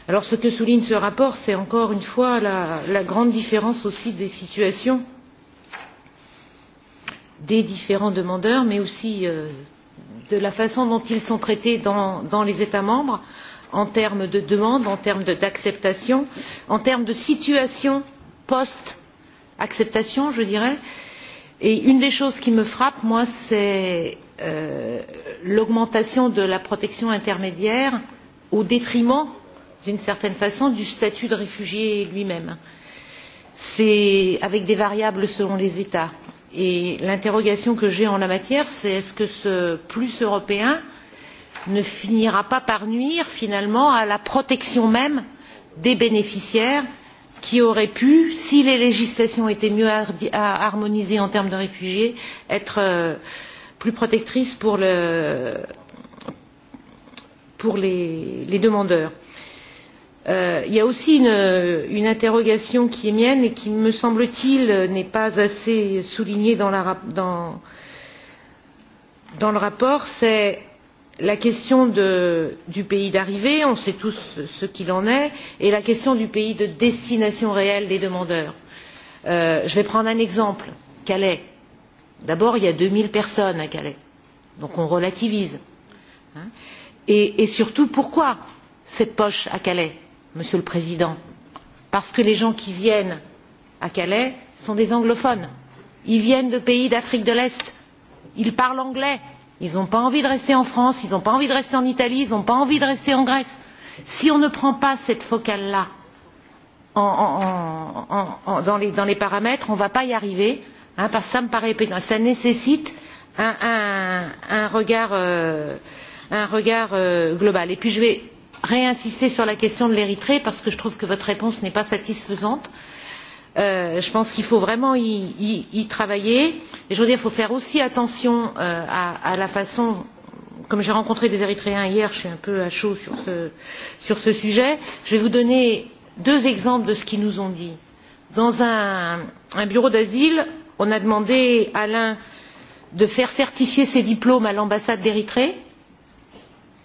Alors ce que souligne ce rapport, c'est encore une fois la, la grande différence aussi des situations des différents demandeurs, mais aussi euh, de la façon dont ils sont traités dans, dans les États membres. Euh, en termes de demande, en termes d'acceptation, en termes de situation post-acceptation, je dirais. Et une des choses qui me frappe, moi, c'est euh, l'augmentation de la protection intermédiaire au détriment, d'une certaine façon, du statut de réfugié lui-même. C'est avec des variables selon les États. Et l'interrogation que j'ai en la matière, c'est est-ce que ce plus européen euh, ne finira pas par nuire finalement à la protection même des bénéficiaires qui auraient pu, si les législations étaient mieux harmonisées en termes de réfugiés, être euh, plus protectrices pour, le, pour les, les demandeurs. Euh, il y a aussi une, une interrogation qui est mienne et qui, me semble-t-il, n'est pas assez soulignée dans, la, dans, dans le rapport, c'est la question de, du pays d'arrivée, on sait tous ce qu'il en est, et la question du pays de destination réelle des demandeurs. Euh, je vais prendre un exemple, Calais. D'abord, il y a 2000 personnes à Calais, donc on relativise. Hein et, et surtout, pourquoi cette poche à Calais, Monsieur le Président Parce que les gens qui viennent à Calais sont des anglophones. Ils viennent de pays d'Afrique de l'Est. Ils parlent anglais Ils n'ont pas envie de rester en France, ils n'ont pas envie de rester en Italie, ils n'ont pas envie de rester en Grèce. Si on ne prend pas cette focale-là en, en, en, en, dans, les, dans les paramètres, on ne va pas y arriver, hein, parce que ça me paraît pénal, Ça nécessite un, un, un regard, euh, un regard euh, global. Et puis je vais réinsister sur la question de l'Érythrée, parce que je trouve que votre réponse n'est pas satisfaisante. Euh, je pense qu'il faut vraiment y, y, y travailler. Et je veux dire, il faut faire aussi attention euh, à, à la façon, comme j'ai rencontré des Érythréens hier, je suis un peu à chaud sur ce, sur ce sujet. Je vais vous donner deux exemples de ce qu'ils nous ont dit. Dans un, un bureau d'asile, on a demandé à l'un de faire certifier ses diplômes à l'ambassade d'Érythrée.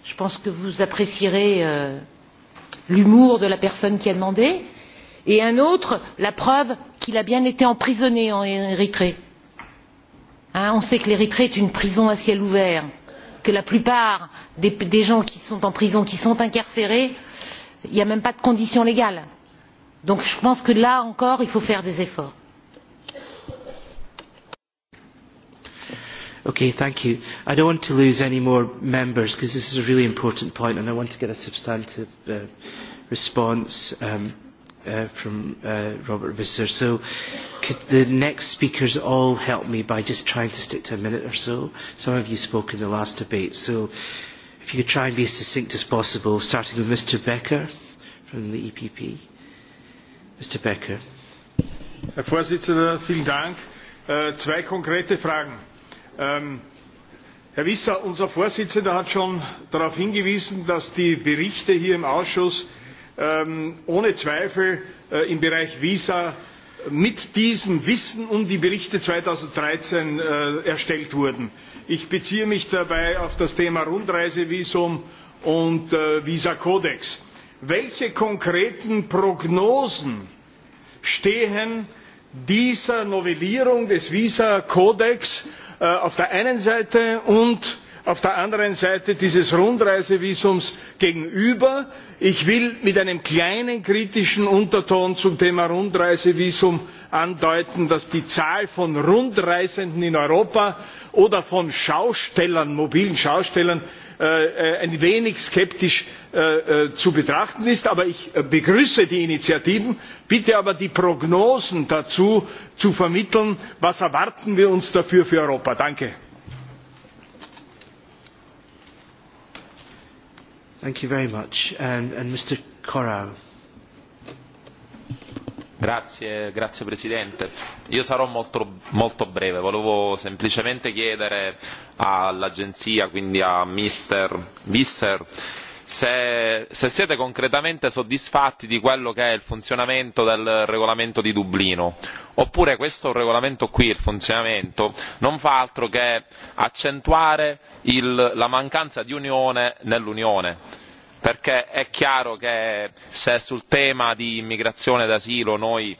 Je pense que vous apprécierez euh, l'humour de la personne qui a demandé. Euh, et un autre la preuve qu'il a bien été emprisonné en Érythrée. Hein, on sait que l'Érythrée est une prison à ciel ouvert, que la plupart des, des gens qui sont en prison, qui sont incarcérés, il n'y a même pas de conditions légales. Donc je pense que là encore, il faut faire des efforts. Okay, thank you. I don't want to lose any more members because this is a really important point and I want to get a substantive uh, response. Um, Uh, from uh, Robert Visser. So could the next speakers all help me by just trying to stick to a minute or so? Some of you spoke in the last debate. So if you could try and be as succinct as possible, starting with Mr. Becker from the EPP. Mr. Becker. Herr Vorsitzender, vielen Dank. Uh, zwei konkrete Fragen. Um, Herr Wisser, unser Vorsitzender hat schon darauf hingewiesen, dass die Berichte hier im Ausschuss ähm, ohne Zweifel äh, im Bereich Visa mit diesem Wissen um die Berichte 2013 äh, erstellt wurden. Ich beziehe mich dabei auf das Thema Rundreisevisum und äh, Visakodex. Welche konkreten Prognosen stehen dieser Novellierung des Visa-Kodex äh, auf der einen Seite und auf der anderen Seite dieses Rundreisevisums gegenüber? Ich will mit einem kleinen kritischen Unterton zum Thema Rundreisevisum andeuten, dass die Zahl von Rundreisenden in Europa oder von Schaustellern, mobilen Schaustellern, äh, äh ein wenig skeptisch äh, äh, zu betrachten ist. Aber ich äh, begrüße die Initiativen, bitte aber die Prognosen dazu zu vermitteln, was erwarten wir uns dafür für Europa. Danke. Thank you very much. And, and Mr. Corrao. Grazie, grazie Presidente. Io sarò molto, molto breve, volevo semplicemente chiedere all'agenzia, quindi a Mr. Visser, se, se siete concretamente soddisfatti di quello che è il funzionamento del regolamento di Dublino, oppure questo regolamento qui, il funzionamento, non fa altro che accentuare il, la mancanza di unione nell'unione perché è chiaro che se sul tema di immigrazione ed d'asilo noi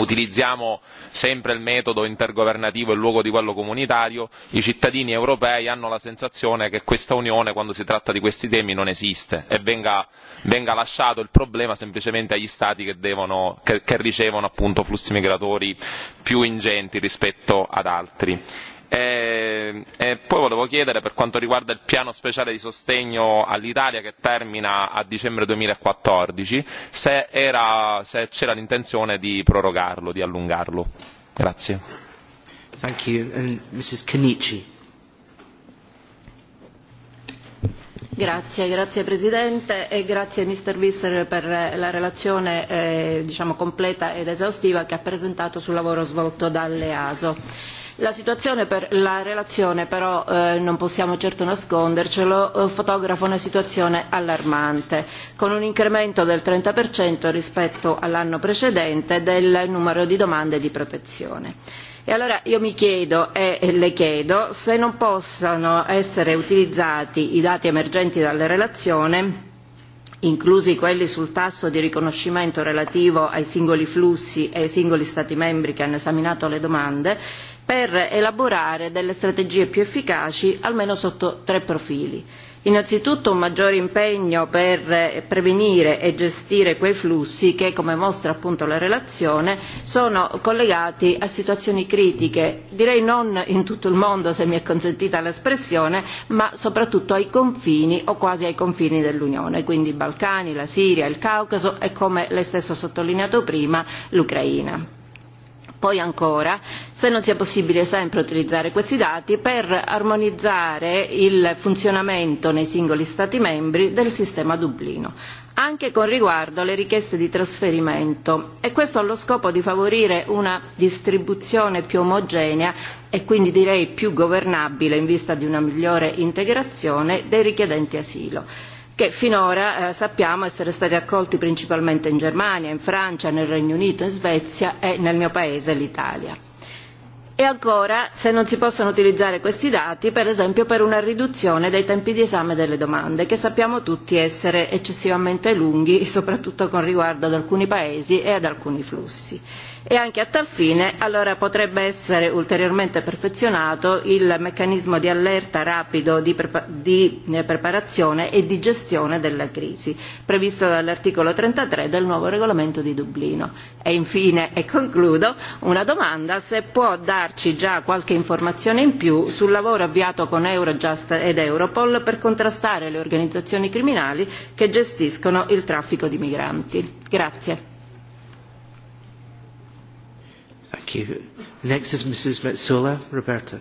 utilizziamo sempre il metodo intergovernativo e in luogo di quello comunitario, i cittadini europei hanno la sensazione che questa Unione, quando si tratta di questi temi, non esiste e venga, venga lasciato il problema semplicemente agli Stati che, devono, che, che ricevono appunto flussi migratori più ingenti rispetto ad altri E, e poi volevo chiedere per quanto riguarda il piano speciale di sostegno all'Italia che termina a dicembre 2014 se, era, se c'era l'intenzione di prorogarlo, di allungarlo. Grazie. Thank you. And Mrs. Kenichi. Grazie, grazie Presidente e grazie Mr. Visser per la relazione eh, diciamo, completa ed esaustiva che ha presentato sul lavoro svolto dalle ASO. La situazione per la relazione però eh, non possiamo certo nascondercelo, eh, fotografa una situazione allarmante, con un incremento del 30% rispetto all'anno precedente del numero di domande di protezione. E allora io mi chiedo e, e le chiedo se non possano essere utilizzati i dati emergenti dalla relazione inclusi quelli sul tasso di riconoscimento relativo ai singoli flussi e ai singoli Stati membri che hanno esaminato le domande, per elaborare delle strategie più efficaci almeno sotto tre profili Innanzitutto un maggiore impegno per eh, prevenire e gestire quei flussi che, come mostra appunto la relazione, sono collegati a situazioni critiche, direi non in tutto il mondo se mi è consentita l'espressione, ma soprattutto ai confini o quasi ai confini dell'Unione, quindi i Balcani, la Siria, il Caucaso e, come lei stesso ha sottolineato prima, l'Ucraina. Poi ancora, se non sia possibile sempre utilizzare questi dati per armonizzare il funzionamento nei singoli Stati membri del sistema Dublino, anche con riguardo alle richieste di trasferimento e questo allo scopo di favorire una distribuzione più omogenea e quindi direi più governabile in vista di una migliore integrazione dei richiedenti asilo che finora eh, sappiamo essere stati accolti principalmente in Germania, in Francia, nel Regno Unito, in Svezia e nel mio paese l'Italia. E ancora se non si possono utilizzare questi dati per esempio per una riduzione dei tempi di esame delle domande che sappiamo tutti essere eccessivamente lunghi *laughs* soprattutto con riguardo ad alcuni paesi e ad alcuni flussi e anche a tal fine allora potrebbe essere ulteriormente perfezionato il meccanismo di allerta rapido di, prepa di eh, preparazione e di gestione della crisi previsto dall'articolo 33 del nuovo regolamento di Dublino. E infine, e concludo, una domanda se può darci già qualche informazione in più sul lavoro avviato con Eurojust ed Europol per contrastare le organizzazioni criminali che gestiscono il traffico di migranti. Grazie. Thank you. Next is Mrs. Metsula. Roberta.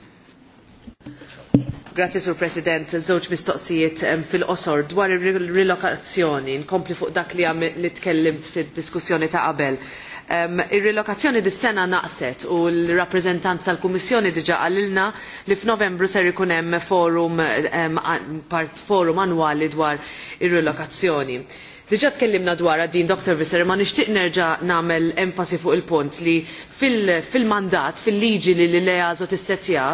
Grazie, Sur President. Żewġ mistoqsijiet fil-qosor dwar il-rilokazzjoni, nkompli fuq dak li, li tkellimt fil-diskussjoni ta' qabel. il Ir-relokazzjoni dis-sena naqset u l rappresentant tal-Kummissjoni diġà qalilna li f'Novembru ser ikun hemm forum, forum annwali dwar ir-relokazzjoni Diġa tkellimna dwar din Dr. Visser, ma nixtieq nerġa' nagħmel enfasi fuq il-punt li fil-mandat, fil-liġi li l-EASO tissetja,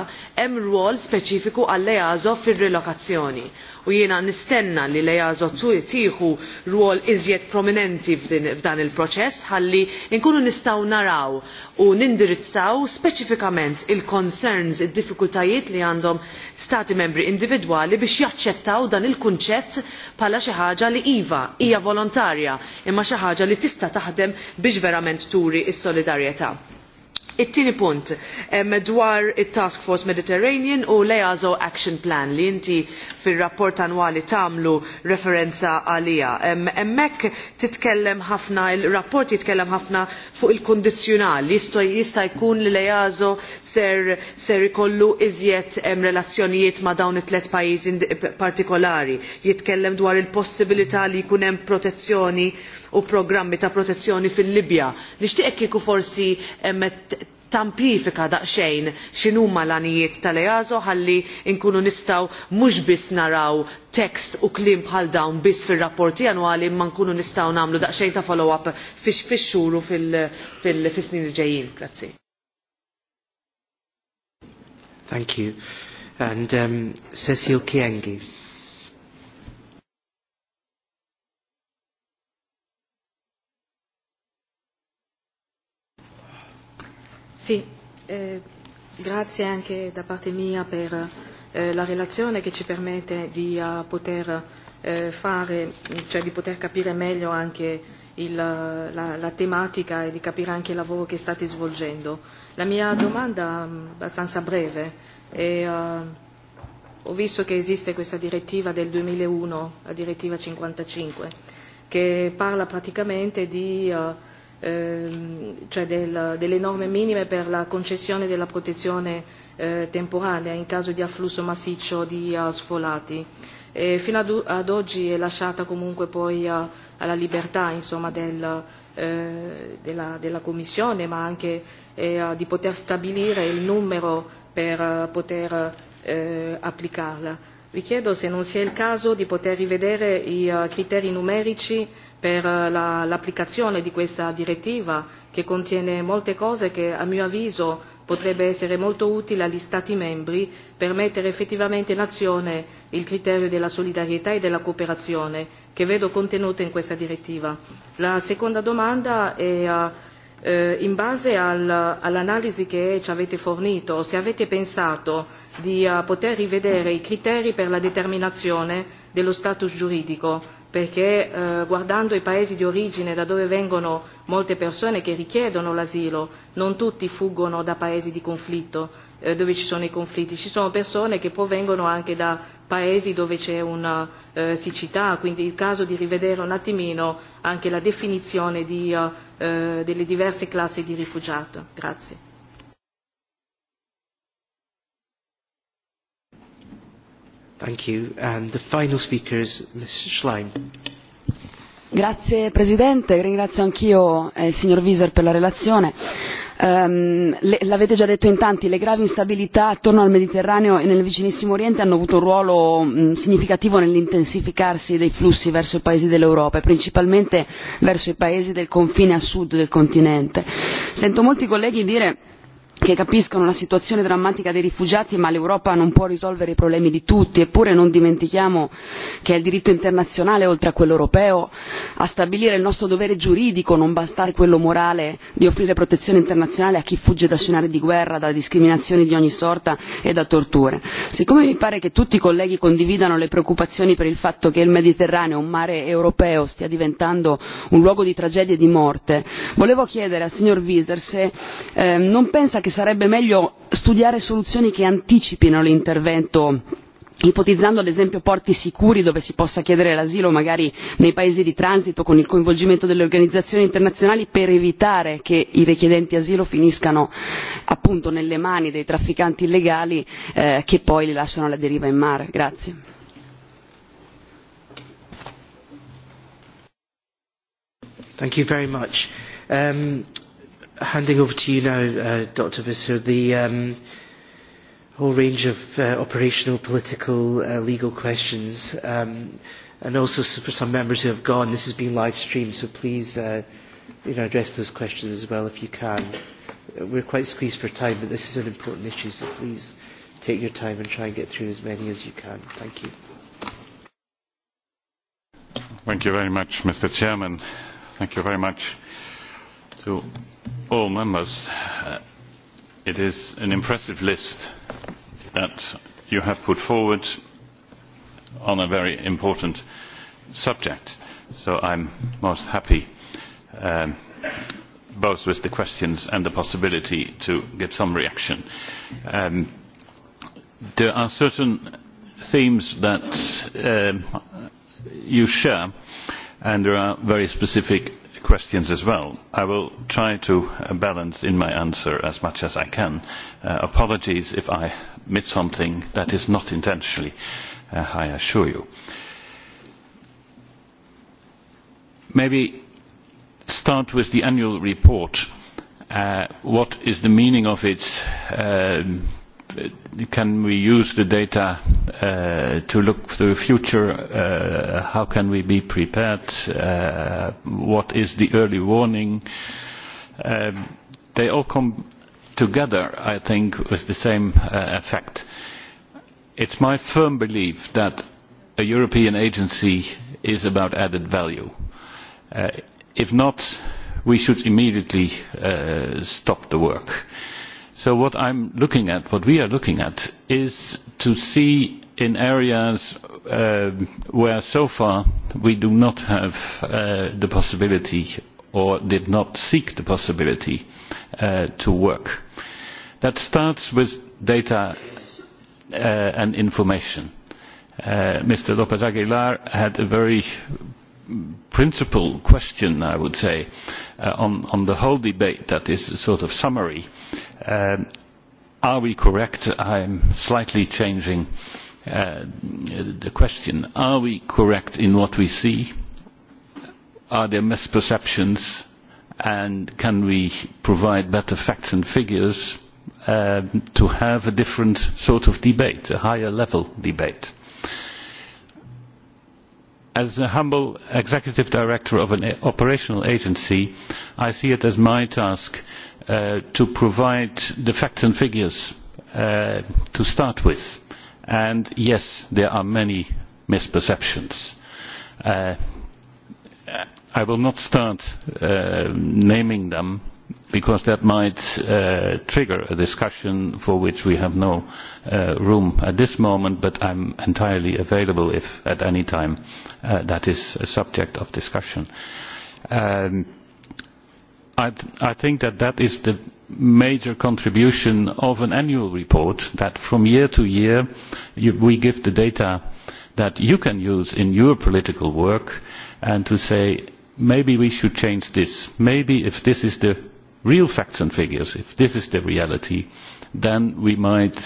hemm rwol speċifiku għal lejazo fir-relokazzjoni u jiena nistenna li leja zottu jtieħu rwol iżjed prominenti f'dan il-proċess ħalli nkunu nistgħu naraw u nindirizzaw speċifikament il-concerns, id-diffikultajiet li għandhom stati membri individwali biex jaċċettaw dan il-kunċett bħala xi ħaġa li iva hija volontarja imma xi ħaġa li tista' taħdem biex verament turi s-solidarjetà. It-tieni punt eh, dwar it-Task Force Mediterranean u l-EASO Action Plan li inti fir-rapport annwali tagħmlu referenza għalija. Emmek titkellem ħafna il-rapport jitkellem ħafna fuq il kondizjonal jista' jkun li l-EASO ser ser ikollu iżjed relazzjonijiet ma' dawn it tlet pajjiżi partikolari. Jitkellem dwar il-possibilità li jkun hemm protezzjoni u programmi ta' protezzjoni fil-Libja. Nixtieq kieku forsi tamplifika daqsxejn x'inhuma l-għanijiet tal-EASO ħalli nkunu nistgħu mhux biss naraw tekst u kliem bħal dawn biss fir-rapporti annwali imma nkunu nistgħu nagħmlu daqsxejn ta' follow-up fix fix xuru fil snin li ġejjin. Grazzi. Thank you. And um, Cecil Kiengi. Sì, eh, grazie anche da parte mia per eh, la relazione che ci permette di uh, poter eh, fare, cioè di poter capire meglio anche il, la, la tematica e di capire anche il lavoro che state svolgendo. La mia domanda è mm, abbastanza breve. È, uh, ho visto che esiste questa direttiva del 2001, la direttiva 55, che parla praticamente di uh, Ehm, cioè del, delle norme minime per la concessione della protezione eh, temporanea in caso di afflusso massiccio di uh, sfolati. E fino ad, ad oggi è lasciata comunque poi uh, alla libertà insomma, del, uh, della, della Commissione, ma anche eh, di poter stabilire il numero per uh, poter uh, applicarla. Vi chiedo se non sia il caso di poter rivedere i uh, criteri numerici per eh, l'applicazione la, di questa direttiva che contiene molte cose che a mio avviso potrebbe essere molto utile agli Stati membri per mettere effettivamente in azione il criterio della solidarietà e della cooperazione che vedo contenuto in questa direttiva. La seconda domanda è uh, in base al, all'analisi che ci avete fornito, se avete pensato di uh, poter rivedere i criteri per la determinazione dello status giuridico perché eh, guardando i paesi di origine da dove vengono molte persone che richiedono l'asilo, non tutti fuggono da paesi di conflitto, eh, dove ci sono i conflitti, ci sono persone che provengono anche da paesi dove c'è una eh, siccità, quindi il caso di rivedere un attimino anche la definizione di, eh, delle diverse classi di rifugiato. Grazie. Thank you. And the final speaker is Ms. Schlein. Grazie Presidente, ringrazio anch'io eh, il signor Wieser per la relazione. Um, L'avete già detto in tanti, le gravi instabilità attorno al Mediterraneo e nel vicinissimo Oriente hanno avuto un ruolo mh, mm, significativo nell'intensificarsi dei flussi verso i paesi dell'Europa e principalmente verso i paesi del confine a sud del continente. Sento molti colleghi dire che capiscono la situazione drammatica dei rifugiati ma l'Europa non può risolvere i problemi di tutti eppure non dimentichiamo che è il diritto internazionale oltre a quello europeo a stabilire il nostro dovere giuridico non bastare quello morale di offrire protezione internazionale a chi fugge da scenari di guerra da discriminazioni di ogni sorta e da torture. Siccome mi pare che tutti i colleghi condividano le preoccupazioni per il fatto che il Mediterraneo un mare europeo stia diventando un luogo di tragedie e di morte volevo chiedere al signor Wieser se eh, non pensa che sarebbe meglio studiare soluzioni che anticipino l'intervento ipotizzando ad esempio porti sicuri dove si possa chiedere l'asilo magari nei paesi di transito con il coinvolgimento delle organizzazioni internazionali per evitare che i richiedenti asilo finiscano appunto nelle mani dei trafficanti illegali eh, che poi li lasciano alla deriva in mare. Grazie. Thank you very much. Um, handing over to you now, uh, Dr. Visser, the um, whole range of uh, operational, political, uh, legal questions, um, and also for some members who have gone, this has been live streamed, so please uh, you know, address those questions as well if you can. Uh, we're quite squeezed for time, but this is an important issue, so please take your time and try and get through as many as you can. Thank you. Thank you very much, Mr. Chairman. Thank you very much to all members, uh, it is an impressive list that you have put forward on a very important subject. So I'm most happy um, both with the questions and the possibility to give some reaction. Um, there are certain themes that uh, you share and there are very specific questions as well. I will try to balance in my answer as much as I can. Uh, apologies if I miss something that is not intentionally, uh, I assure you. Maybe start with the annual report. Uh, what is the meaning of its um, Uh, can we use the data uh, to look to the future? Uh, how can we be prepared? Uh, what is the early warning? Uh, they all come together, I think, with the same uh, effect. It's my firm belief that a European agency is about added value. Uh, if not, we should immediately uh, stop the work. Uh, So what I'm looking at, what we are looking at, is to see in areas uh, where so far we do not have uh, the possibility or did not seek the possibility uh, to work. That starts with data uh, and information. Uh, Mr. Lopez Aguilar had a very principal question, I would say, uh, on, on the whole debate that is a sort of summary Uh, are we correct? I'm slightly changing uh, the question. Are we correct in what we see? Are there misperceptions? And can we provide better facts and figures um, to have a different sort of debate, a higher level debate? As a humble executive director of an operational agency, I see it as my task Uh, to provide the facts and figures uh, to start with. And yes, there are many misperceptions. Uh, I will not start uh, naming them because that might uh, trigger a discussion for which we have no uh, room at this moment, but I'm entirely available if at any time uh, that is a subject of discussion. Um, I, th I think that that is the major contribution of an annual report, that from year to year you, we give the data that you can use in your political work and to say, maybe we should change this. Maybe if this is the real facts and figures, if this is the reality, then we might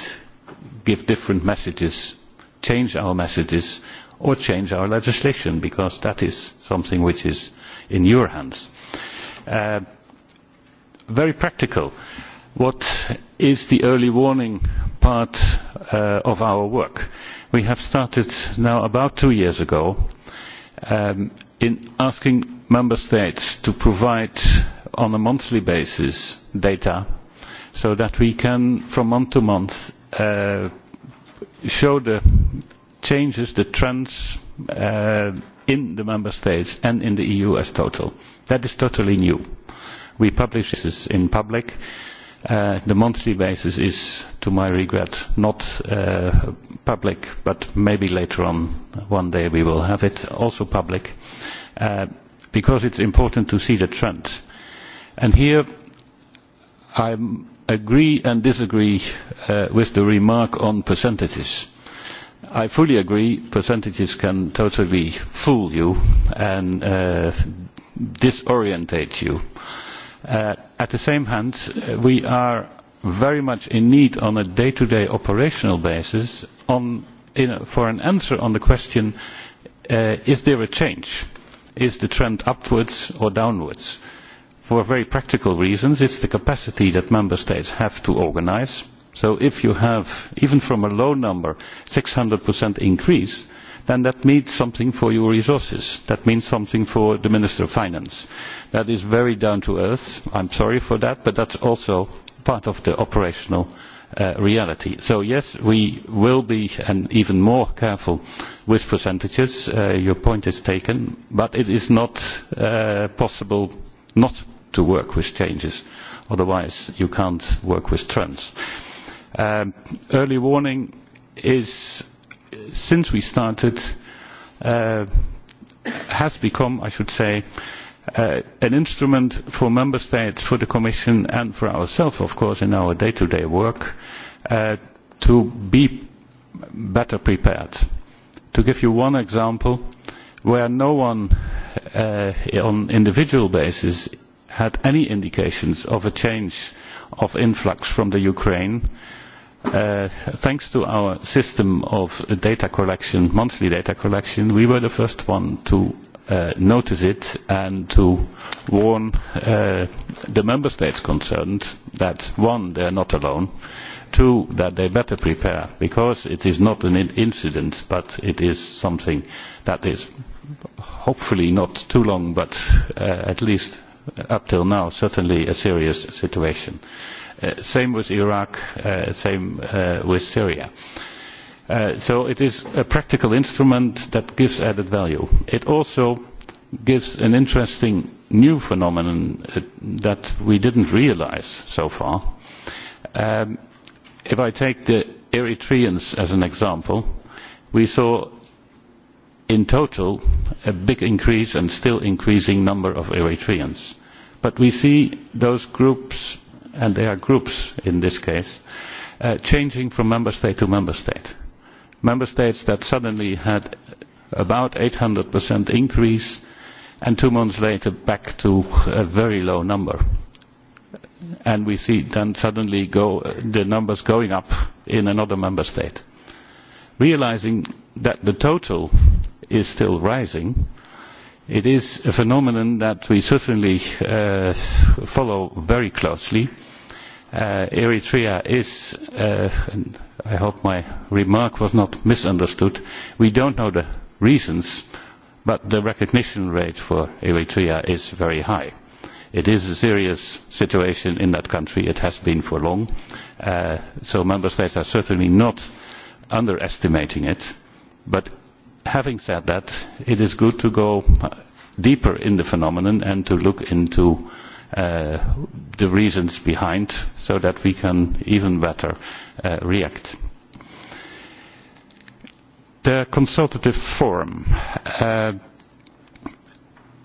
give different messages, change our messages, or change our legislation, because that is something which is in your hands. Uh, very practical. What is the early warning part uh, of our work? We have started now about two years ago um, in asking member states to provide on a monthly basis data so that we can from month to month uh, show the changes, the trends uh, in the member states and in the EU as total. That is totally new. We publish this in public. Uh, the monthly basis is, to my regret, not uh, public, but maybe later on, one day we will have it also public, uh, because it's important to see the trend. And here I agree and disagree uh, with the remark on percentages. I fully agree percentages can totally fool you and uh, disorientate you. Uh, Uh, at the same hand, uh, we are very much in need on a day-to-day -day operational basis on, in a, for an answer on the question, uh, is there a change? Is the trend upwards or downwards? For very practical reasons, it's the capacity that member states have to organize. So if you have, even from a low number, 600% increase, then that means something for your resources. That means something for the Minister of Finance. That is very down to earth. I'm sorry for that, but that's also part of the operational uh, reality. So yes, we will be and even more careful with percentages. Uh, your point is taken, but it is not uh, possible not to work with changes. Otherwise, you can't work with trends. Um, early warning is since we started uh, has become, I should say, uh, an instrument for member states, for the Commission and for ourselves, of course, in our day-to-day -day work uh, to be better prepared. To give you one example, where no one uh, on individual basis had any indications of a change of influx from the Ukraine, uh, Uh, thanks to our system of data collection, monthly data collection, we were the first one to uh, notice it and to warn uh, the member states concerned that one, they are not alone, two, that they better prepare because it is not an incident but it is something that is hopefully not too long but uh, at least up till now certainly a serious situation. Uh, Uh, same with Iraq, uh, same uh, with Syria. Uh, so it is a practical instrument that gives added value. It also gives an interesting new phenomenon uh, that we didn't realize so far. Um, if I take the Eritreans as an example, we saw in total a big increase and still increasing number of Eritreans. But we see those groups and they are groups in this case, uh, changing from member state to member state. Member states that suddenly had about 800% increase and two months later back to a very low number. And we see then suddenly go, the numbers going up in another member state. Realizing that the total is still rising, it is a phenomenon that we certainly uh, follow very closely uh, Eritrea is, uh, I hope my remark was not misunderstood, we don't know the reasons, but the recognition rate for Eritrea is very high. It is a serious situation in that country, it has been for long, uh, so member states are certainly not underestimating it, but having said that, it is good to go deeper in the phenomenon and to look into uh, the reasons behind so that we can even better uh, react. The consultative forum. Uh,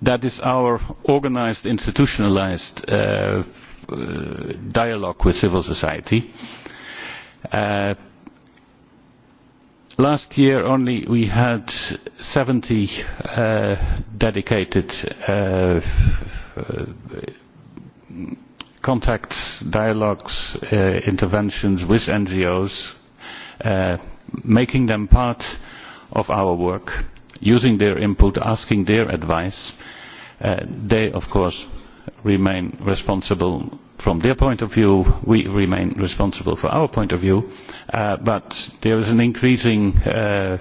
that is our organized, institutionalized uh, uh, dialogue with civil society. Uh, last year only we had 70 uh, dedicated uh, uh contacts, dialogues, uh, interventions with NGOs, uh, making them part of our work, using their input, asking their advice. Uh, they, of course, remain responsible from their point of view, we remain responsible for our point of view, uh, but there is an increasing uh,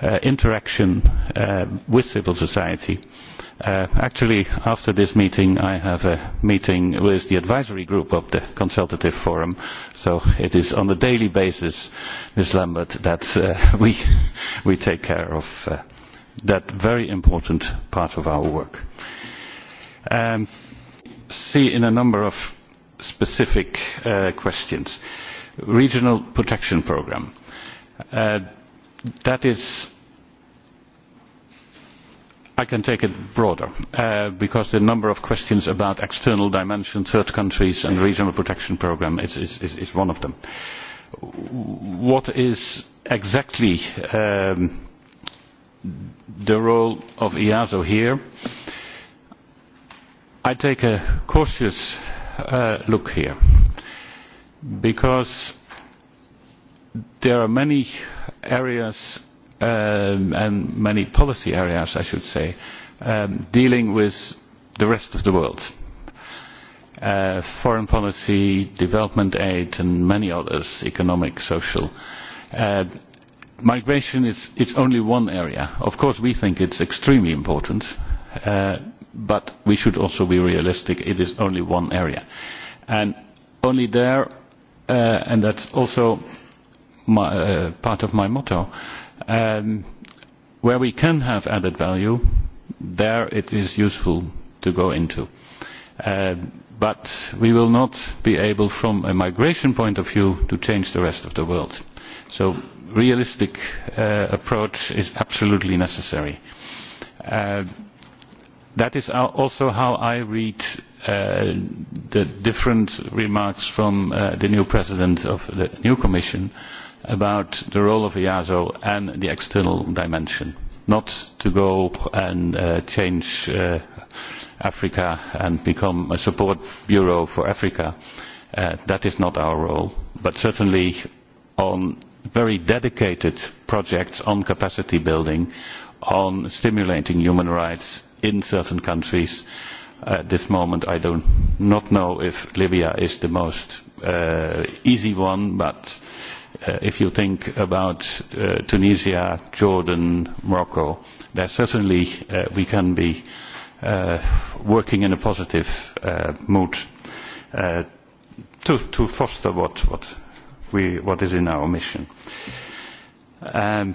uh, interaction uh, with civil society. Uh, actually, after this meeting, I have a meeting with the advisory group of the consultative forum. So it is on a daily basis, Ms. Lambert, that uh, *laughs* we, we take care of uh, that very important part of our work. Um, see in a number of specific uh, questions. Regional protection program. Uh, that is I can take it broader uh, because the number of questions about external dimension, third countries and regional protection program is, is, is, is one of them. What is exactly um, the role of EASO here? I take a cautious uh, look here because there are many areas um, and many policy areas, I should say, um, dealing with the rest of the world. Uh, foreign policy, development aid, and many others, economic, social. Uh, migration is it's only one area. Of course, we think it's extremely important, uh, but we should also be realistic. It is only one area. And only there, uh, and that's also my, uh, part of my motto. Um, where we can have added value, there it is useful to go into. Uh, but we will not be able, from a migration point of view, to change the rest of the world. So realistic uh, approach is absolutely necessary. Uh, that is also how I read uh, the different remarks from uh, the new president of the new commission. Uh, about the role of EASO and the external dimension, not to go and uh, change uh, Africa and become a support bureau for Africa. Uh, that is not our role, but certainly on very dedicated projects on capacity building, on stimulating human rights in certain countries. At this moment, I do not know if Libya is the most uh, easy one, but uh, if you think about uh, Tunisia, Jordan, Morocco, that certainly uh, we can be uh, working in a positive uh, mood uh, to, to foster what, what, we, what is in our mission. Um,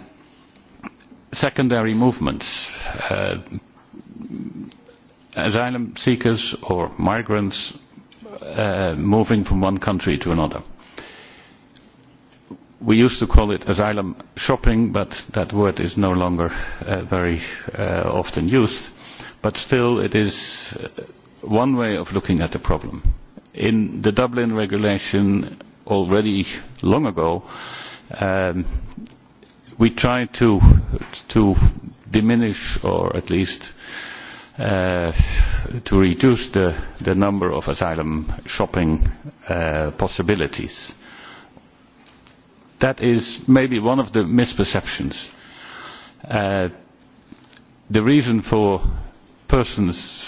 secondary movements. Uh, asylum seekers or migrants uh, moving from one country to another we used to call it asylum shopping, but that word is no longer uh, very uh, often used. But still, it is uh, one way of looking at the problem. In the Dublin regulation, already long ago, um, we tried to, to diminish or at least uh, to reduce the, the number of asylum shopping uh, possibilities That is maybe one of the misperceptions. Uh, the reason for persons,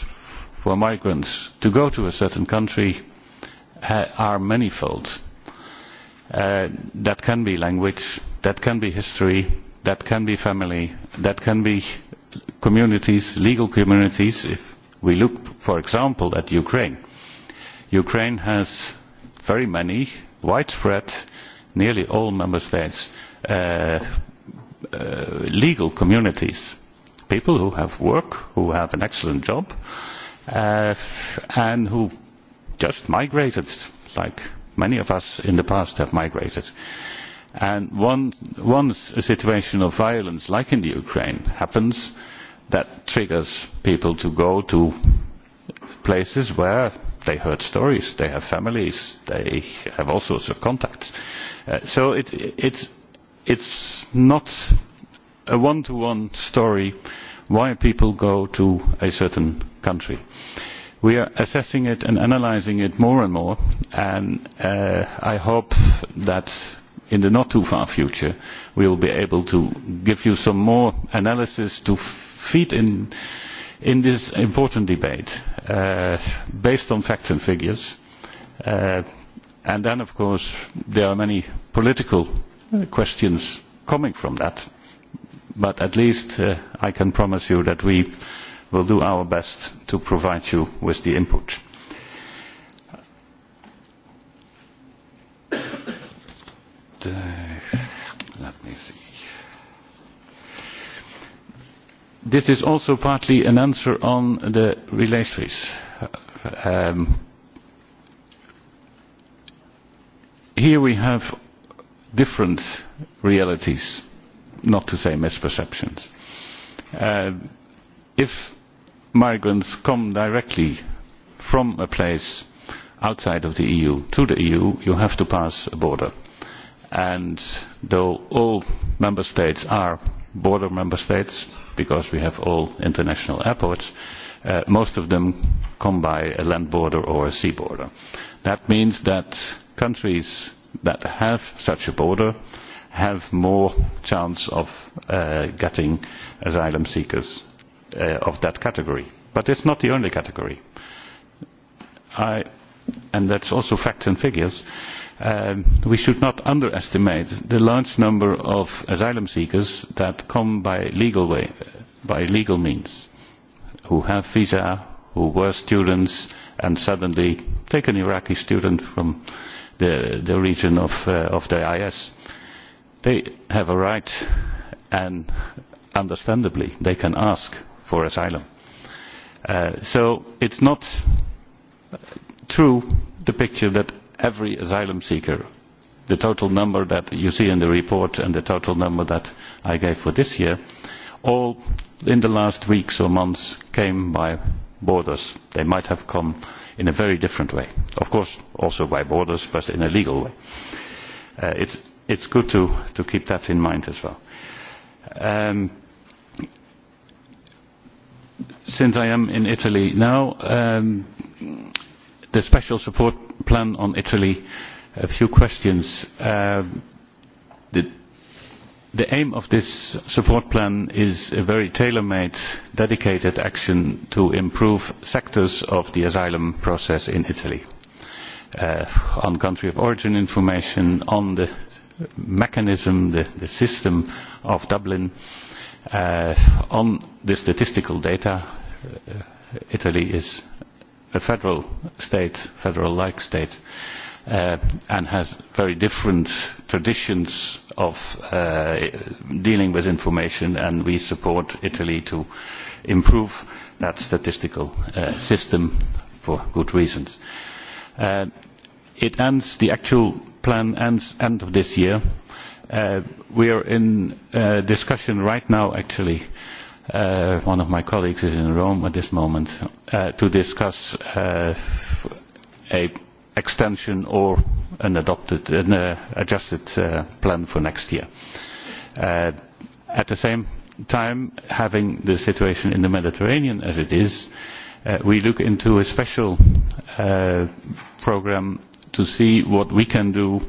for migrants, to go to a certain country ha are manifold. Uh, that can be language, that can be history, that can be family, that can be communities, legal communities. If we look, for example, at Ukraine, Ukraine has very many widespread nearly all member states, uh, uh, legal communities, people who have work, who have an excellent job, uh, and who just migrated, like many of us in the past have migrated. And one, once a situation of violence, like in the Ukraine, happens, that triggers people to go to places where they heard stories, they have families, they have all sorts of contacts. Uh, so it, it's, it's not a one-to-one -one story why people go to a certain country. We are assessing it and analyzing it more and more, and uh, I hope that in the not too far future we will be able to give you some more analysis to feed in, in this important debate uh, based on facts and figures. Uh, And then, of course, there are many political uh, questions coming from that. But at least uh, I can promise you that we will do our best to provide you with the input. *coughs* Uh, let me see. This is also partly an answer on the relations. Uh, um, here we have different realities, not to say misperceptions. Uh, if migrants come directly from a place outside of the EU to the EU, you have to pass a border. And though all member states are border member states, because we have all international airports, uh, most of them come by a land border or a sea border. That means that countries that have such a border have more chance of uh, getting asylum seekers uh, of that category. But it's not the only category. I, and that's also facts and figures. Um, we should not underestimate the large number of asylum seekers that come by legal, way, by legal means, who have visa, who were students, and suddenly take an Iraqi student from the, the region of, uh, of the IS. They have a right and understandably they can ask for asylum. Uh, so it's not true, the picture that every asylum seeker, the total number that you see in the report and the total number that I gave for this year, all in the last weeks or months came by borders. They might have come in a very different way. Of course, also by borders, but in a legal way. Uh, it's, it's good to, to keep that in mind as well. Um, since I am in Italy now, um, the special support plan on Italy, a few questions. Uh, the The aim of this support plan is a very tailor-made, dedicated action to improve sectors of the asylum process in Italy. Uh, on country of origin information, on the mechanism, the, the system of Dublin, uh, on the statistical data, uh, Italy is a federal state, federal-like state, uh, and has very different traditions of uh, dealing with information and we support Italy to improve that statistical uh, system for good reasons. Uh, it ends, the actual plan ends end of this year. Uh, we are in uh, discussion right now actually uh, one of my colleagues is in Rome at this moment uh, to discuss uh, a extension or an adopted, an uh, adjusted uh, plan for next year. Uh, at the same time, having the situation in the Mediterranean as it is, uh, we look into a special uh, program to see what we can do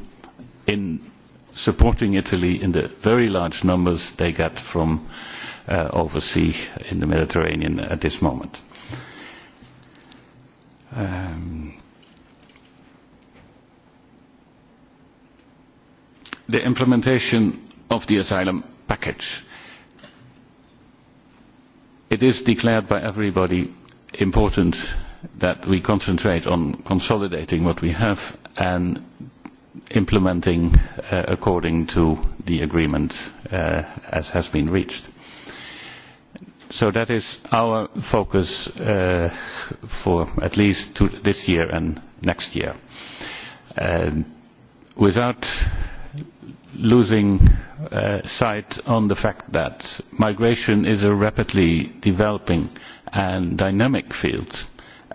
in supporting Italy in the very large numbers they get from uh, overseas in the Mediterranean at this moment. Um, the implementation of the asylum package. It is declared by everybody important that we concentrate on consolidating what we have and implementing uh, according to the agreement uh, as has been reached. So that is our focus uh, for at least to this year and next year. Uh, without losing uh, sight on the fact that migration is a rapidly developing and dynamic field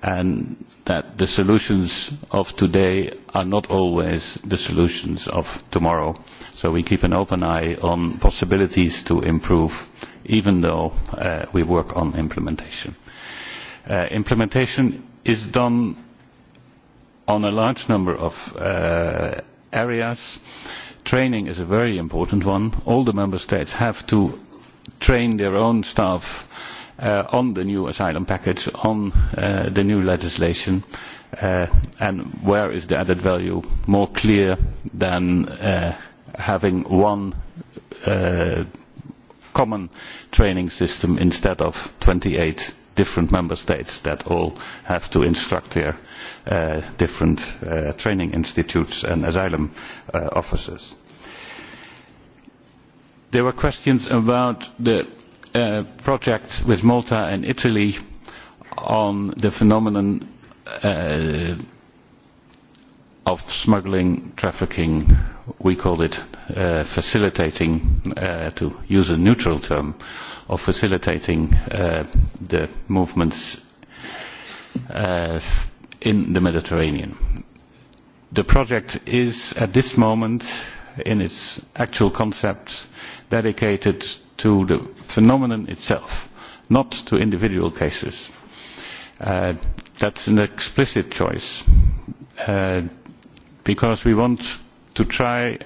and that the solutions of today are not always the solutions of tomorrow. So we keep an open eye on possibilities to improve even though uh, we work on implementation. Uh, implementation is done on a large number of uh, areas training is a very important one. All the member states have to train their own staff uh, on the new asylum package, on uh, the new legislation, uh, and where is the added value more clear than uh, having one uh, common training system instead of 28 different member states that all have to instruct their uh, different uh, training institutes and asylum uh, officers. There were questions about the uh, project with Malta and Italy on the phenomenon uh, of smuggling, trafficking, we call it uh, facilitating, uh, to use a neutral term, of facilitating uh, the movements uh, in the Mediterranean. The project is at this moment in its actual concept dedicated to the phenomenon itself, not to individual cases. Uh, that's an explicit choice uh, because we want to try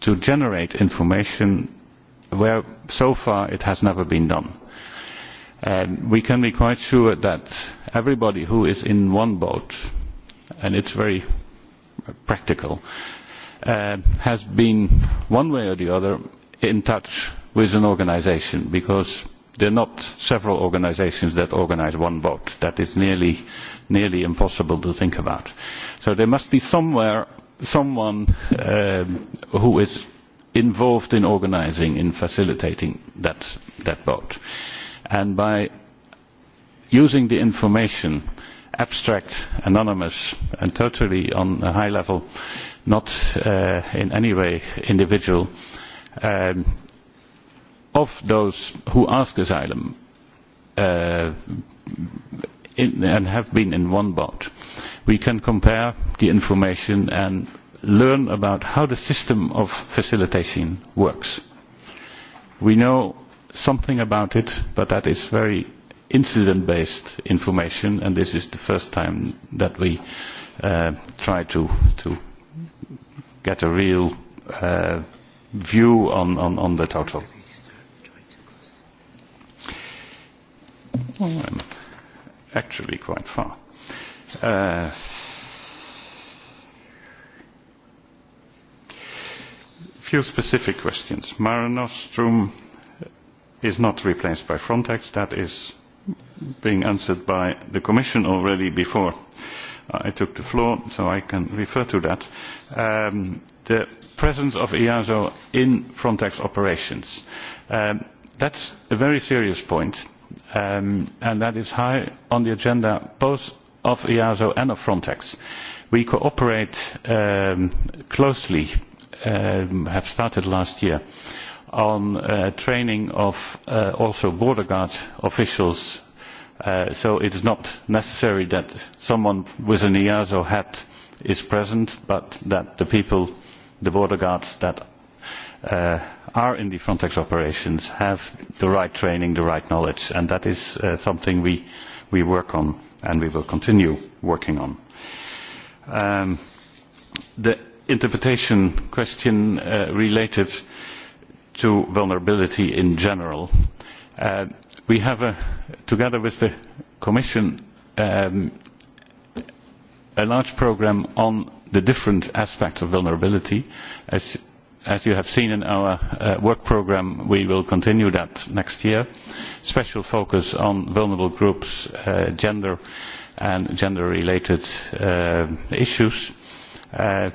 to generate information where so far it has never been done. Um, we can be quite sure that everybody who is in one boat, and it's very practical, uh, has been one way or the other in touch with an organization because there are not several organizations that organize one boat. That is nearly, nearly impossible to think about. So there must be somewhere someone uh, who is involved in organizing, in facilitating that, that boat. And by using the information abstract, anonymous and totally on a high level, not uh, in any way individual, um, of those who ask asylum uh, in, and have been in one boat. We can compare the information and learn about how the system of facilitation works. We know something about it, but that is very incident-based information, and this is the first time that we uh, try to, to get a real uh, view on, on, on the total. Well, hmm. I'm actually quite far. Uh, few specific questions. Mare Nostrum is not replaced by Frontex. That is being answered by the Commission already before uh, I took the floor, so I can refer to that. Um, the presence of EASO in Frontex operations. Um, that's a very serious point, um, and that is high on the agenda both of EASO and of Frontex. We cooperate um, closely, um, have started last year, on uh, training of uh, also border guard officials Uh, so it is not necessary that someone with an EASO hat is present, but that the people, the border guards that uh, are in the Frontex operations have the right training, the right knowledge, and that is uh, something we, we work on and we will continue working on. Um, the interpretation question uh, related to vulnerability in general. Uh, we have, a, together with the Commission, um, a large programme on the different aspects of vulnerability. As, as you have seen in our uh, work programme, we will continue that next year. Special focus on vulnerable groups, uh, gender and gender-related uh, issues. Uh,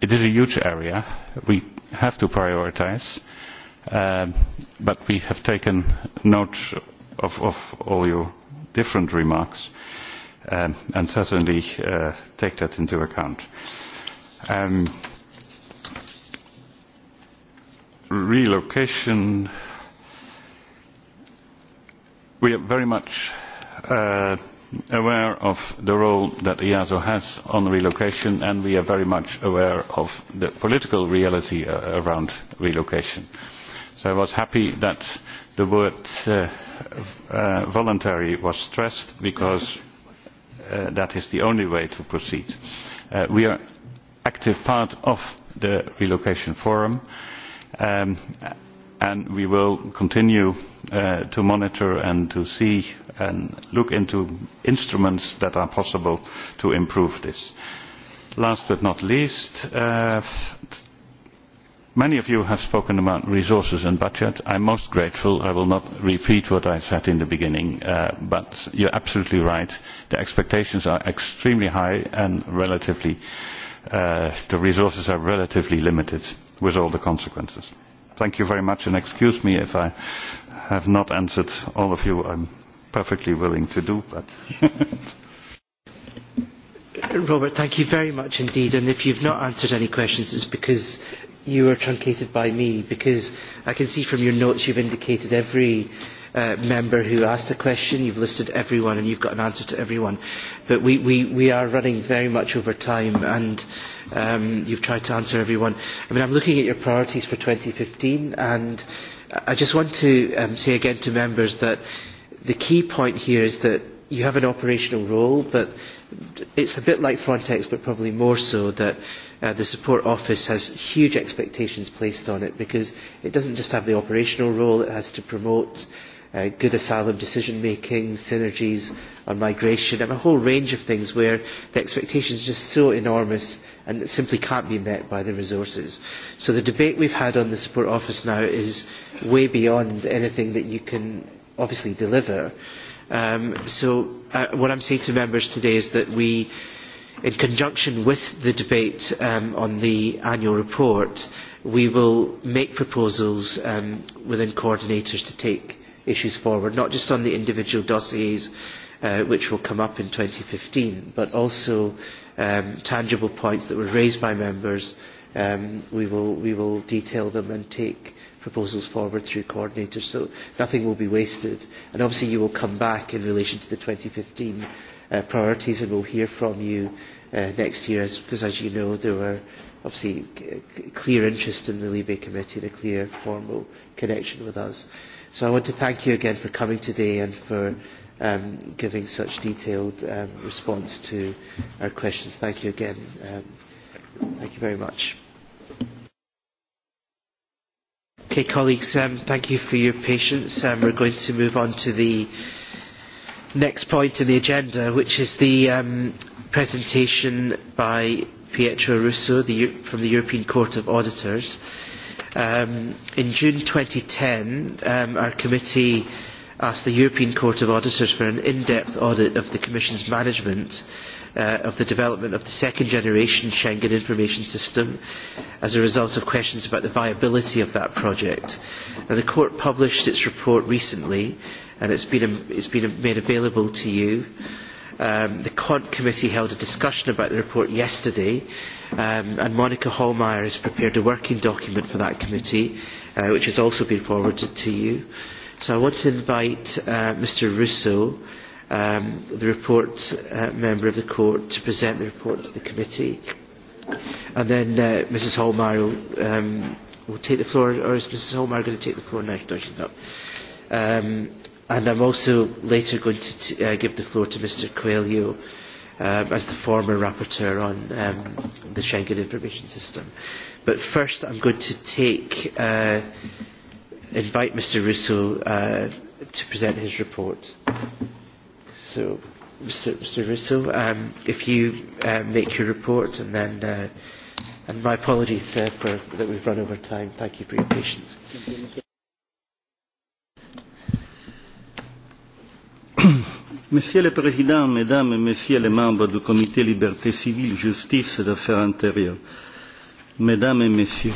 it is a huge area. We have to prioritise. Uh, Um, but we have taken note of, of all your different remarks um, and certainly uh, take that into account. Um, relocation, we are very much uh, aware of the role that EASO has on relocation and we are very much aware of the political reality uh, around relocation. So I was happy that the word uh, uh, voluntary was stressed because uh, that is the only way to proceed. Uh, we are active part of the relocation forum um, and we will continue uh, to monitor and to see and look into instruments that are possible to improve this. Last but not least, uh, Many of you have spoken about resources and budget. I'm most grateful. I will not repeat what I said in the beginning, uh, but you're absolutely right. The expectations are extremely high and relatively, uh, the resources are relatively limited with all the consequences. Thank you very much and excuse me if I have not answered all of you. I'm perfectly willing to do, but... *laughs* Robert, thank you very much indeed. And if you've not answered any questions, it's because you are truncated by me because I can see from your notes you've indicated every uh, member who asked a question, you've listed everyone and you've got an answer to everyone. But we, we, we are running very much over time and um, you've tried to answer everyone. I mean, I'm looking at your priorities for 2015 and I just want to um, say again to members that the key point here is that you have an operational role, but it's a bit like Frontex, but probably more so, that uh, the support office has huge expectations placed on it because it doesn't just have the operational role, it has to promote uh, good asylum decision making, synergies on migration, and a whole range of things where the expectations are just so enormous and it simply can't be met by the resources. So the debate we've had on the support office now is way beyond anything that you can obviously deliver. Um, so uh, what I'm saying to members today is that we in conjunction with the debate um, on the annual report, we will make proposals um, within coordinators to take issues forward, not just on the individual dossiers uh, which will come up in 2015, but also um, tangible points that were raised by members. Um, we, will, we will detail them and take proposals forward through coordinators, so nothing will be wasted. And obviously you will come back in relation to the 2015 uh, priorities and we'll hear from you uh, next year as, because as you know there were obviously clear interest in the Libe Committee and a clear formal connection with us. So I want to thank you again for coming today and for um, giving such detailed um, response to our questions. Thank you again. Um, thank you very much. Okay, colleagues, um, thank you for your patience. Um, we're going to move on to the next point on the agenda, which is the um, presentation by Pietro Russo the, from the European Court of Auditors. Um, in June 2010, um, our committee asked the European Court of Auditors for an in-depth audit of the Commission's management uh, of the development of the second generation Schengen information system as a result of questions about the viability of that project. Now, the court published its report recently and it's been, it's been made available to you. Um, the Quant Committee held a discussion about the report yesterday um, and Monica Hallmeyer has prepared a working document for that committee uh, which has also been forwarded to you. So I want to invite uh, Mr Russo um, the report uh, member of the court to present the report to the committee. And then uh, Mrs. Holmeyer will, um, will take the floor, or is Mrs. Holmeyer going to take the floor now? No, she's not. Um, and I'm also later going to t uh, give the floor to Mr. Coelho um, as the former rapporteur on um, the Schengen Information System. But first I'm going to take, uh, invite Mr. Russo uh, to present his report. Thank you. So, Mr. Mr. Russo, um, if you uh, make your report and then, uh, and my apologies uh, for, that we've run over time. Thank you for your patience. *coughs* Monsieur le Président, Mesdames et Messieurs les membres du Comité Liberté Civile, Justice et Affaires Intérieures, Mesdames et Messieurs,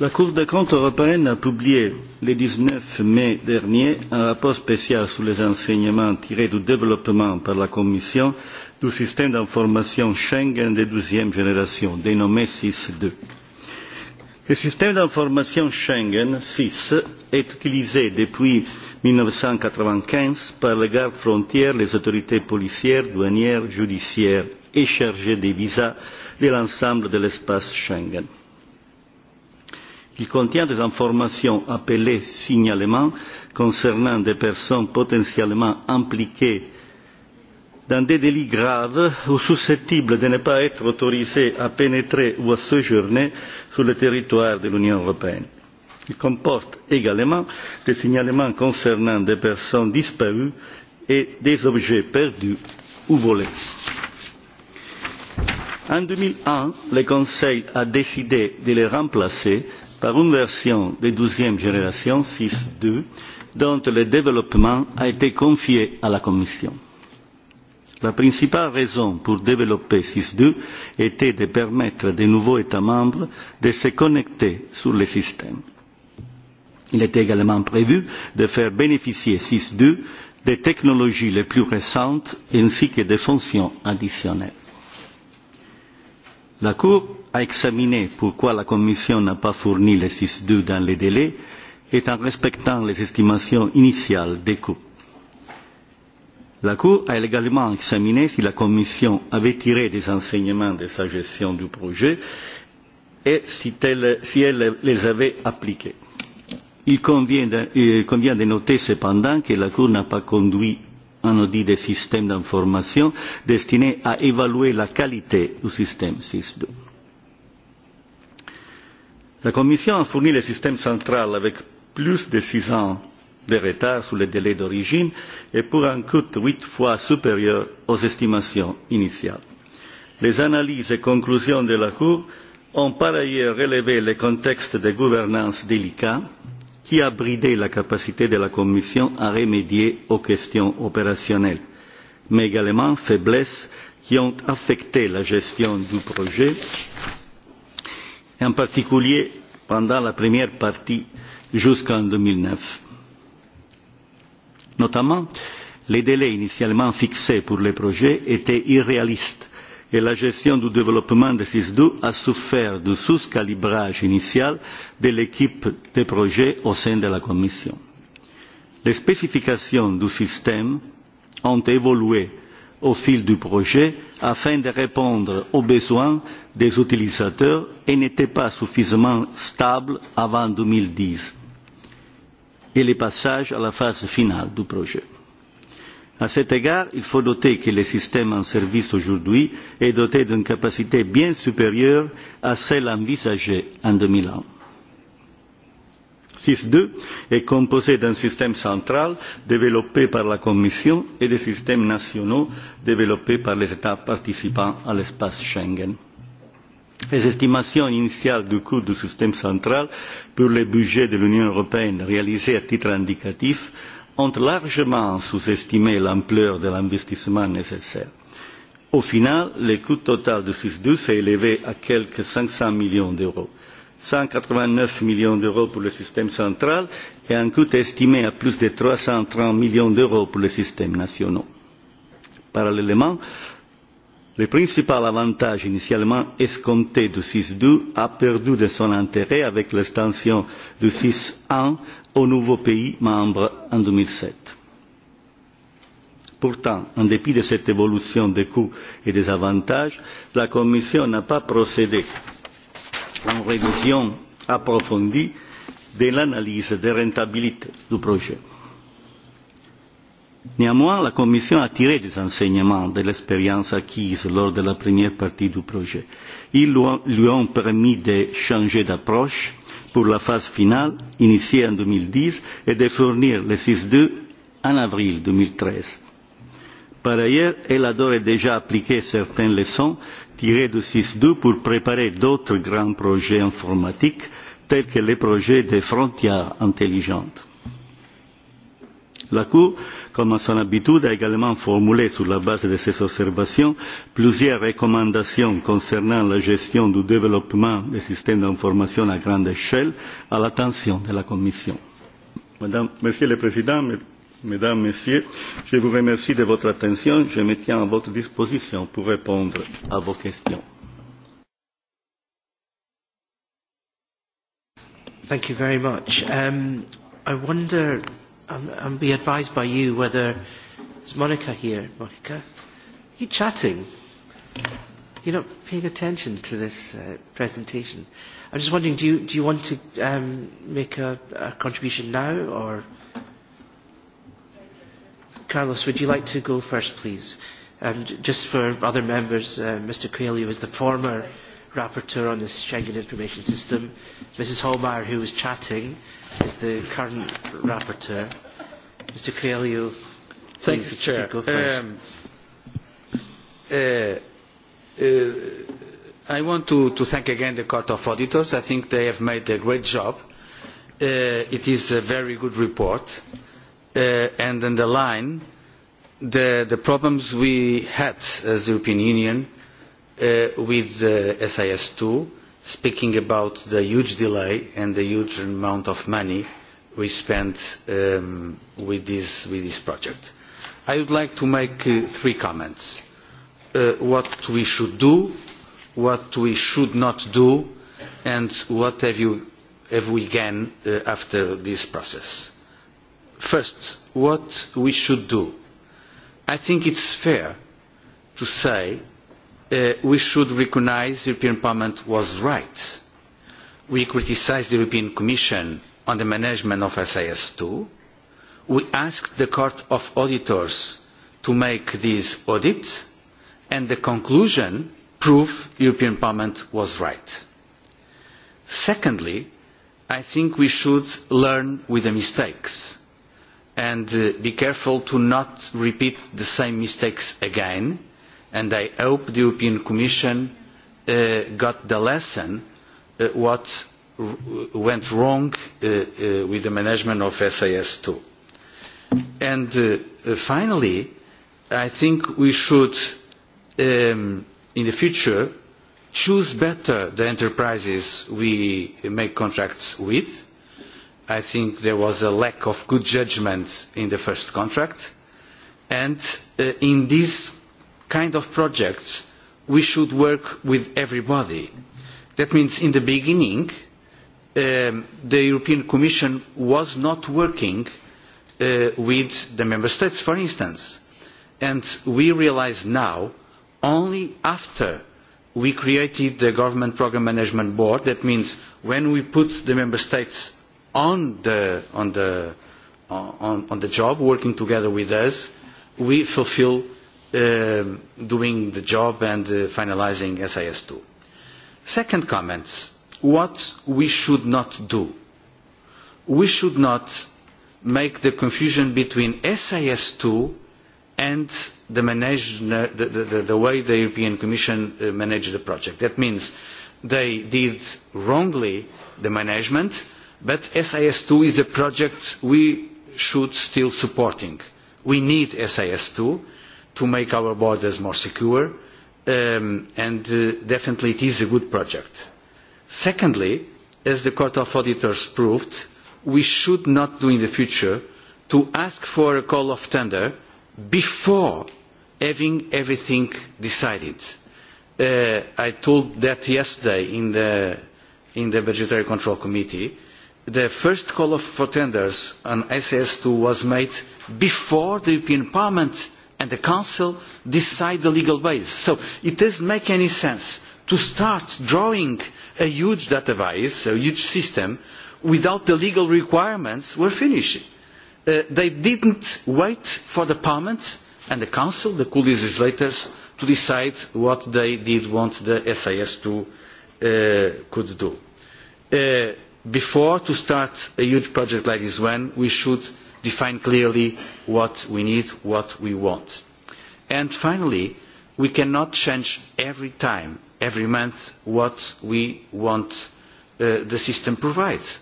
La Cour des comptes européenne a publié le 19 mai dernier un rapport spécial sur les enseignements tirés du développement par la Commission du système d'information Schengen de deuxième génération, dénommé SIS-2. Le système d'information Schengen, SIS, est utilisé depuis 1995 par les gardes frontières, les autorités policières, douanières, judiciaires et chargées des visas de l'ensemble de l'espace Schengen. Il contient des informations appelées signalements concernant des personnes potentiellement impliquées dans des délits graves ou susceptibles de ne pas être autorisées à pénétrer ou à séjourner sur le territoire de l'Union européenne. Il comporte également des signalements concernant des personnes disparues et des objets perdus ou volés. En 2001, le Conseil a décidé de les remplacer par une version de douzième génération, 6.2, dont le développement a été confié à la Commission. La principale raison pour développer SIS2 était de permettre de nouveaux États membres de se connecter sur le système. Il est également prévu de faire bénéficier SIS2 des technologies les plus récentes ainsi que des fonctions additionnelles. La Cour a examiné pourquoi la Commission n'a pas fourni les sis II dans les délais et en respectant les estimations initiales des coûts. La Cour a également examiné si la Commission avait tiré des enseignements de sa gestion du projet et si elle, si elle les avait appliqués. Il convient de, il euh, convient de noter cependant que la Cour n'a pas conduit un audit des systèmes d'information destiné à évaluer la qualité du système sis II. La Commission a fourni le système central avec plus de six ans de retard sur les délais d'origine et pour un coût huit fois supérieur aux estimations initiales. Les analyses et conclusions de la Cour ont par ailleurs relevé les contextes de gouvernance délicats qui a bridé la capacité de la Commission à remédier aux questions opérationnelles, mais également faiblesses qui ont affecté la gestion du projet, en particulier pendant la première partie jusqu'en 2009. Notamment, les délais initialement fixés pour les projets étaient irréalistes et la gestion du développement de SIS2 a souffert du sous-calibrage initial de l'équipe de projet au sein de la Commission. Les spécifications du système ont évolué au fil du projet afin de répondre aux besoins des utilisateurs et n'étaient pas suffisamment stables avant 2010 et le passage à la phase finale du projet. À cet égard, il faut noter que le système en service aujourd'hui est doté d'une capacité bien supérieure à celle envisagée en 2001. 6.2 est composé d'un système central développé par la Commission et des systèmes nationaux développés par les États participants à l'espace Schengen. Les estimations initiales du coût du système central pour le budget de l'Union européenne réalisées à titre indicatif ont largement sous-estimé l'ampleur de l'investissement nécessaire. Au final, le coût total de sis deux s'est élevé à quelque 500 millions d'euros. 189 millions d'euros pour le système central et un coût estimé à plus de 330 millions d'euros pour les systèmes nationaux. Parallèlement, le principal avantage initialement escompté de sis a perdu de son intérêt avec l'extension de SIS-1 aux nouveaux pays membres en 2007. Pourtant, en dépit de cette évolution des coûts et des avantages, la Commission n'a pas procédé à une révision approfondie de l'analyse de rentabilité du projet. Néanmoins, la Commission a tiré des enseignements de l'expérience acquise lors de la première partie du projet. Ils lui ont permis de changer d'approche pour la phase finale, initiée en 2010, et de fournir le 6-2 en avril 2013. Par ailleurs, elle adore déjà appliquer certaines leçons tirées du 6-2 pour préparer d'autres grands projets informatiques, tels que les projets des frontières intelligentes. La Cour Comme à son habitude, a également formulé sur la base de ces observations plusieurs recommandations concernant la gestion du développement des systèmes d'information à grande échelle à l'attention de la Commission. Madame, Monsieur le Président, Mesdames, Messieurs, je vous remercie de votre attention. Je me tiens à votre disposition pour répondre à vos questions. Thank you very much. Um, I wonder I'm, I'm be advised by you whether is Monica here? Monica, Are you chatting? You're not paying attention to this uh, presentation. I'm just wondering, do you do you want to um, make a, a contribution now or? Carlos, would you like to go first, please? Um, just for other members, uh, Mr. who is the former rapporteur on the Schengen Information System, Mrs. Holmeyer, who was chatting, is the current rapporteur. Mr. you. Thanks, please, Chair. Go first. Um, uh, uh, I want to, to thank again the Court of Auditors. I think they have made a great job. Uh, it is a very good report uh, and underline the, the problems we had as the European Union uh, with uh, SIS2 speaking about the huge delay and the huge amount of money we spent um, with, this, with this project. I would like to make uh, three comments. Uh, what we should do, what we should not do, and what have, you, have we gained uh, after this process. First, what we should do. I think it's fair to say uh, we should recognise the European Parliament was right. We criticised the European Commission on the management of SIS2. We asked the Court of Auditors to make this audit, and the conclusion proved the European Parliament was right. Secondly, I think we should learn with the mistakes and uh, be careful to not repeat the same mistakes again and I hope the European Commission uh, got the lesson uh, what uh, went wrong uh, uh, with the management of SAS2. And uh, uh, finally, I think we should, um, in the future, choose better the enterprises we make contracts with. I think there was a lack of good judgment in the first contract. And uh, in this kind of projects, we should work with everybody. That means in the beginning, um, the European Commission was not working uh, with the Member States, for instance. And we realize now, only after we created the Government Programme Management Board, that means when we put the Member States on the, on the, on, on the job, working together with us, we fulfill Um, doing the job and uh, finalizing SIS2. Second comment, what we should not do. We should not make the confusion between SIS2 and the, manage, the, the, the way the European Commission uh, managed the project. That means they did wrongly the management, but SIS2 is a project we should still supporting. We need SIS2 to make our borders more secure, um, and uh, definitely it is a good project. Secondly, as the Court of Auditors proved, we should not do in the future to ask for a call of tender before having everything decided. Uh, I told that yesterday in the, in the Budgetary Control Committee. The first call of, for tenders on SAS2 was made before the European Parliament and the Council decide the legal ways. So it doesn't make any sense to start drawing a huge database, a huge system, without the legal requirements were finished. Uh, they didn't wait for the Parliament and the Council, the co-legislators, to decide what they did want the SIS to uh, could do. Uh, before to start a huge project like this one, we should define clearly what we need, what we want. And finally, we cannot change every time, every month, what we want uh, the system provides.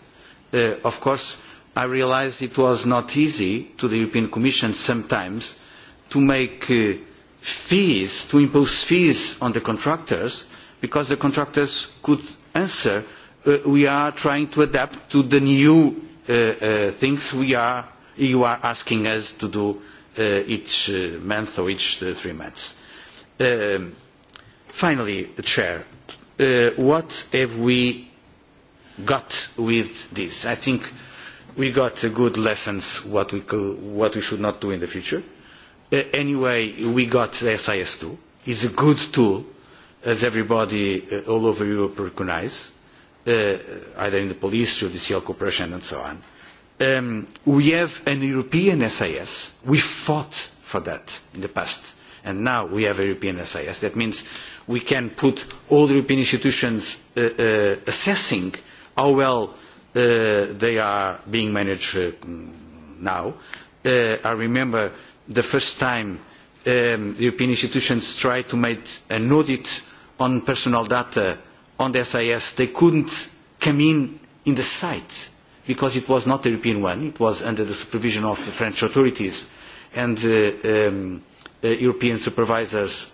Uh, of course, I realize it was not easy to the European Commission sometimes to make uh, fees, to impose fees on the contractors, because the contractors could answer, uh, we are trying to adapt to the new uh, uh, things we are you are asking us to do uh, each uh, month or each uh, three months. Um, finally, Chair, uh, what have we got with this? I think we got uh, good lessons what we, co what we should not do in the future. Uh, anyway, we got the SIS2. It's a good tool, as everybody uh, all over Europe recognizes, uh, either in the police, judicial cooperation, and so on um, we have a European SIS. We fought for that in the past. And now we have a European SIS. That means we can put all the European institutions uh, uh, assessing how well uh, they are being managed uh, now. Uh, I remember the first time um, European institutions tried to make an audit on personal data on the SIS. They couldn't come in in the site because it was not a European one, it was under the supervision of the French authorities and uh, um, uh, European supervisors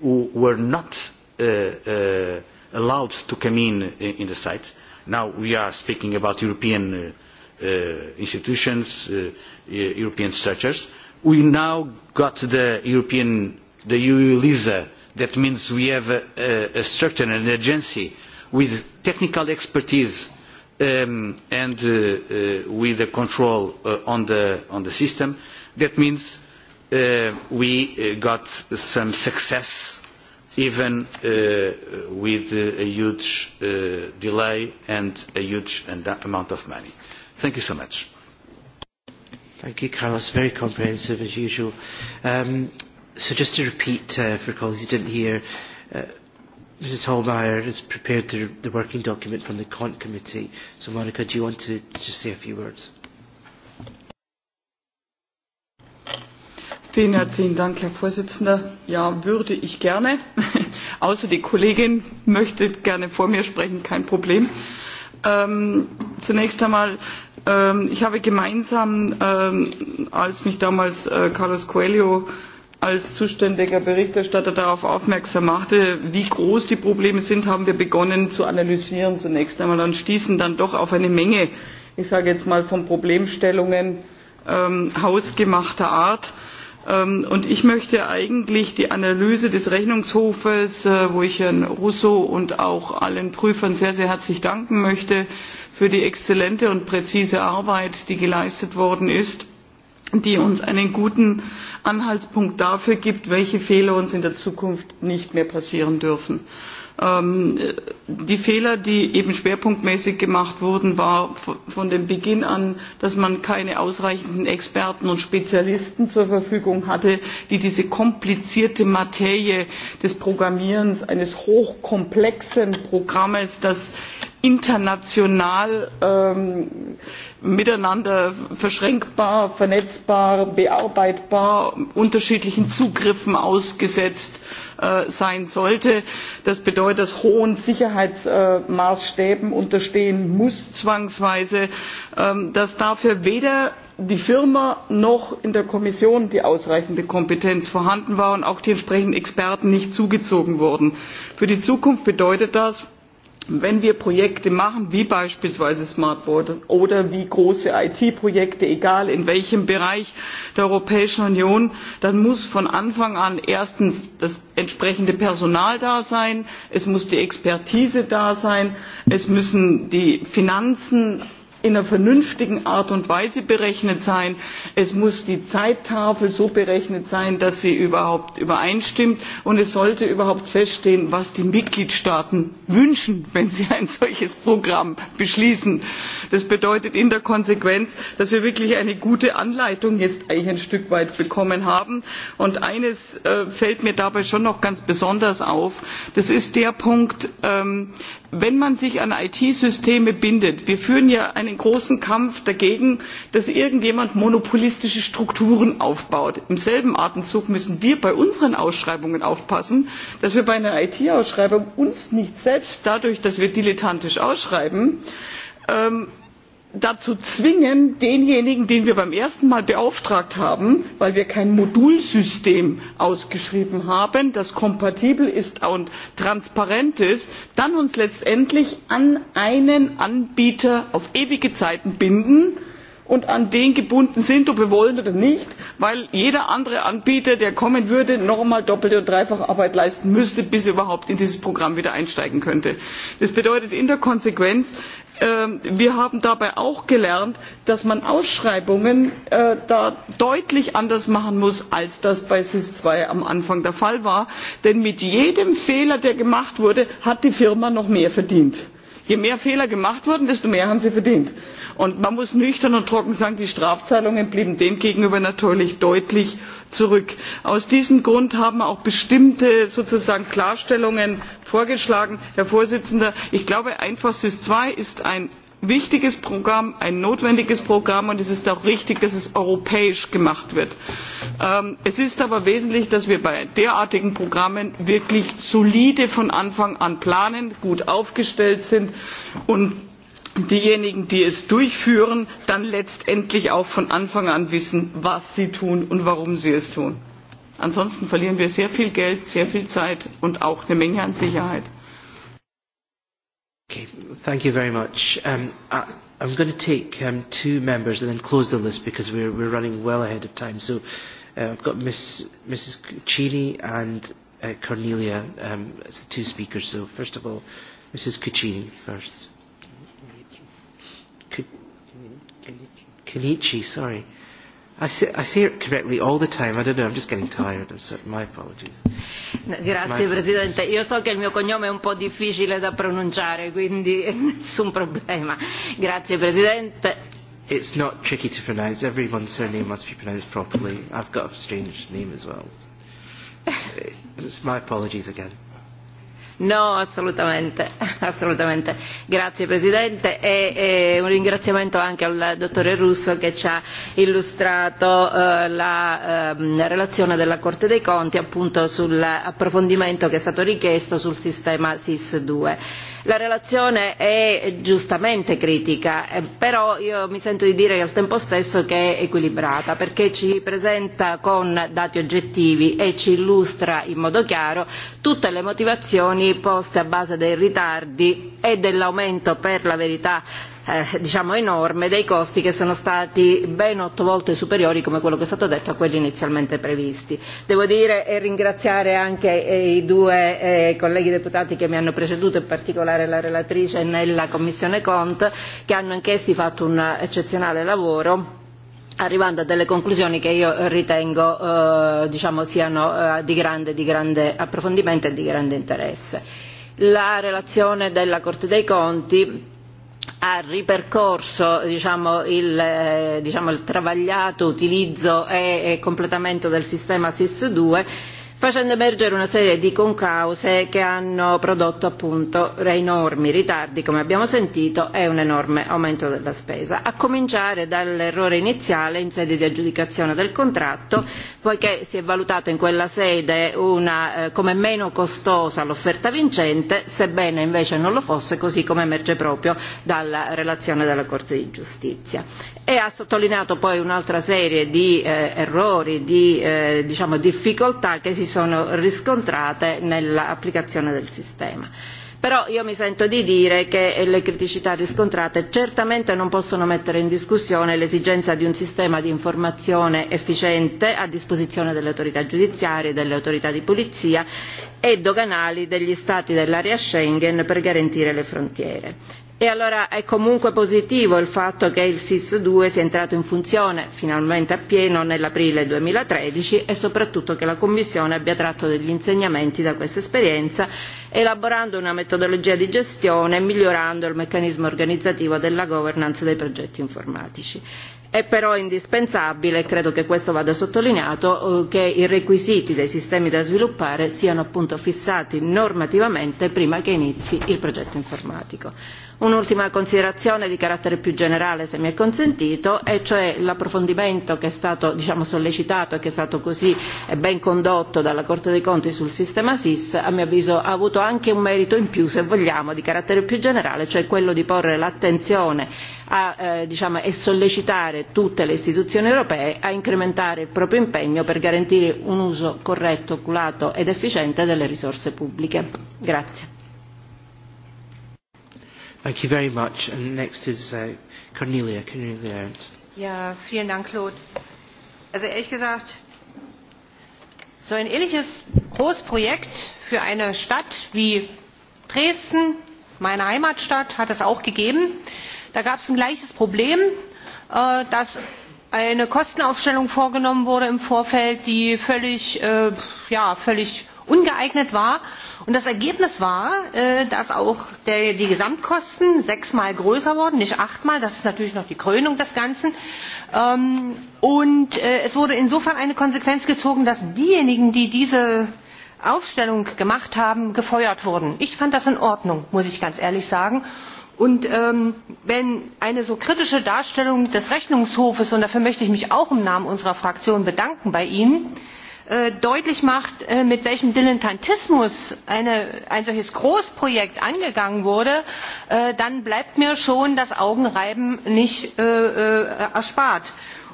who were not uh, uh, allowed to come in uh, in the site. Now we are speaking about European uh, uh, institutions, uh, uh European structures. We now got the European, the EU LISA, that means we have a, a, a structure, an agency with technical expertise um, and uh, uh, with the control uh, on, the, on the system. That means uh, we uh, got some success even uh, with uh, a huge uh, delay and a huge uh, amount of money. Thank you so much. Thank you, Carlos. Very comprehensive as usual. Um, so just to repeat uh, for colleagues who didn't hear, uh, Mrs. Holmeyer has prepared the, the working document from the Kant committee. So, Monica, do you want to just say a few words? Vielen herzlichen Dank, Herr Vorsitzender. Ja, würde ich gerne. *laughs* Außer die Kollegin möchte gerne vor mir sprechen, kein Problem. Ähm, zunächst einmal, ähm, ich habe gemeinsam, ähm, als mich damals äh, Carlos Coelho äh, als zuständiger Berichterstatter darauf aufmerksam machte, wie groß die Probleme sind, haben wir begonnen zu analysieren zunächst einmal und stießen dann doch auf eine Menge, ich sage jetzt mal von Problemstellungen ähm, hausgemachter Art. Ähm, und ich möchte eigentlich die Analyse des Rechnungshofes, äh, wo ich Herrn Russo und auch allen Prüfern sehr, sehr herzlich danken möchte, für die exzellente und präzise Arbeit, die geleistet worden ist, die uns einen guten Anhaltspunkt dafür gibt, welche Fehler uns in der Zukunft nicht mehr passieren dürfen. Ähm, die Fehler, die eben schwerpunktmäßig gemacht wurden, war von dem Beginn an, dass man keine ausreichenden Experten und Spezialisten zur Verfügung hatte, die diese komplizierte Materie des Programmierens eines hochkomplexen Programmes, das international ähm, miteinander verschränkbar, vernetzbar, bearbeitbar, unterschiedlichen Zugriffen ausgesetzt äh, sein sollte. Das bedeutet, dass hohen Sicherheitsmaßstäben äh, unterstehen muss zwangsweise, ähm, dass dafür weder die Firma noch in der Kommission die ausreichende Kompetenz vorhanden war und auch die entsprechenden Experten nicht zugezogen wurden. Für die Zukunft bedeutet das, wenn wir Projekte machen, wie beispielsweise Smart Borders oder wie große IT-Projekte, egal in welchem Bereich der Europäischen Union, dann muss von Anfang an erstens das entsprechende Personal da sein, es muss die Expertise da sein, es müssen die Finanzen in einer vernünftigen Art und Weise berechnet sein. Es muss die Zeittafel so berechnet sein, dass sie überhaupt übereinstimmt. Und es sollte überhaupt feststehen, was die Mitgliedstaaten wünschen, wenn sie ein solches Programm beschließen. Das bedeutet in der Konsequenz, dass wir wirklich eine gute Anleitung jetzt eigentlich ein Stück weit bekommen haben. Und eines äh, fällt mir dabei schon noch ganz besonders auf. Das ist der Punkt, ähm, wenn man sich an IT-Systeme bindet. Wir führen ja einen großen Kampf dagegen, dass irgendjemand monopolistische Strukturen aufbaut. Im selben Atemzug müssen wir bei unseren Ausschreibungen aufpassen, dass wir bei einer IT-Ausschreibung uns nicht selbst dadurch, dass wir dilettantisch ausschreiben, ähm, dazu zwingen, denjenigen, den wir beim ersten Mal beauftragt haben, weil wir kein Modulsystem ausgeschrieben haben, das kompatibel ist und transparent ist, dann uns letztendlich an einen Anbieter auf ewige Zeiten binden und an den gebunden sind, ob wir wollen oder nicht, weil jeder andere Anbieter, der kommen würde, noch einmal doppelte und dreifache Arbeit leisten müsste, bis er überhaupt in dieses Programm wieder einsteigen könnte. Das bedeutet in der Konsequenz, Ähm, wir haben dabei auch gelernt, dass man Ausschreibungen äh, da deutlich anders machen muss, als das bei SIS II am Anfang der Fall war. Denn mit jedem Fehler, der gemacht wurde, hat die Firma noch mehr verdient. Je mehr Fehler gemacht wurden, desto mehr haben sie verdient. Und man muss nüchtern und trocken sagen, die Strafzahlungen blieben demgegenüber natürlich deutlich zurück. Aus diesem Grund haben auch bestimmte sozusagen Klarstellungen vorgeschlagen. Herr Vorsitzender, ich glaube, SIS II ist ein wichtiges Programm, ein notwendiges Programm und es ist auch richtig, dass es europäisch gemacht wird. Ähm, es ist aber wesentlich, dass wir bei derartigen Programmen wirklich solide von Anfang an planen, gut aufgestellt sind und diejenigen, die es durchführen, dann letztendlich auch von Anfang an wissen, was sie tun und warum sie es tun. Ansonsten verlieren wir sehr viel Geld, sehr viel Zeit und auch eine Menge an Sicherheit. Okay, thank you very much. Um, I, I'm going to take um, two members and then close the list because we're, we're running well ahead of time. So uh, I've got Miss, Mrs. Cuccini and uh, Cornelia um, as the two speakers. So first of all, Mrs. Cuccini first. Canici, sorry. I say, I say it correctly all the time, I don't know, I'm just getting tired, I'm sorry, my apologies. Grazie my Presidente, io so che il mio cognome è un po' difficile da pronunciare, quindi *laughs* nessun problema. Grazie Presidente. It's not tricky to pronounce, everyone's surname must be pronounced properly. I've got a strange name as well. *laughs* It's my apologies again. No, assolutamente, *laughs* assolutamente. Grazie Presidente e, e un ringraziamento anche al Dottore Russo che ci ha illustrato eh, la eh, relazione della Corte dei Conti appunto sull'approfondimento che è stato richiesto sul sistema SIS 2. La relazione è giustamente critica, eh, però io mi sento di dire al tempo stesso che è equilibrata perché ci presenta con dati oggettivi e ci illustra in modo chiaro tutte le motivazioni poste a base dei ritardi e dell'aumento per la verità Eh, diciamo enorme dei costi che sono stati ben otto volte superiori come quello che è stato detto a quelli inizialmente previsti. Devo dire e ringraziare anche eh, i due eh, colleghi deputati che mi hanno preceduto, in particolare la relatrice nella Commissione Cont, che hanno anch'essi fatto un eccezionale lavoro arrivando a delle conclusioni che io ritengo eh, diciamo, siano eh, di, grande, di grande approfondimento e di grande interesse. La relazione della Corte dei Conti ha ripercorso diciamo, il, eh, diciamo, il travagliato utilizzo e, e completamento del sistema SIS 2 facendo emergere una serie di concause che hanno prodotto appunto enormi ritardi, come abbiamo sentito, e un enorme aumento della spesa, a cominciare dall'errore iniziale in sede di aggiudicazione del contratto, poiché si è valutato in quella sede una, eh, come meno costosa l'offerta vincente, sebbene invece non lo fosse, così come emerge proprio dalla relazione della Corte di Giustizia. E ha sottolineato poi un'altra serie di eh, errori, di eh, diciamo, difficoltà che si sono riscontrate nell'applicazione del sistema. Però io mi sento di dire che le criticità riscontrate certamente non possono mettere in discussione l'esigenza di un sistema di informazione efficiente a disposizione delle autorità giudiziarie, delle autorità di polizia e doganali degli Stati dell'area Schengen per garantire le frontiere. E allora è comunque positivo il fatto che il SIS 2 sia entrato in funzione finalmente appieno nell'aprile 2013 e soprattutto che la Commissione abbia tratto degli insegnamenti da questa esperienza elaborando una metodologia di gestione e migliorando il meccanismo organizzativo della governance dei progetti informatici. È però indispensabile, e credo che questo vada sottolineato, eh, che i requisiti dei sistemi da sviluppare siano appunto fissati normativamente prima che inizi il progetto informatico. Un'ultima considerazione di carattere più generale, se mi è consentito, e cioè l'approfondimento che è stato diciamo, sollecitato e che è stato così eh, ben condotto dalla Corte dei Conti sul sistema SIS, a mio avviso ha avuto anche un merito in più, se vogliamo, di carattere più generale, cioè quello di porre l'attenzione a, eh, diciamo, e sollecitare tutte le istituzioni europee a incrementare il proprio impegno per garantire un uso corretto, oculato ed efficiente delle risorse pubbliche. Grazie. Thank you very much. And next is uh, Cornelia, Cornelia Ernst. Ja, vielen Dank, Claude. Also ehrlich gesagt, so ein ähnliches Großprojekt für eine Stadt wie Dresden, meine Heimatstadt, hat es auch gegeben. Da gab es ein gleiches Problem, äh, dass eine Kostenaufstellung vorgenommen wurde im Vorfeld, die völlig, äh, ja, völlig ungeeignet war Und das Ergebnis war, äh, dass auch die Gesamtkosten sechsmal größer wurden, nicht achtmal. Das ist natürlich noch die Krönung des Ganzen. Ähm, und äh, es wurde insofern eine Konsequenz gezogen, dass diejenigen, die diese Aufstellung gemacht haben, gefeuert wurden. Ich fand das in Ordnung, muss ich ganz ehrlich sagen. Und ähm, wenn eine so kritische Darstellung des Rechnungshofes, und dafür möchte ich mich auch im Namen unserer Fraktion bedanken bei Ihnen, Äh, deutlich macht, äh, mit welchem Dilettantismus eine, ein solches Großprojekt angegangen wurde, äh, dann bleibt mir schon das Augenreiben nicht erspart.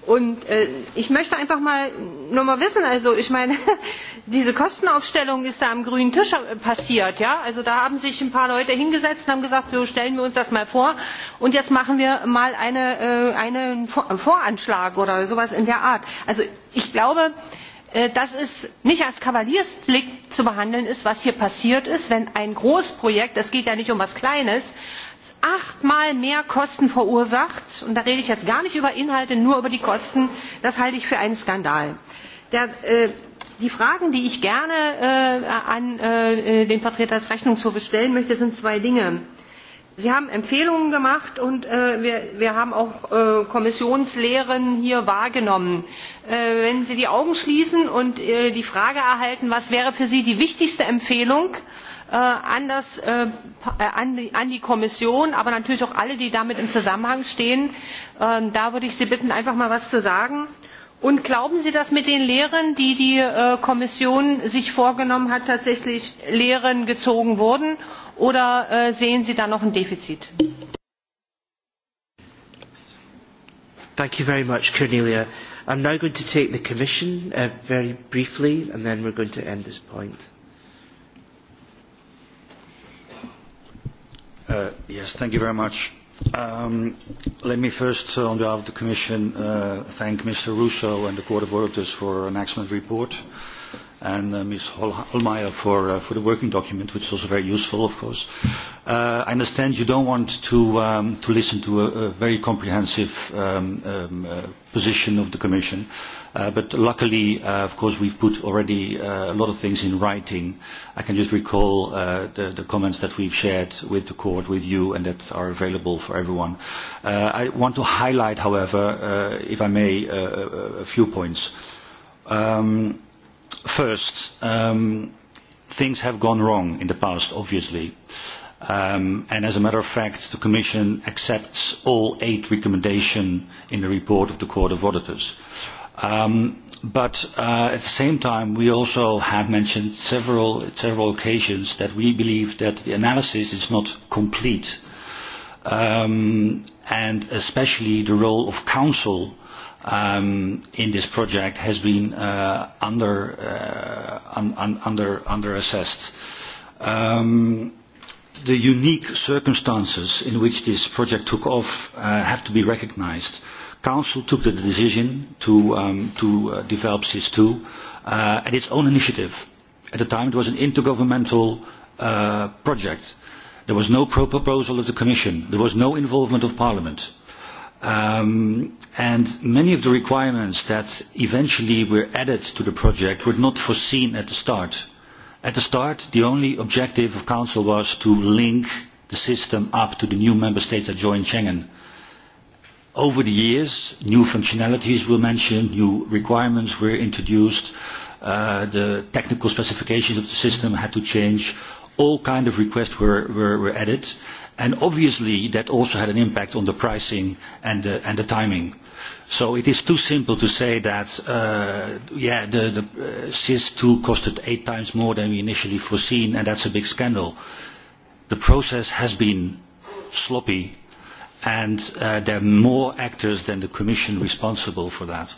Und äh, ich möchte einfach mal nur mal wissen, also ich meine, *laughs* diese Kostenaufstellung ist da am grünen Tisch passiert, ja? Also da haben sich ein paar Leute hingesetzt und haben gesagt, so stellen wir uns das mal vor und jetzt machen wir mal eine, äh, einen Voranschlag oder sowas in der Art. Also ich glaube, äh, Äh, dass es nicht als Kavaliersdelikt zu behandeln ist, was hier passiert ist, wenn ein Großprojekt, es geht ja nicht um was Kleines, achtmal mehr Kosten verursacht, und da rede ich jetzt gar nicht über Inhalte, nur über die Kosten, das halte ich für einen Skandal. Der, äh, die Fragen, die ich gerne äh, an äh, äh den Vertreter des Rechnungshofes stellen möchte, sind zwei Dinge. Sie haben Empfehlungen gemacht und äh, wir, wir haben auch äh, Kommissionslehren hier wahrgenommen. Äh, wenn Sie die Augen schließen und äh, die Frage erhalten, was wäre für Sie die wichtigste Empfehlung äh, an, das, an, die, an die Kommission, aber natürlich auch alle, die damit im Zusammenhang stehen. Ähm, da würde ich Sie bitten, einfach mal was zu sagen. Und glauben Sie, dass mit den Lehren, die die Kommission sich vorgenommen hat, tatsächlich Lehren gezogen wurden? Oder sehen Sie da noch ein Defizit? Thank you very much, Cornelia. I'm now going to take the Commission uh, very briefly and then we're going to end this point. Uh, yes, thank you very much. Um, let me first, uh, on behalf of the Commission, uh, thank Mr. Russo and the Court of Auditors for an excellent report and uh, Ms. Holmeyer for, uh, for the working document, which was very useful, of course. Uh, I understand you don't want to, um, to listen to a, a very comprehensive um, um, uh, position of the Commission, uh, but luckily, uh, of course, we've put already uh, a lot of things in writing. I can just recall uh, the, the comments that we've shared with the Court, with you, and that are available for everyone. Uh, I want to highlight, however, uh, if I may, uh, a, a few points. Um, first, um, things have gone wrong in the past, obviously. Um, and as a matter of fact, the Commission accepts all eight recommendations in the report of the Court of Auditors. Um, but uh, at the same time, we also have mentioned several, several occasions that we believe that the analysis is not complete, um, and especially the role of Council um, in this project has been uh, under, uh, un, un, under, under assessed. Um, the unique circumstances in which this project took off uh, have to be recognized. Council took the decision to, um, to uh, develop SIS-2 uh, at its own initiative. At the time it was an intergovernmental uh, project. There was no pro proposal of the Commission. There was no involvement of Parliament. Um, and many of the requirements that eventually were added to the project were not foreseen at the start. At the start, the only objective of Council was to link the system up to the new member states that joined Schengen. Over the years, new functionalities were mentioned, new requirements were introduced, uh, the technical specifications of the system had to change, all kinds of requests were, were, were added, And obviously that also had an impact on the pricing and the, and the timing. So it is too simple to say that, uh, yeah, the, the uh, SIS-2 costed eight times more than we initially foreseen, and that's a big scandal. The process has been sloppy, and uh, there are more actors than the Commission responsible for that.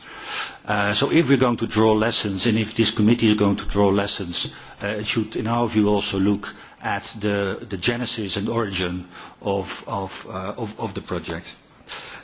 Uh, so if we're going to draw lessons, and if this committee is going to draw lessons, uh, it should, in our view, also look at the, the genesis and origin of, of, uh, of, of the project.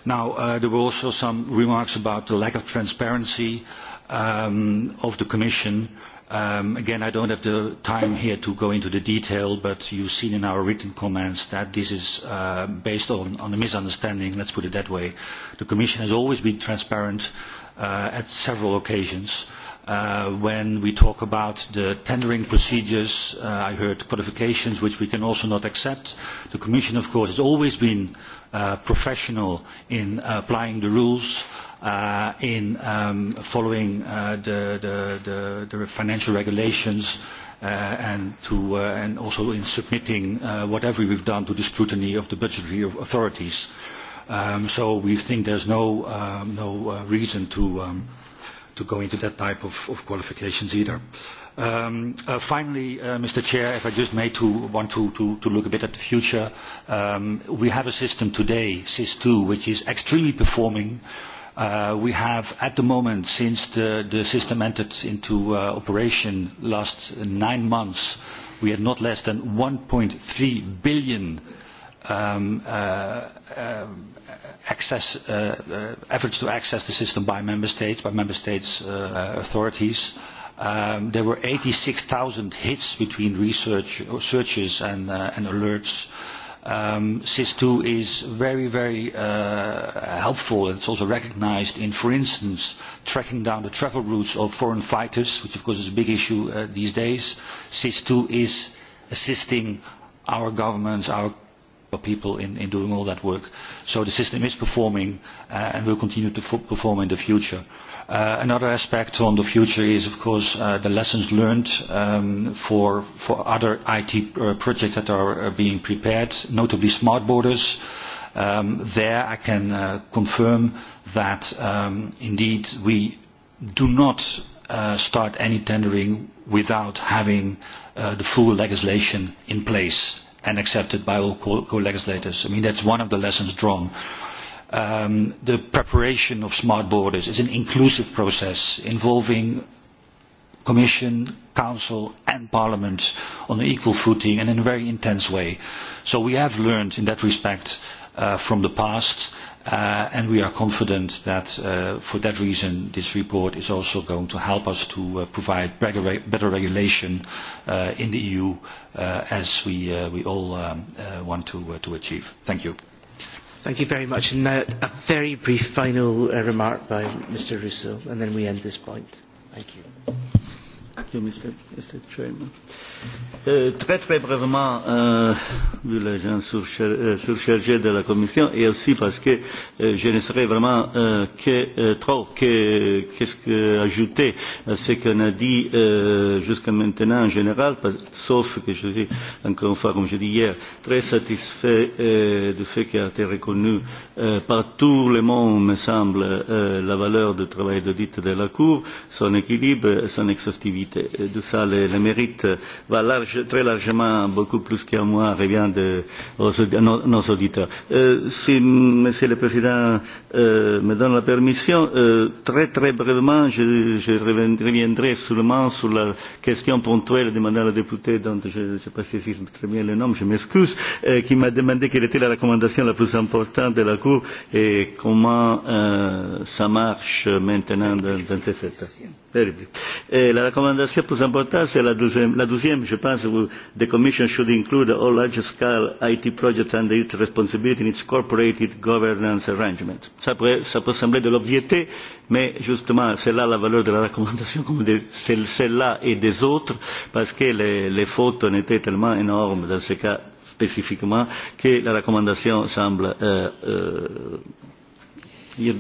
Now, uh, there were also some remarks about the lack of transparency um, of the Commission. Um, again, I don't have the time here to go into the detail, but you've seen in our written comments that this is uh, based on, on a misunderstanding, let's put it that way. The Commission has always been transparent uh, at several occasions. Uh, uh, when we talk about the tendering procedures, uh, I heard qualifications which we can also not accept. The Commission, of course, has always been uh, professional in uh, applying the rules, uh, in um, following uh, the, the, the, the financial regulations, uh, and, to, uh, and also in submitting uh, whatever we've done to the scrutiny of the budgetary authorities. Um, so we think there's no, um, no uh, reason to um, to go into that type of, of qualifications either. Um, uh, finally, uh, Mr. Chair, if I just may to want to, to, to look a bit at the future, um, we have a system today, SIS2, which is extremely performing. Uh, we have at the moment, since the, the system entered into uh, operation last nine months, we had not less than 1.3 billion um, uh, um, access, uh, uh, efforts to access the system by member states, by member states uh, authorities. Um, there were 86,000 hits between research searches and, uh, and alerts. Um, SIS2 is very, very uh, helpful. It's also recognized in, for instance, tracking down the travel routes of foreign fighters, which of course is a big issue uh, these days. SIS2 is assisting our governments, our people in, in doing all that work. So the system is performing uh, and will continue to perform in the future. Uh, another aspect on the future is, of course, uh, the lessons learned um, for, for other IT uh, projects that are, are uh, being prepared, notably smart borders. Um, there I can uh, confirm that um, indeed we do not uh, start any tendering without having uh, the full legislation in place and accepted by all co-legislators. Co I mean, that's one of the lessons drawn. Um, the preparation of smart borders is an inclusive process involving Commission, Council and Parliament on an equal footing and in a very intense way. So we have learned in that respect uh, from the past Uh, and we are confident that uh, for that reason this report is also going to help us to uh, provide better, re better regulation uh, in the EU uh, as we, uh, we all um, uh, want to, uh, to achieve. Thank you. Thank you very much. And now uh, a very brief final uh, remark by Mr. Russo, and then we end this point. Thank you. Thank Chairman. Euh, très très brièvement, euh, vu les gens surchargés euh, de la Commission, et aussi parce que euh, je ne saurais vraiment euh, que euh, trop que qu'est-ce que ajouter à ce qu'on a dit euh, jusqu'à maintenant en général, pas, sauf que je suis encore une fois, comme je dis hier, très satisfait euh, du fait qu'il a été reconnu euh, par tout le monde, me semble, euh, la valeur du travail d'audit de la Cour, son équilibre, son exhaustivité activité. Euh, de ça, le, le mérite euh, va large, très largement, beaucoup plus qu'à moi, revient de, aux, nos, nos auditeurs. Euh, si Monsieur le Président euh, me donne la permission, euh, très très brièvement, je, je reviendrai seulement sur la question ponctuelle de Madame la députée, dont je ne sais pas si c'est très bien le nom, je m'excuse, euh, qui m'a demandé quelle était la recommandation la plus importante de la Cour et comment euh, ça marche maintenant dans, dans cette état terrible. Eh, la recommandation plus importante, c'est la deuxième. La je pense, the Commission should include all large-scale IT projects under its responsibility in its corporate governance arrangement. Ça peut, ça peut sembler de l'obviété, mais justement, c'est là la valeur de la recommandation, comme de celle-là et des autres, parce que les, les fautes n'étaient tellement énormes dans ce cas spécifiquement que la recommandation semble euh, euh,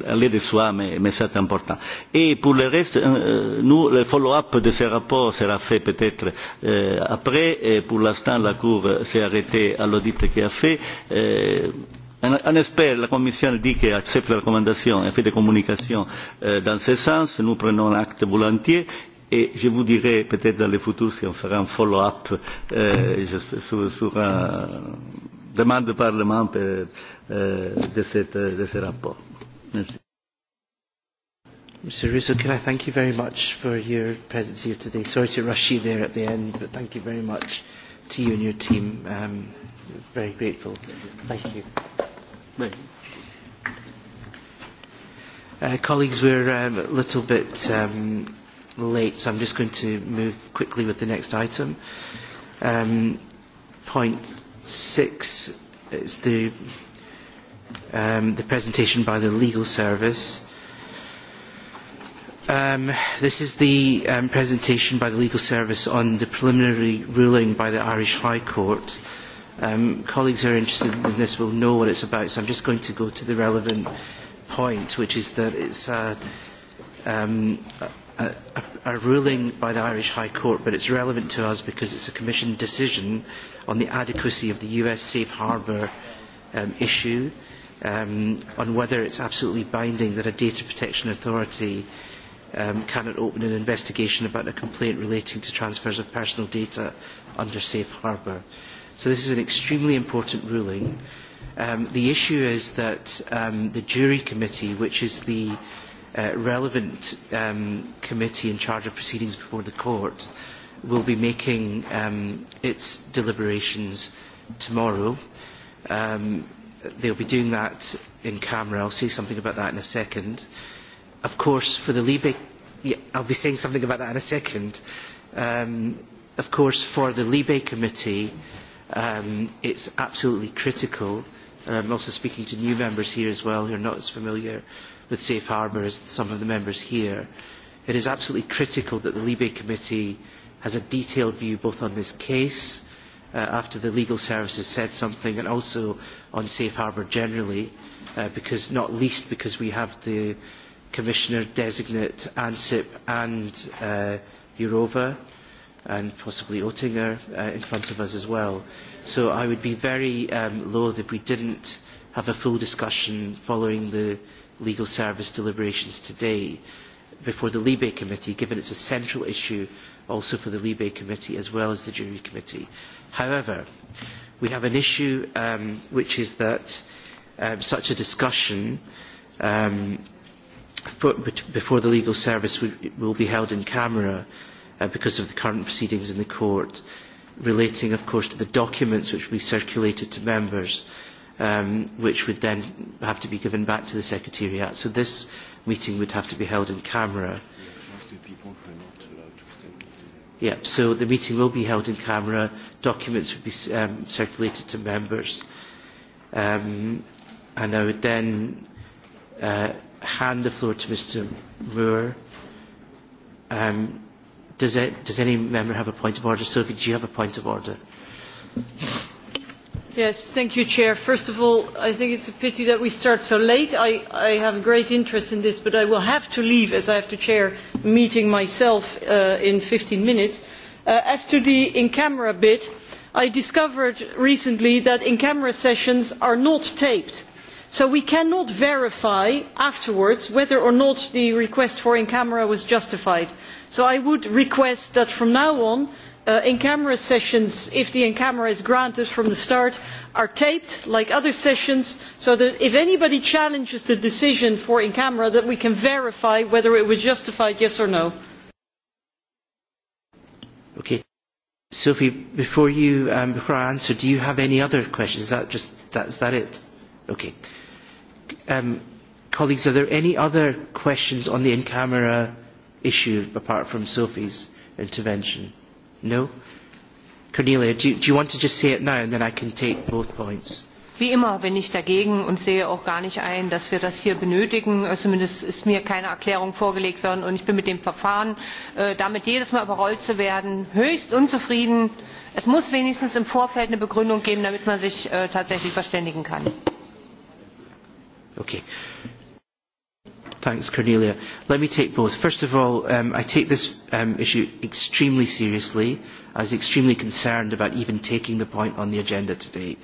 aller de soi, mais, mais c'est important. Et pour le reste, euh, nous, le follow-up de ces rapports sera fait peut-être euh, après. Et pour l'instant, la Cour s'est arrêtée à l'audit qu'elle a fait. Euh, on, on espère, la Commission dit qu'elle accepte la recommandation et fait des communications euh, dans ce sens. Nous prenons acte volontiers et je vous dirai peut-être dans le futur si on fera un follow-up euh, sur, sur une demande du Parlement euh, euh, de, cette, de ce rapport. Mr. Russo, can I thank you very much for your presence here today? Sorry to rush you there at the end, but thank you very much to you and your team. Um, very grateful. Thank you. Uh, colleagues, we're um, a little bit um, late, so I'm just going to move quickly with the next item. Um, point six is the, um, the presentation by the legal service Um, this is the um, presentation by the legal service on the preliminary ruling by the Irish High Court. Um, colleagues who are interested in this will know what it's about, so I'm just going to go to the relevant point, which is that it's a, um, a, a, a ruling by the Irish High Court, but it's relevant to us because it's a Commission decision on the adequacy of the US safe harbour um, issue, um, on whether it's absolutely binding that a data protection authority um, cannot open an investigation about a complaint relating to transfers of personal data under safe harbour. So this is an extremely important ruling. Um, the issue is that um, the jury committee, which is the uh, relevant um, committee in charge of proceedings before the court, will be making um, its deliberations tomorrow. Um, they'll be doing that in camera. I'll say something about that in a second of course, for the Libe, I'll be saying something about that in a second. Um, of course, for the Libe Committee, um, it's absolutely critical, and um, I'm also speaking to new members here as well who are not as familiar with Safe Harbour as some of the members here. It is absolutely critical that the Libe Committee has a detailed view both on this case, uh, after the legal services said something, and also on safe harbour generally, uh, because not least because we have the Commissioner Designate Ansip and uh, Eurova and possibly Oettinger uh, in front of us as well. So I would be very um, loath if we didn't have a full discussion following the legal service deliberations today before the Libe Committee, given it's a central issue also for the Libe Committee as well as the Jury Committee. However, we have an issue um, which is that um, such a discussion um, for, before the legal service will be held in camera uh, because of the current proceedings in the court, relating, of course, to the documents which we circulated to members, um, which would then have to be given back to the Secretariat. So this meeting would have to be held in camera. Yep, so the meeting will be held in camera. Documents would be um, circulated to members. Um, and I would then uh, hand the floor to Mr. Ruhr. Um, does, it, does any member have a point of order? Sylvie, do you have a point of order? Yes, thank you, Chair. First of all, I think it's a pity that we start so late. I, I have great interest in this, but I will have to leave as I have to chair a meeting myself uh, in 15 minutes. Uh, as to the in-camera bit, I discovered recently that in-camera sessions are not taped So we cannot verify afterwards whether or not the request for in camera was justified. So I would request that from now on, uh, in camera sessions, if the in camera is granted from the start, are taped like other sessions so that if anybody challenges the decision for in camera that we can verify whether it was justified yes or no. Okay. Sophie, before you, um, before I answer, do you have any other questions? Is that just, that, is that it? Okay. Um, colleagues, are there any other questions on the in-camera issue apart from Sophie's intervention? No? Cornelia, do, do you want to just say it now and then I can take both points? Wie immer bin ich dagegen und sehe auch gar nicht ein, dass wir das hier benötigen. Äh, zumindest ist mir keine Erklärung vorgelegt worden und ich bin mit dem Verfahren, äh, damit jedes Mal überrollt zu werden, höchst unzufrieden. Es muss wenigstens im Vorfeld eine Begründung geben, damit man sich äh, tatsächlich verständigen kann. Okay. Thanks, Cornelia. Let me take both. First of all, um, I take this um, issue extremely seriously. I was extremely concerned about even taking the point on the agenda today.